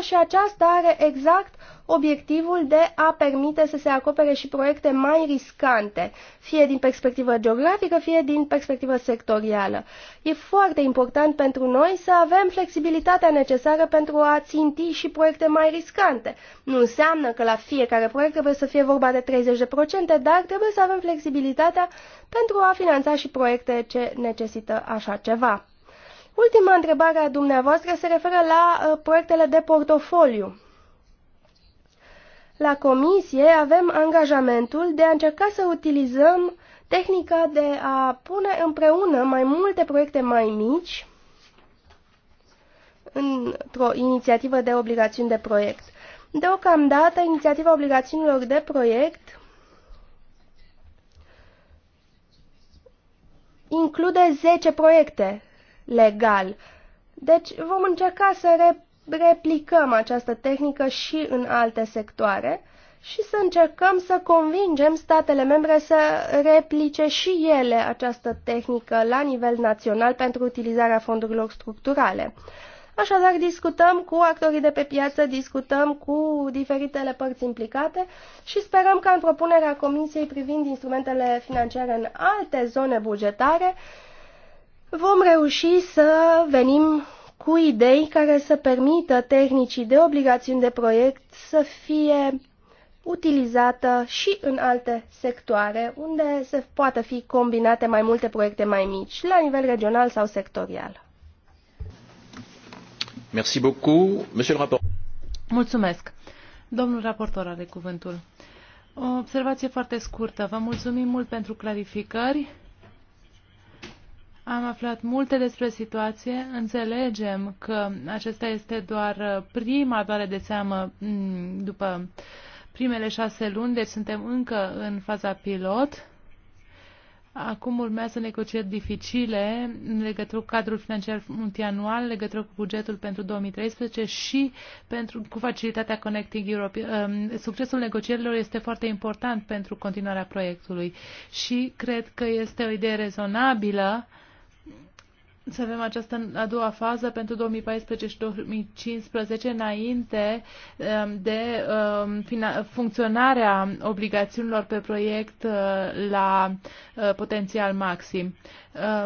și aceasta are exact obiectivul de a permite să se acopere și proiecte mai riscante, fie din perspectivă geografică, fie din perspectivă sectorială. E foarte important pentru noi să avem flexibilitatea necesară pentru a ținti și proiecte mai riscante. Nu înseamnă că la fiecare proiect trebuie să fie vorba de 30%, dar trebuie să avem flexibilitatea pentru a finanța și proiecte ce necesită așa ceva. Ultima întrebare a dumneavoastră se referă la uh, proiectele de portofoliu. La comisie avem angajamentul de a încerca să utilizăm tehnica de a pune împreună mai multe proiecte mai mici într-o inițiativă de obligațiuni de proiect. Deocamdată, inițiativa obligațiunilor de proiect include 10 proiecte legal. Deci vom încerca să replicăm această tehnică și în alte sectoare și să încercăm să convingem statele membre să replice și ele această tehnică la nivel național pentru utilizarea fondurilor structurale. Așadar, discutăm cu actorii de pe piață, discutăm cu diferitele părți implicate și sperăm ca în propunerea Comisiei privind instrumentele financiare în alte zone bugetare vom reuși să venim cu idei care să permită tehnicii de obligațiuni de proiect să fie utilizată și în alte sectoare, unde se poată fi combinate mai multe proiecte mai mici, la nivel regional sau sectorial. Merci beaucoup, monsieur le rapport. Mulțumesc. Domnul raportor are cuvântul. O observație foarte scurtă. Vă mulțumim mult pentru clarificări. Am aflat multe despre situație. Înțelegem că acesta este doar uh, prima doare de seamă mm, după primele șase luni, deci suntem încă în faza pilot. Acum urmează negocieri dificile în legătură cu cadrul financiar multianual, în legătură cu bugetul pentru 2013 și pentru, cu facilitatea Connecting Europe. Um, succesul negocierilor este foarte important pentru continuarea proiectului și cred că este o idee rezonabilă uh, să avem această a doua fază pentru 2014 și 2015 înainte um, de um, funcționarea obligațiunilor pe proiect uh, la uh, potențial maxim.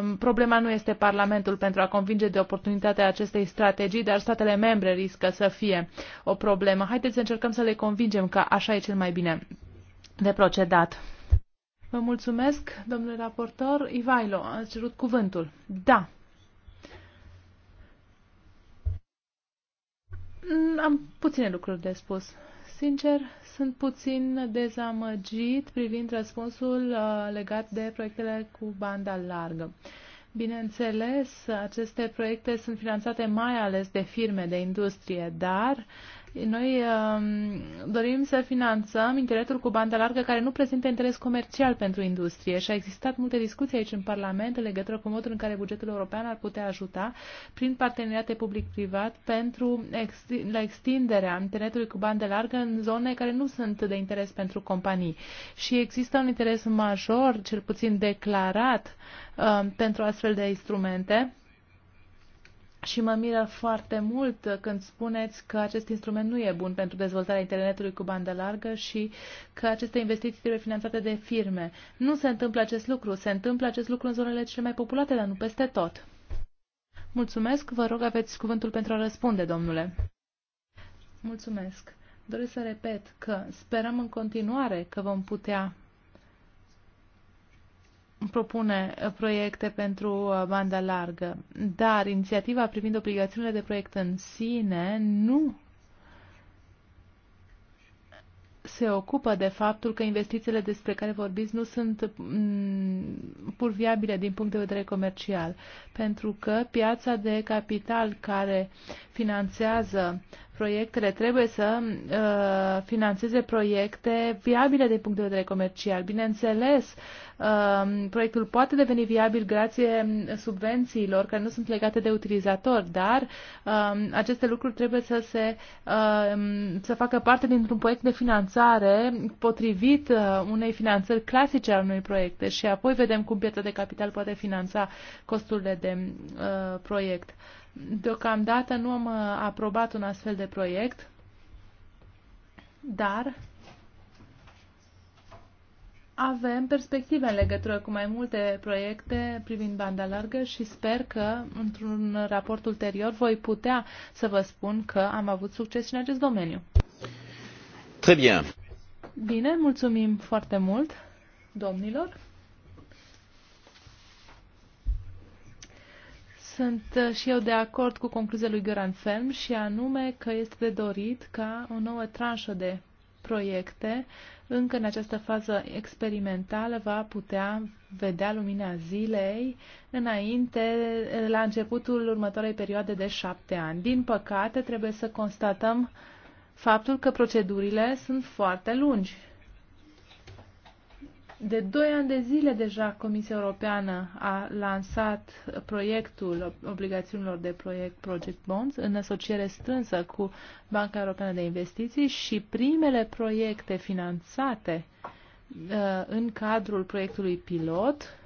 Um, problema nu este Parlamentul pentru a convinge de oportunitatea acestei strategii, dar statele membre riscă să fie o problemă. Haideți să încercăm să le convingem că așa e cel mai bine de procedat. Vă mulțumesc, domnule raportor. Ivailo, ați cerut cuvântul. Da. Mm, am puține lucruri de spus. Sincer, sunt puțin dezamăgit privind răspunsul uh, legat de proiectele cu banda largă. Bineînțeles, aceste proiecte sunt finanțate mai ales de firme, de industrie, dar noi um, dorim să finanțăm internetul cu bandă largă care nu prezintă interes comercial pentru industrie și a existat multe discuții aici în Parlament în legătură cu modul în care bugetul european ar putea ajuta prin parteneriate public-privat pentru ex la extinderea internetului cu bandă largă în zone care nu sunt de interes pentru companii. Și există un interes major, cel puțin declarat, um, pentru astfel de instrumente și mă miră foarte mult când spuneți că acest instrument nu e bun pentru dezvoltarea internetului cu bandă largă și că aceste investiții trebuie finanțate de firme. Nu se întâmplă acest lucru. Se întâmplă acest lucru în zonele cele mai populate, dar nu peste tot. Mulțumesc. Vă rog, aveți cuvântul pentru a răspunde, domnule. Mulțumesc. Doresc să repet că sperăm în continuare că vom putea propune uh, proiecte pentru uh, banda largă, dar inițiativa privind obligațiunile de proiect în sine nu se ocupă de faptul că investițiile despre care vorbiți nu sunt mm, pur viabile din punct de vedere comercial, pentru că piața de capital care finanțează proiectele trebuie să uh, financeze proiecte viabile din punct de vedere comercial. Bineînțeles, uh, proiectul poate deveni viabil grație subvențiilor care nu sunt legate de utilizator, dar uh, aceste lucruri trebuie să se uh, să facă parte dintr-un proiect de finanțare potrivit uh, unei finanțări clasice al unui proiecte și apoi vedem cum piața de capital poate finanța costurile de uh, proiect. Uh, Deocamdată nu am uh, aprobat un astfel de proiect, dar avem perspective în legătură cu mai multe proiecte privind banda largă și sper că într-un raport ulterior voi putea să vă spun că am avut succes în acest domeniu. Très bien. Bine, mulțumim foarte mult, domnilor. Sunt uh, și eu de acord cu concluzia lui Göran Felm și anume că este de dorit ca o nouă tranșă de proiecte încă în această fază experimentală va putea vedea lumina zilei înainte, la începutul următoarei perioade de șapte ani. Din păcate, trebuie să constatăm faptul că procedurile sunt foarte lungi de doi ani de zile deja Comisia Europeană a lansat proiectul obligațiunilor de proiect Project Bonds în asociere strânsă cu Banca Europeană de Investiții și primele proiecte finanțate uh, în cadrul proiectului pilot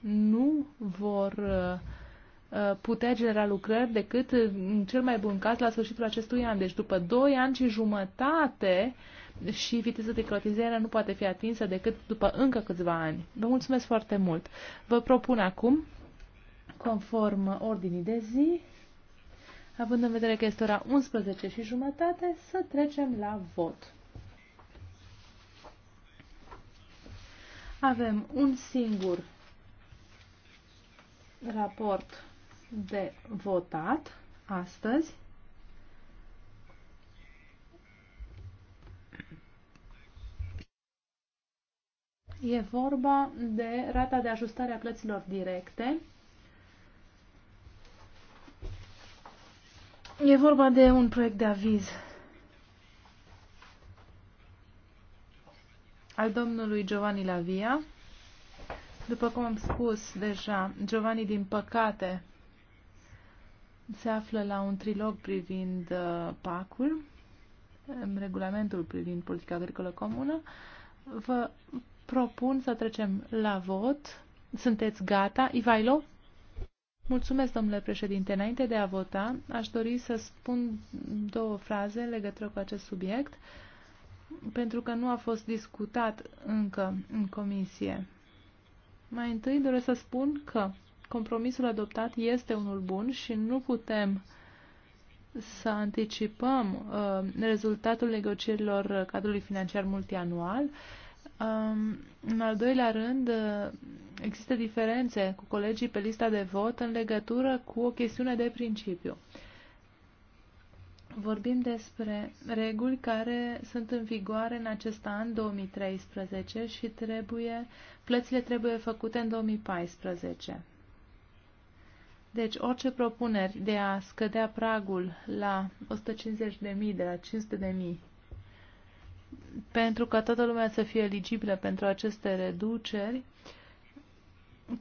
nu vor uh, uh, putea genera lucrări decât în cel mai bun caz la sfârșitul acestui an. Deci după doi ani și jumătate uh, și viteza de clotizare nu poate fi atinsă decât după încă câțiva ani. Vă mulțumesc foarte mult. Vă propun acum, conform ordinii de zi, având în vedere că este ora 11 și jumătate, să trecem la vot. Avem un singur raport de votat astăzi E vorba de rata de ajustare a plăților directe. E vorba de un proiect de aviz al domnului Giovanni Lavia. După cum am spus deja, Giovanni, din păcate, se află la un trilog privind uh, PAC-ul, regulamentul privind politica agricolă comună. Vă propun să trecem la vot. Sunteți gata? Ivailo? Mulțumesc, domnule președinte. Înainte de a vota, aș dori să spun două fraze legătură cu acest subiect, pentru că nu a fost discutat încă în comisie. Mai întâi doresc să spun că compromisul adoptat este unul bun și nu putem să anticipăm uh, rezultatul negocierilor uh, cadrului financiar multianual. Uh, în al doilea rând, uh, există diferențe cu colegii pe lista de vot în legătură cu o chestiune de principiu. Vorbim despre reguli care sunt în vigoare în acest an 2013 și trebuie, plățile trebuie făcute în 2014. Deci orice propuneri de a scădea pragul la 150.000 de la 500.000 pentru ca toată lumea să fie eligibilă pentru aceste reduceri,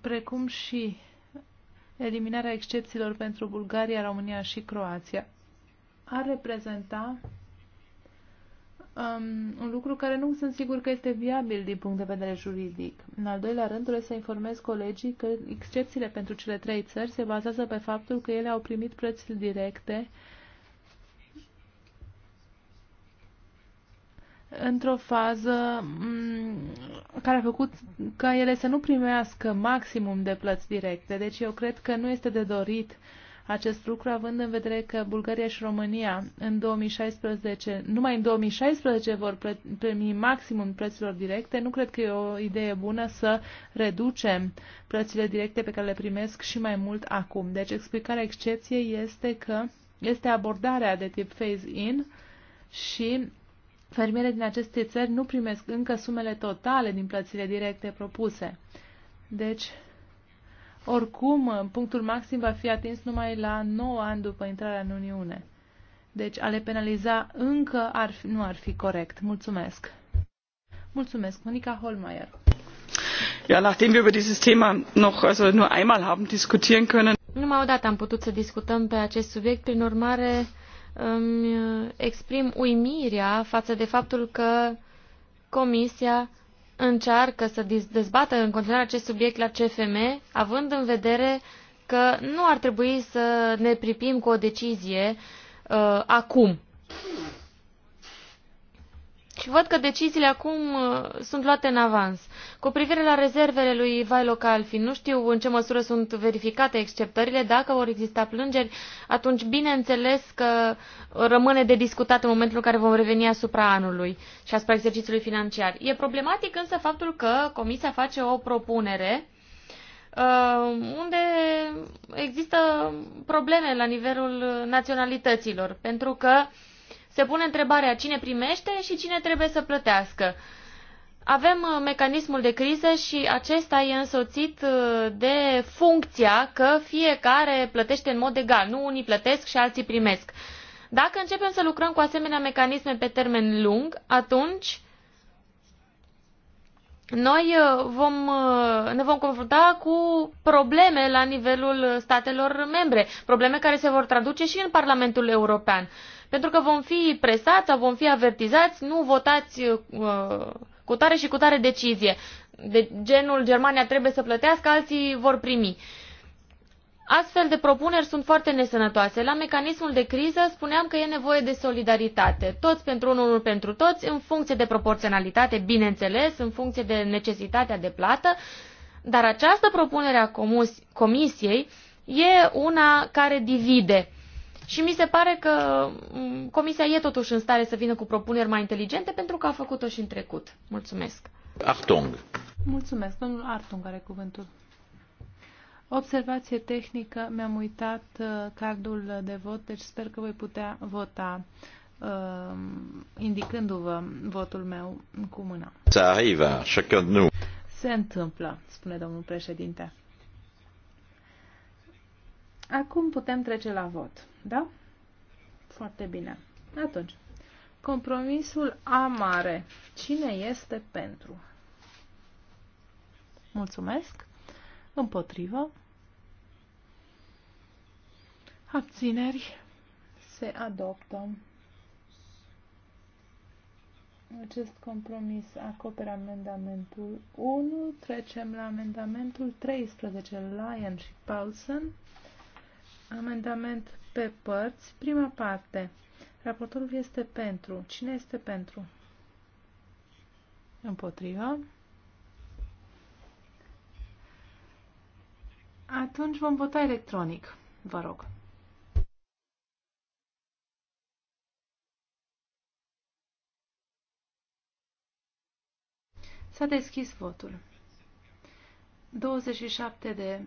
precum și eliminarea excepțiilor pentru Bulgaria, România și Croația, ar reprezenta um, un lucru care nu sunt sigur că este viabil din punct de vedere juridic. În al doilea rând, trebuie să informez colegii că excepțiile pentru cele trei țări se bazează pe faptul că ele au primit plățile directe uh, într-o fază mm, care a făcut ca ele să nu primească maximum de plăți directe. Deci eu cred că nu este de dorit acest lucru, având în vedere că Bulgaria și România în 2016, numai în 2016 vor primi maximum plăților directe, nu cred că e o idee bună să reducem plățile directe pe care le primesc și mai mult acum. Deci explicarea excepției este că este abordarea de tip phase-in și fermiere din aceste țări nu primesc încă sumele totale din plățile directe propuse. Deci, oricum, punctul maxim va fi atins numai la 9 ani după intrarea în Uniune. Deci, a le penaliza încă ar fi, nu ar fi corect. Mulțumesc. Mulțumesc, Monica Holmeier. Ja, nachdem wir über dieses Thema noch also nur einmal haben diskutieren können. Numai odată am putut să discutăm pe acest subiect, prin urmare îmi uh, exprim uimirea față de faptul că Comisia încearcă să dezbată în continuare acest subiect la CFM, având în vedere că nu ar trebui să ne pripim cu o decizie uh, acum. Și văd că deciziile acum uh, sunt luate în avans. Cu privire la rezervele lui Vailo Calfin, nu știu în ce măsură sunt verificate exceptările. Dacă vor exista plângeri, atunci bineînțeles că rămâne de discutat în momentul în care vom reveni asupra anului și asupra exercițiului financiar. E problematic însă faptul că Comisia face o propunere uh, unde există probleme la nivelul naționalităților, pentru că se pune întrebarea cine primește și cine trebuie să plătească. Avem uh, mecanismul de criză și acesta e însoțit uh, de funcția că fiecare plătește în mod egal, nu unii plătesc și alții primesc. Dacă începem să lucrăm cu asemenea mecanisme pe termen lung, atunci noi uh, vom, ne vom confrunta cu probleme la nivelul statelor membre, probleme care se vor traduce și în Parlamentul European. Pentru că vom fi presați sau vom fi avertizați, nu votați uh, cu tare și cu tare decizie. De genul Germania trebuie să plătească, alții vor primi. Astfel de propuneri sunt foarte nesănătoase. La mecanismul de criză spuneam că e nevoie de solidaritate. Toți pentru unul, unul pentru toți, în funcție de proporționalitate, bineînțeles, în funcție de necesitatea de plată. Dar această propunere a Comisiei e una care divide. Și mi se pare că mm, Comisia e totuși în stare să vină cu propuneri mai inteligente pentru că a făcut-o și în trecut. Mulțumesc. Artung. Mulțumesc. Domnul Artung are cuvântul. Observație tehnică, mi-am uitat uh, cardul de vot, deci sper că voi putea vota uh, indicându-vă votul meu cu mâna. Se arriva, chacun nu. Se întâmplă, spune domnul președinte. Acum putem trece la vot. Da? Foarte bine. Atunci, compromisul A mare. Cine este pentru? Mulțumesc. Împotrivă. Abțineri. Se adoptă. Acest compromis acoperă amendamentul 1. Trecem la amendamentul 13, Lyon și Paulson. Amendament pe părți. Prima parte. Raportorul este pentru. Cine este pentru? Împotriva. Atunci vom vota electronic, vă rog. S-a deschis votul. 27 de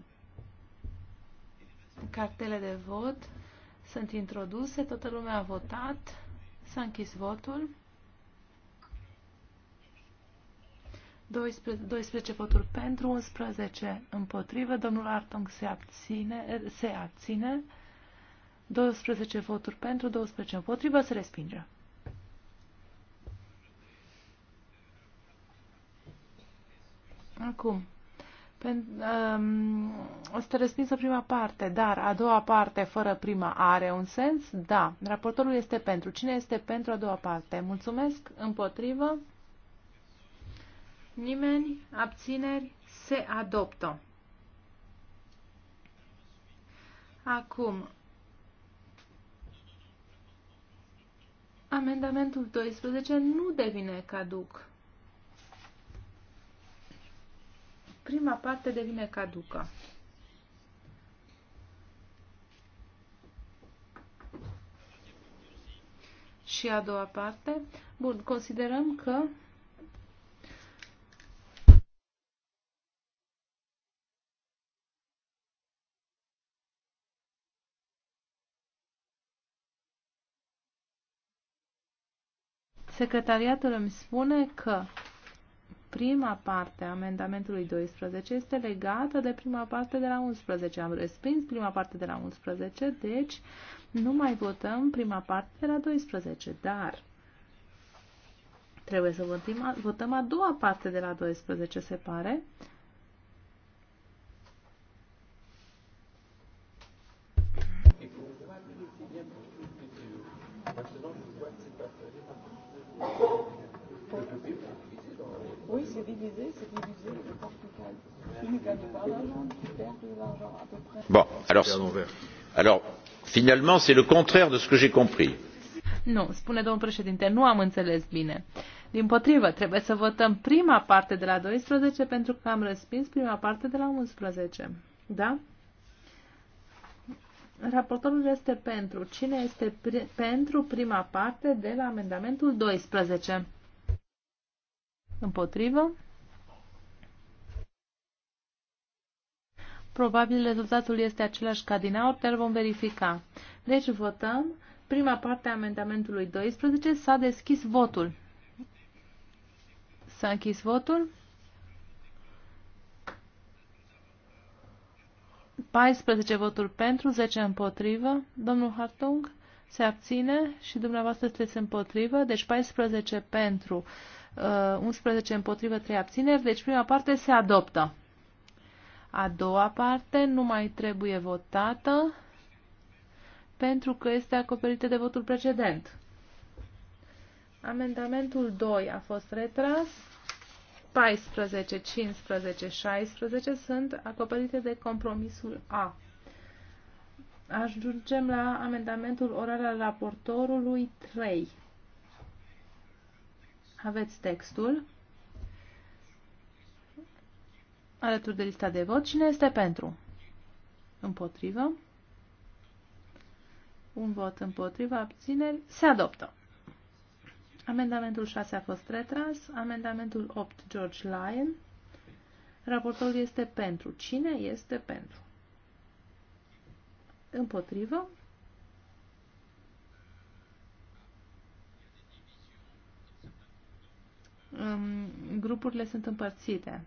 cartele de vot, sunt introduse, toată lumea a votat, s-a închis votul. 12, 12 voturi pentru, 11 împotrivă, domnul Artong se abține, eh, se abține, 12 voturi pentru, 12 împotrivă, se respinge. Acum, Um, este respinsă prima parte, dar a doua parte fără prima are un sens? Da. Raportorul este pentru. Cine este pentru a doua parte? Mulțumesc. Împotrivă? Nimeni? Abțineri? Se adoptă. Acum, amendamentul 12 nu devine caduc. Prima parte devine caducă. Și a doua parte. Bun, considerăm că Secretariatul îmi spune că prima parte a amendamentului 12 este legată de prima parte de la 11. Am respins prima parte de la 11, deci nu mai votăm prima parte de la 12, dar trebuie să votăm, votăm a doua parte de la 12, se pare. Bon, alors, alors finalement, c'est le contraire de ce que j'ai compris. Nu, spune domnul președinte, nu am înțeles bine. Din potrivă, trebuie să votăm prima parte de la 12 pentru că am respins prima parte de la 11. Da? Raportorul este pentru. Cine este pri pentru prima parte de la amendamentul 12? Împotrivă. Probabil rezultatul este același ca din aur, dar vom verifica. Deci votăm. Prima parte a amendamentului 12 s-a deschis votul. S-a închis votul. 14 voturi pentru, 10 împotrivă. Domnul Hartung se abține și dumneavoastră sunteți împotrivă, deci 14 pentru, 11 uh, împotrivă, 3 abțineri, deci prima parte se adoptă. A doua parte nu mai trebuie votată pentru că este acoperită de votul precedent. Amendamentul 2 a fost retras. 14, 15, 16 sunt acoperite de compromisul A. Ajungem la amendamentul oral al raportorului 3. Aveți textul alături de lista de vot. Cine este pentru? Împotrivă. Un vot împotriva, abțineri. Se adoptă. Amendamentul 6 a fost retras. Amendamentul 8, George Lyon. Raportorul este pentru. Cine este pentru? Împotrivă. Um, grupurile sunt împărțite.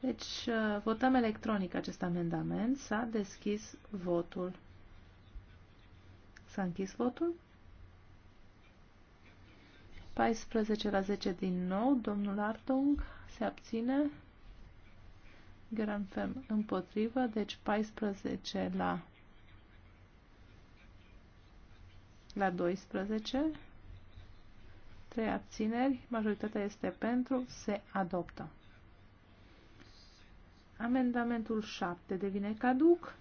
Deci, uh, votăm electronic acest amendament. S-a deschis votul. S-a închis votul. 14 la 10 din nou. Domnul Artung se abține. Granfem împotrivă. Deci 14 la, la 12. 3 abțineri, majoritatea este pentru, se adoptă. Amendamentul 7 devine caduc.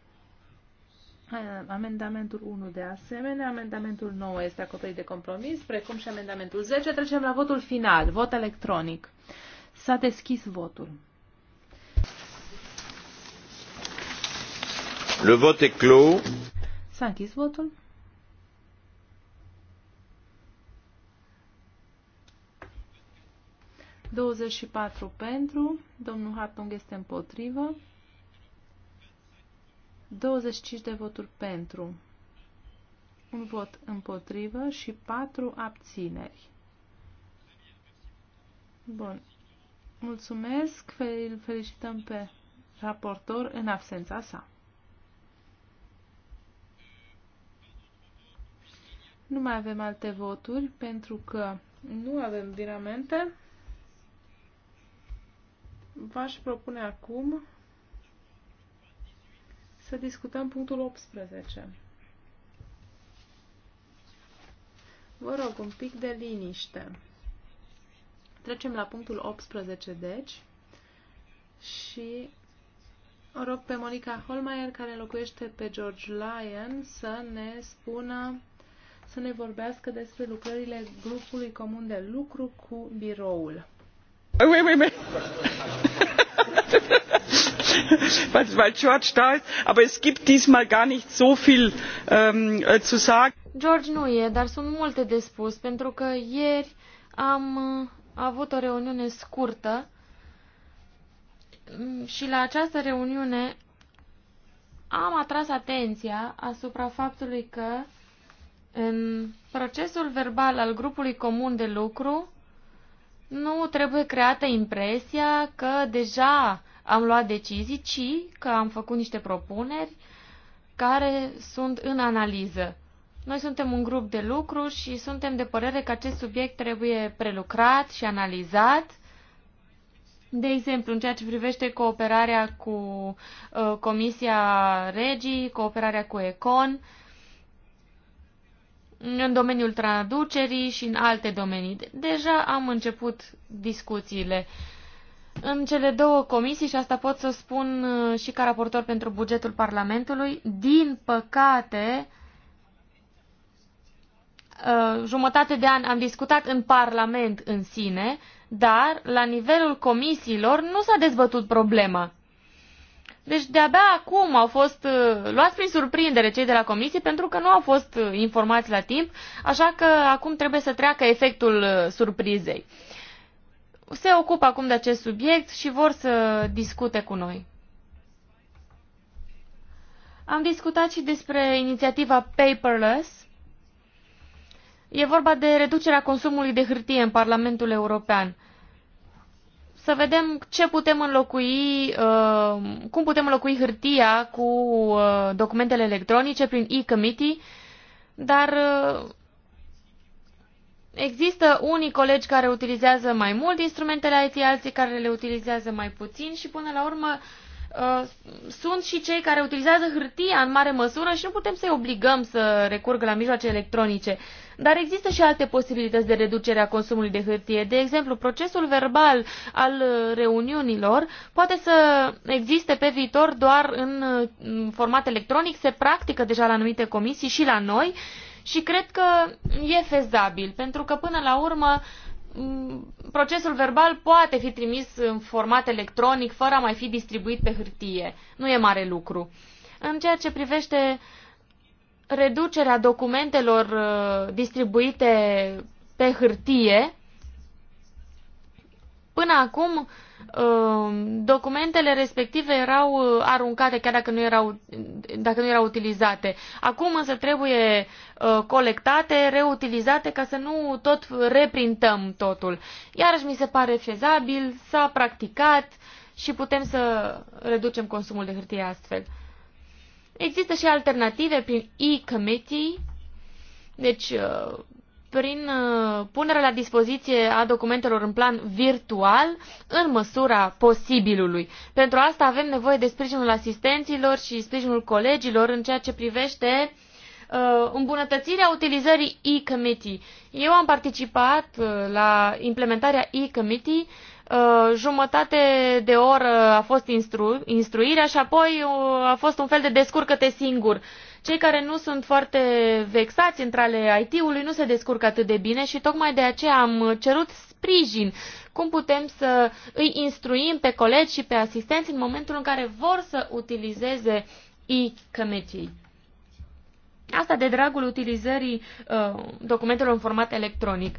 Amendamentul 1 de asemenea, amendamentul 9 este acoperit de compromis, precum și amendamentul 10. Trecem la votul final, vot electronic. S-a deschis votul. Le vot est clos. S-a închis votul. 24 pentru, domnul Hartung este împotrivă. 25 de voturi pentru, un vot împotrivă și 4 abțineri. Bun. Mulțumesc, îl felicităm pe raportor în absența sa. Nu mai avem alte voturi pentru că nu avem viramente. V-aș propune acum să discutăm punctul 18. Vă rog un pic de liniște. Trecem la punctul 18, deci, și o rog pe Monica Holmeier, care locuiește pe George Lyon, să ne spună, să ne vorbească despre lucrările grupului comun de lucru cu biroul. Wait, wait, wait. (laughs) weil George da ist, aber es gibt diesmal gar nicht so viel ähm, äh, zu sagen. George nu e, dar sunt multe de spus, pentru că ieri am uh, avut o reuniune scurtă mm, și la această reuniune am atras atenția asupra faptului că în procesul verbal al grupului comun de lucru nu trebuie creată impresia că deja am luat decizii, ci că am făcut niște propuneri care sunt în analiză. Noi suntem un grup de lucru și suntem de părere că acest subiect trebuie prelucrat și analizat. De exemplu, în ceea ce privește cooperarea cu uh, Comisia Regii, cooperarea cu Econ, uh, în domeniul traducerii și în alte domenii. Deja am început discuțiile. În cele două comisii, și asta pot să spun uh, și ca raportor pentru bugetul Parlamentului, din păcate, uh, jumătate de an am discutat în Parlament în sine, dar la nivelul comisiilor nu s-a dezbătut problema. Deci de-abia acum au fost uh, luați prin surprindere cei de la comisie pentru că nu au fost uh, informați la timp, așa că acum trebuie să treacă efectul uh, surprizei. Se ocupă acum de acest subiect și vor să discute cu noi. Am discutat și despre inițiativa Paperless. E vorba de reducerea consumului de hârtie în Parlamentul European să vedem ce putem înlocui, uh, cum putem înlocui hârtia cu uh, documentele electronice prin e-committee, dar uh, există unii colegi care utilizează mai mult instrumentele IT, alții care le utilizează mai puțin și până la urmă Uh, sunt și cei care utilizează hârtia în mare măsură și nu putem să-i obligăm să recurgă la mijloace electronice. Dar există și alte posibilități de reducere a consumului de hârtie. De exemplu, procesul verbal al reuniunilor poate să existe pe viitor doar în format electronic, se practică deja la anumite comisii și la noi și cred că e fezabil, pentru că până la urmă Mm, procesul verbal poate fi trimis în format electronic, fără a mai fi distribuit pe hârtie. Nu e mare lucru. În ceea ce privește reducerea documentelor uh, distribuite pe hârtie, până acum Um, documentele respective erau uh, aruncate chiar dacă nu erau, dacă nu erau utilizate. Acum însă trebuie uh, colectate, reutilizate ca să nu tot reprintăm totul. Iarăși mi se pare fezabil, s-a practicat și putem să reducem consumul de hârtie astfel. Există și alternative prin e-committee, deci uh, prin uh, punerea la dispoziție a documentelor în plan virtual în măsura posibilului. Pentru asta avem nevoie de sprijinul asistenților și sprijinul colegilor în ceea ce privește uh, îmbunătățirea utilizării e-committee. Eu am participat uh, la implementarea e-committee, uh, jumătate de oră a fost instru- instruirea și apoi uh, a fost un fel de descurcă-te singur. Uh, cei care nu sunt foarte vexați între ale IT-ului nu se descurcă atât de bine și tocmai de aceea am cerut sprijin. Cum putem să îi instruim pe colegi și pe asistenți în momentul în care vor să utilizeze e-committee? Asta de dragul utilizării uh, documentelor în format electronic.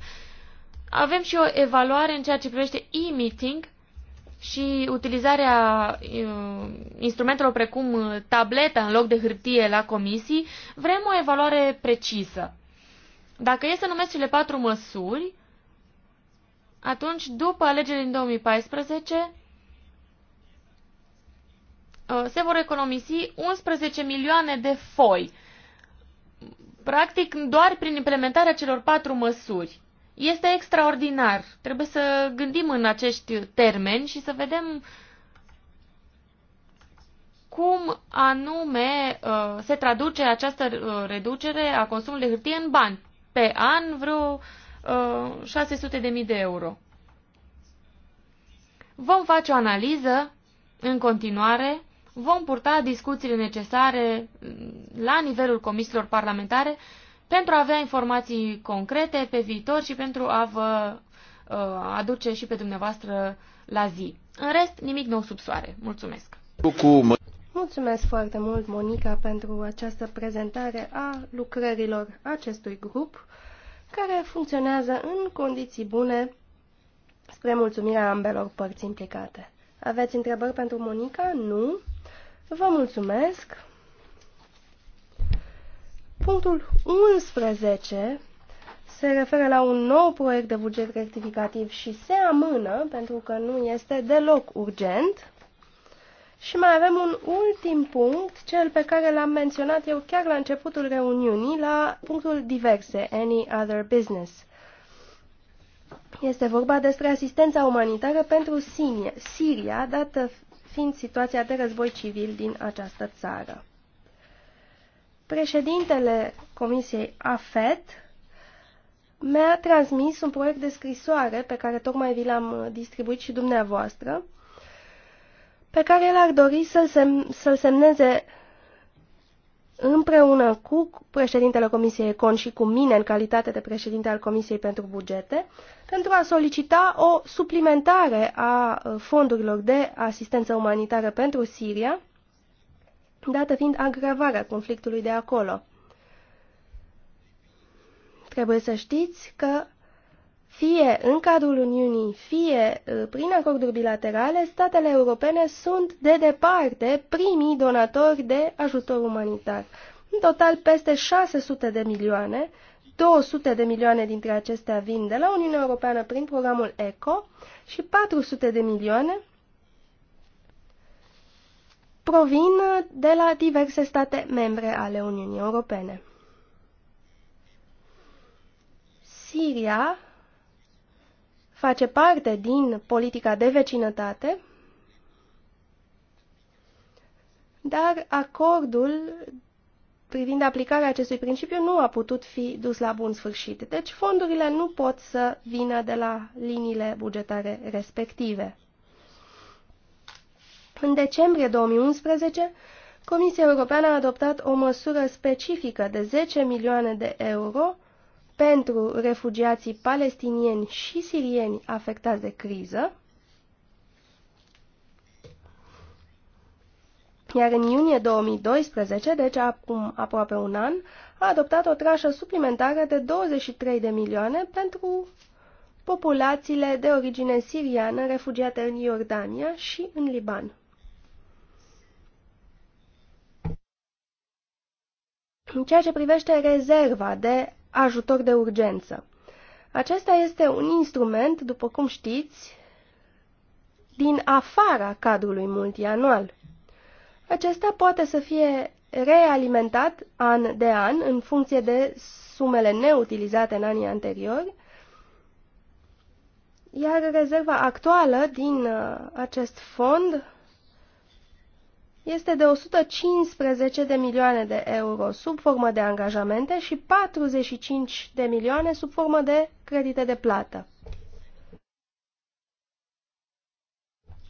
Avem și o evaluare în ceea ce privește e-meeting și utilizarea uh, instrumentelor precum uh, tableta în loc de hârtie la comisii, vrem o evaluare precisă. Dacă e să numesc cele patru măsuri, atunci, după alegerile din 2014, uh, se vor economisi 11 milioane de foi. Practic, doar prin implementarea celor patru măsuri. Este extraordinar. Trebuie să gândim în acești termeni și să vedem cum anume uh, se traduce această uh, reducere a consumului de hârtie în bani. Pe an vreo 600.000 uh, de euro. Vom face o analiză în continuare, vom purta discuțiile necesare mm, la nivelul comisiilor parlamentare pentru a avea informații concrete pe viitor și pentru a vă uh, aduce și pe dumneavoastră la zi. În rest, nimic nou sub soare. Mulțumesc! Mulțumesc foarte mult, Monica, pentru această prezentare a lucrărilor acestui grup, care funcționează în condiții bune spre mulțumirea ambelor părți implicate. Aveți întrebări pentru Monica? Nu? Vă mulțumesc! Punctul 11 se referă la un nou proiect de buget rectificativ și se amână pentru că nu este deloc urgent. Și mai avem un ultim punct, cel pe care l-am menționat eu chiar la începutul reuniunii, la punctul diverse, any other business. Este vorba despre asistența umanitară pentru Siria, dată fiind situația de război civil din această țară. Președintele Comisiei AFET mi-a transmis un proiect de scrisoare pe care tocmai vi l-am distribuit și dumneavoastră, pe care el ar dori să-l sem să semneze împreună cu președintele Comisiei Econ și cu mine în calitate de președinte al Comisiei pentru Bugete, pentru a solicita o suplimentare a fondurilor de asistență umanitară pentru Siria, dată fiind agravarea conflictului de acolo. Trebuie să știți că fie în cadrul Uniunii, fie uh, prin acorduri bilaterale, statele europene sunt de departe primii donatori de ajutor umanitar. În total peste 600 de milioane, 200 de milioane dintre acestea vin de la Uniunea Europeană prin programul ECO și 400 de milioane provin uh, de la diverse state membre ale Uniunii Europene. Siria face parte din politica de vecinătate, dar acordul privind aplicarea acestui principiu nu a putut fi dus la bun sfârșit. Deci fondurile nu pot să vină de la liniile bugetare respective. În decembrie 2011, Comisia Europeană a adoptat o măsură specifică de 10 milioane de euro pentru refugiații palestinieni și sirieni afectați de criză, iar în iunie 2012, deci acum aproape un an, a adoptat o trașă suplimentară de 23 de milioane pentru populațiile de origine siriană refugiate în Iordania și în Liban. În ceea ce privește rezerva de ajutor de urgență, acesta este un instrument, după cum știți, din afara cadrului multianual. Acesta poate să fie realimentat an de an în funcție de sumele neutilizate în anii anteriori, iar rezerva actuală din uh, acest fond este de 115 de milioane de euro sub formă de angajamente și 45 de milioane sub formă de credite de plată.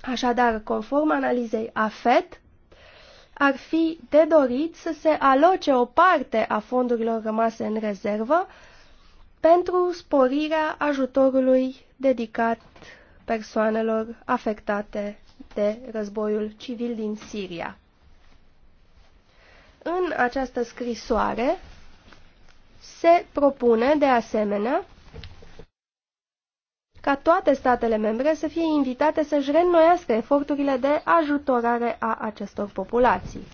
Așadar, conform analizei AFET, ar fi de dorit să se aloce o parte a fondurilor rămase în rezervă pentru sporirea ajutorului dedicat persoanelor afectate de războiul civil din Siria. În această scrisoare se propune, de asemenea, ca toate statele membre să fie invitate să-și reînnoiască eforturile de ajutorare a acestor populații.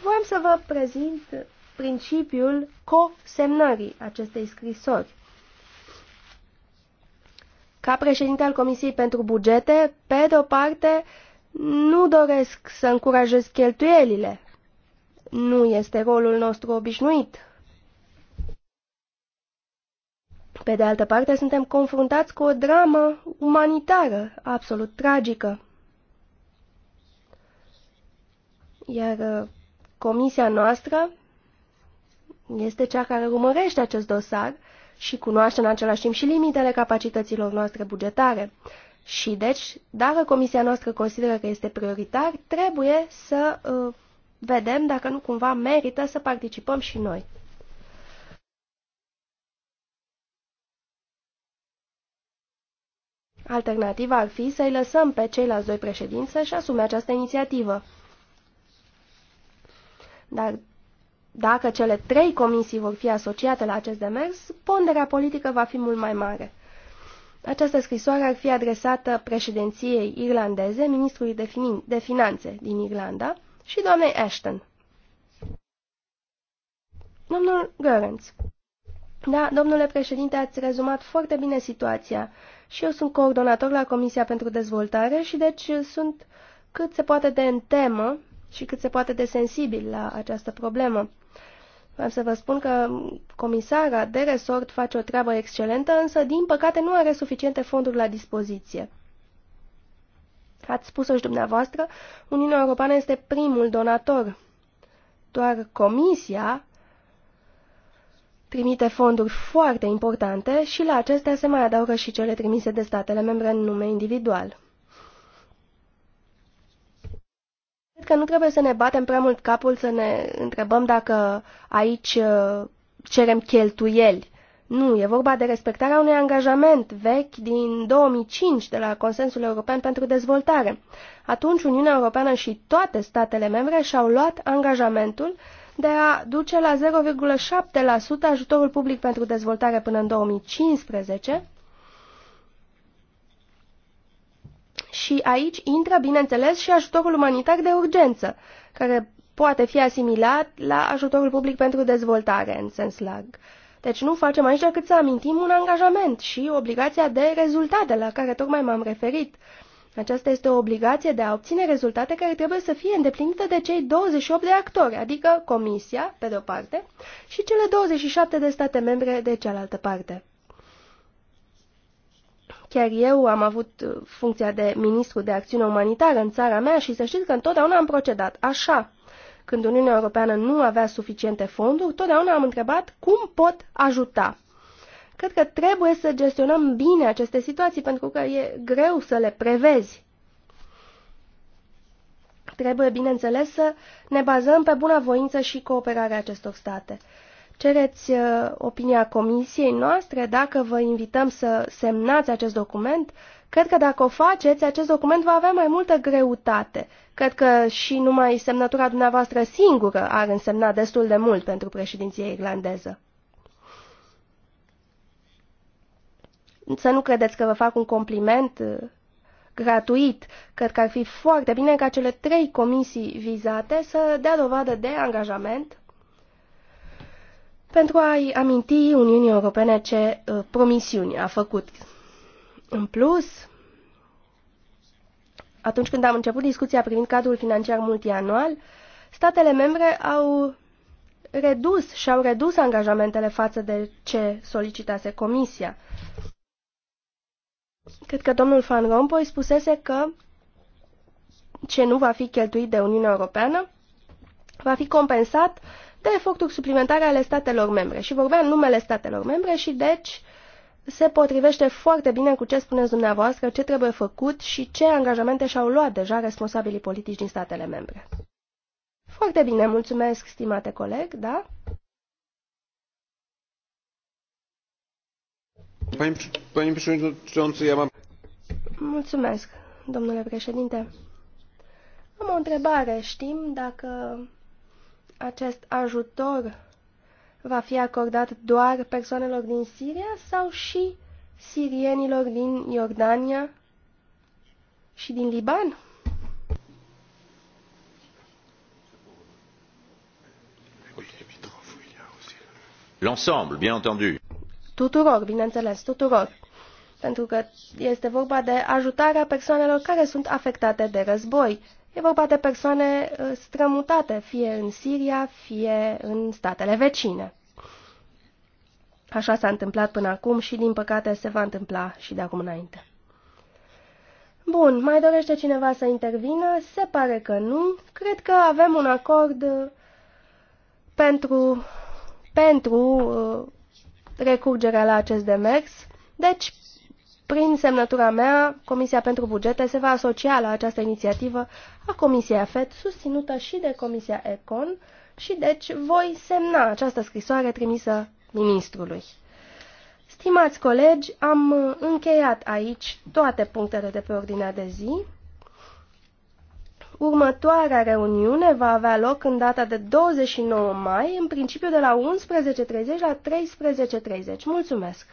Vreau să vă prezint principiul co co-semnării acestei scrisori. Ca președinte al Comisiei pentru Bugete, pe de o parte, nu doresc să încurajez cheltuielile. Nu este rolul nostru obișnuit. Pe de altă parte, suntem confruntați cu o dramă umanitară absolut tragică. Iar uh, comisia noastră este cea care urmărește acest dosar și cunoaște în același timp și limitele capacităților noastre bugetare. Și deci, dacă comisia noastră consideră că este prioritar, trebuie să uh, vedem dacă nu cumva merită să participăm și noi. Alternativa ar fi să-i lăsăm pe ceilalți doi președinți să-și asume această inițiativă. Dar dacă cele trei comisii vor fi asociate la acest demers, ponderea politică va fi mult mai mare. Această scrisoare ar fi adresată președinției irlandeze, ministrului de, fin de finanțe din Irlanda și doamnei Ashton. Domnul Görens. Da, domnule președinte, ați rezumat foarte bine situația și eu sunt coordonator la Comisia pentru Dezvoltare și deci sunt cât se poate de în temă și cât se poate de sensibil la această problemă. Vreau să vă spun că comisara de resort face o treabă excelentă, însă, din păcate, nu are suficiente fonduri la dispoziție. Ați spus-o și dumneavoastră, Uniunea Europeană este primul donator. Doar Comisia trimite fonduri foarte importante și la acestea se mai adaugă și cele trimise de statele membre în nume individual. că nu trebuie să ne batem prea mult capul să ne întrebăm dacă aici uh, cerem cheltuieli. Nu, e vorba de respectarea unui angajament vechi din 2005 de la Consensul European pentru Dezvoltare. Atunci Uniunea Europeană și toate statele membre și-au luat angajamentul de a duce la 0,7% ajutorul public pentru dezvoltare până în 2015 Și aici intră, bineînțeles, și ajutorul umanitar de urgență, care poate fi asimilat la ajutorul public pentru dezvoltare, în sens larg. Deci nu facem aici decât să amintim un angajament și obligația de rezultate la care tocmai m-am referit. Aceasta este o obligație de a obține rezultate care trebuie să fie îndeplinită de cei 28 de actori, adică Comisia, pe de-o parte, și cele 27 de state membre de cealaltă parte. Chiar eu am avut uh, funcția de ministru de acțiune umanitară în țara mea și să știți că întotdeauna am procedat așa. Când Uniunea Europeană nu avea suficiente fonduri, totdeauna am întrebat cum pot ajuta. Cred că trebuie să gestionăm bine aceste situații pentru că e greu să le prevezi. Trebuie, bineînțeles, să ne bazăm pe bună voință și cooperarea acestor state cereți uh, opinia comisiei noastre dacă vă invităm să semnați acest document, cred că dacă o faceți, acest document va avea mai multă greutate. Cred că și numai semnătura dumneavoastră singură ar însemna destul de mult pentru președinția irlandeză. Să nu credeți că vă fac un compliment uh, gratuit. Cred că ar fi foarte bine ca cele trei comisii vizate să dea dovadă de angajament pentru a-i aminti Uniunii Europene ce uh, promisiuni a făcut. În plus, atunci când am început discuția privind cadrul financiar multianual, statele membre au redus și au redus angajamentele față de ce solicitase Comisia. Cred că domnul Van Rompuy spusese că ce nu va fi cheltuit de Uniunea Europeană va fi compensat de eforturi suplimentare ale statelor membre. Și vorbea în numele statelor membre și deci se potrivește foarte bine cu ce spuneți dumneavoastră, ce trebuie făcut și ce angajamente și-au luat deja responsabilii politici din statele membre. Foarte bine, mulțumesc, stimate coleg, da? Mulțumesc, domnule președinte. Am o întrebare. Știm dacă acest ajutor va fi acordat doar persoanelor din Siria sau și sirienilor din Iordania și din Liban? L'ensemble, bien entendu. Tuturor, bineînțeles, tuturor. Pentru că este vorba de ajutarea persoanelor care sunt afectate de război E vorba de persoane uh, strămutate, fie în Siria, fie în statele vecine. Așa s-a întâmplat până acum și, din păcate, se va întâmpla și de acum înainte. Bun, mai dorește cineva să intervină? Se pare că nu. Cred că avem un acord uh, pentru, pentru uh, recurgerea la acest demers. Deci, prin semnătura mea, Comisia pentru Bugete se va asocia la această inițiativă a Comisiei AFET, susținută și de Comisia ECON, și deci voi semna această scrisoare trimisă ministrului. Stimați colegi, am încheiat aici toate punctele de pe ordinea de zi. Următoarea reuniune va avea loc în data de 29 mai, în principiu de la 11.30 la 13.30. Mulțumesc!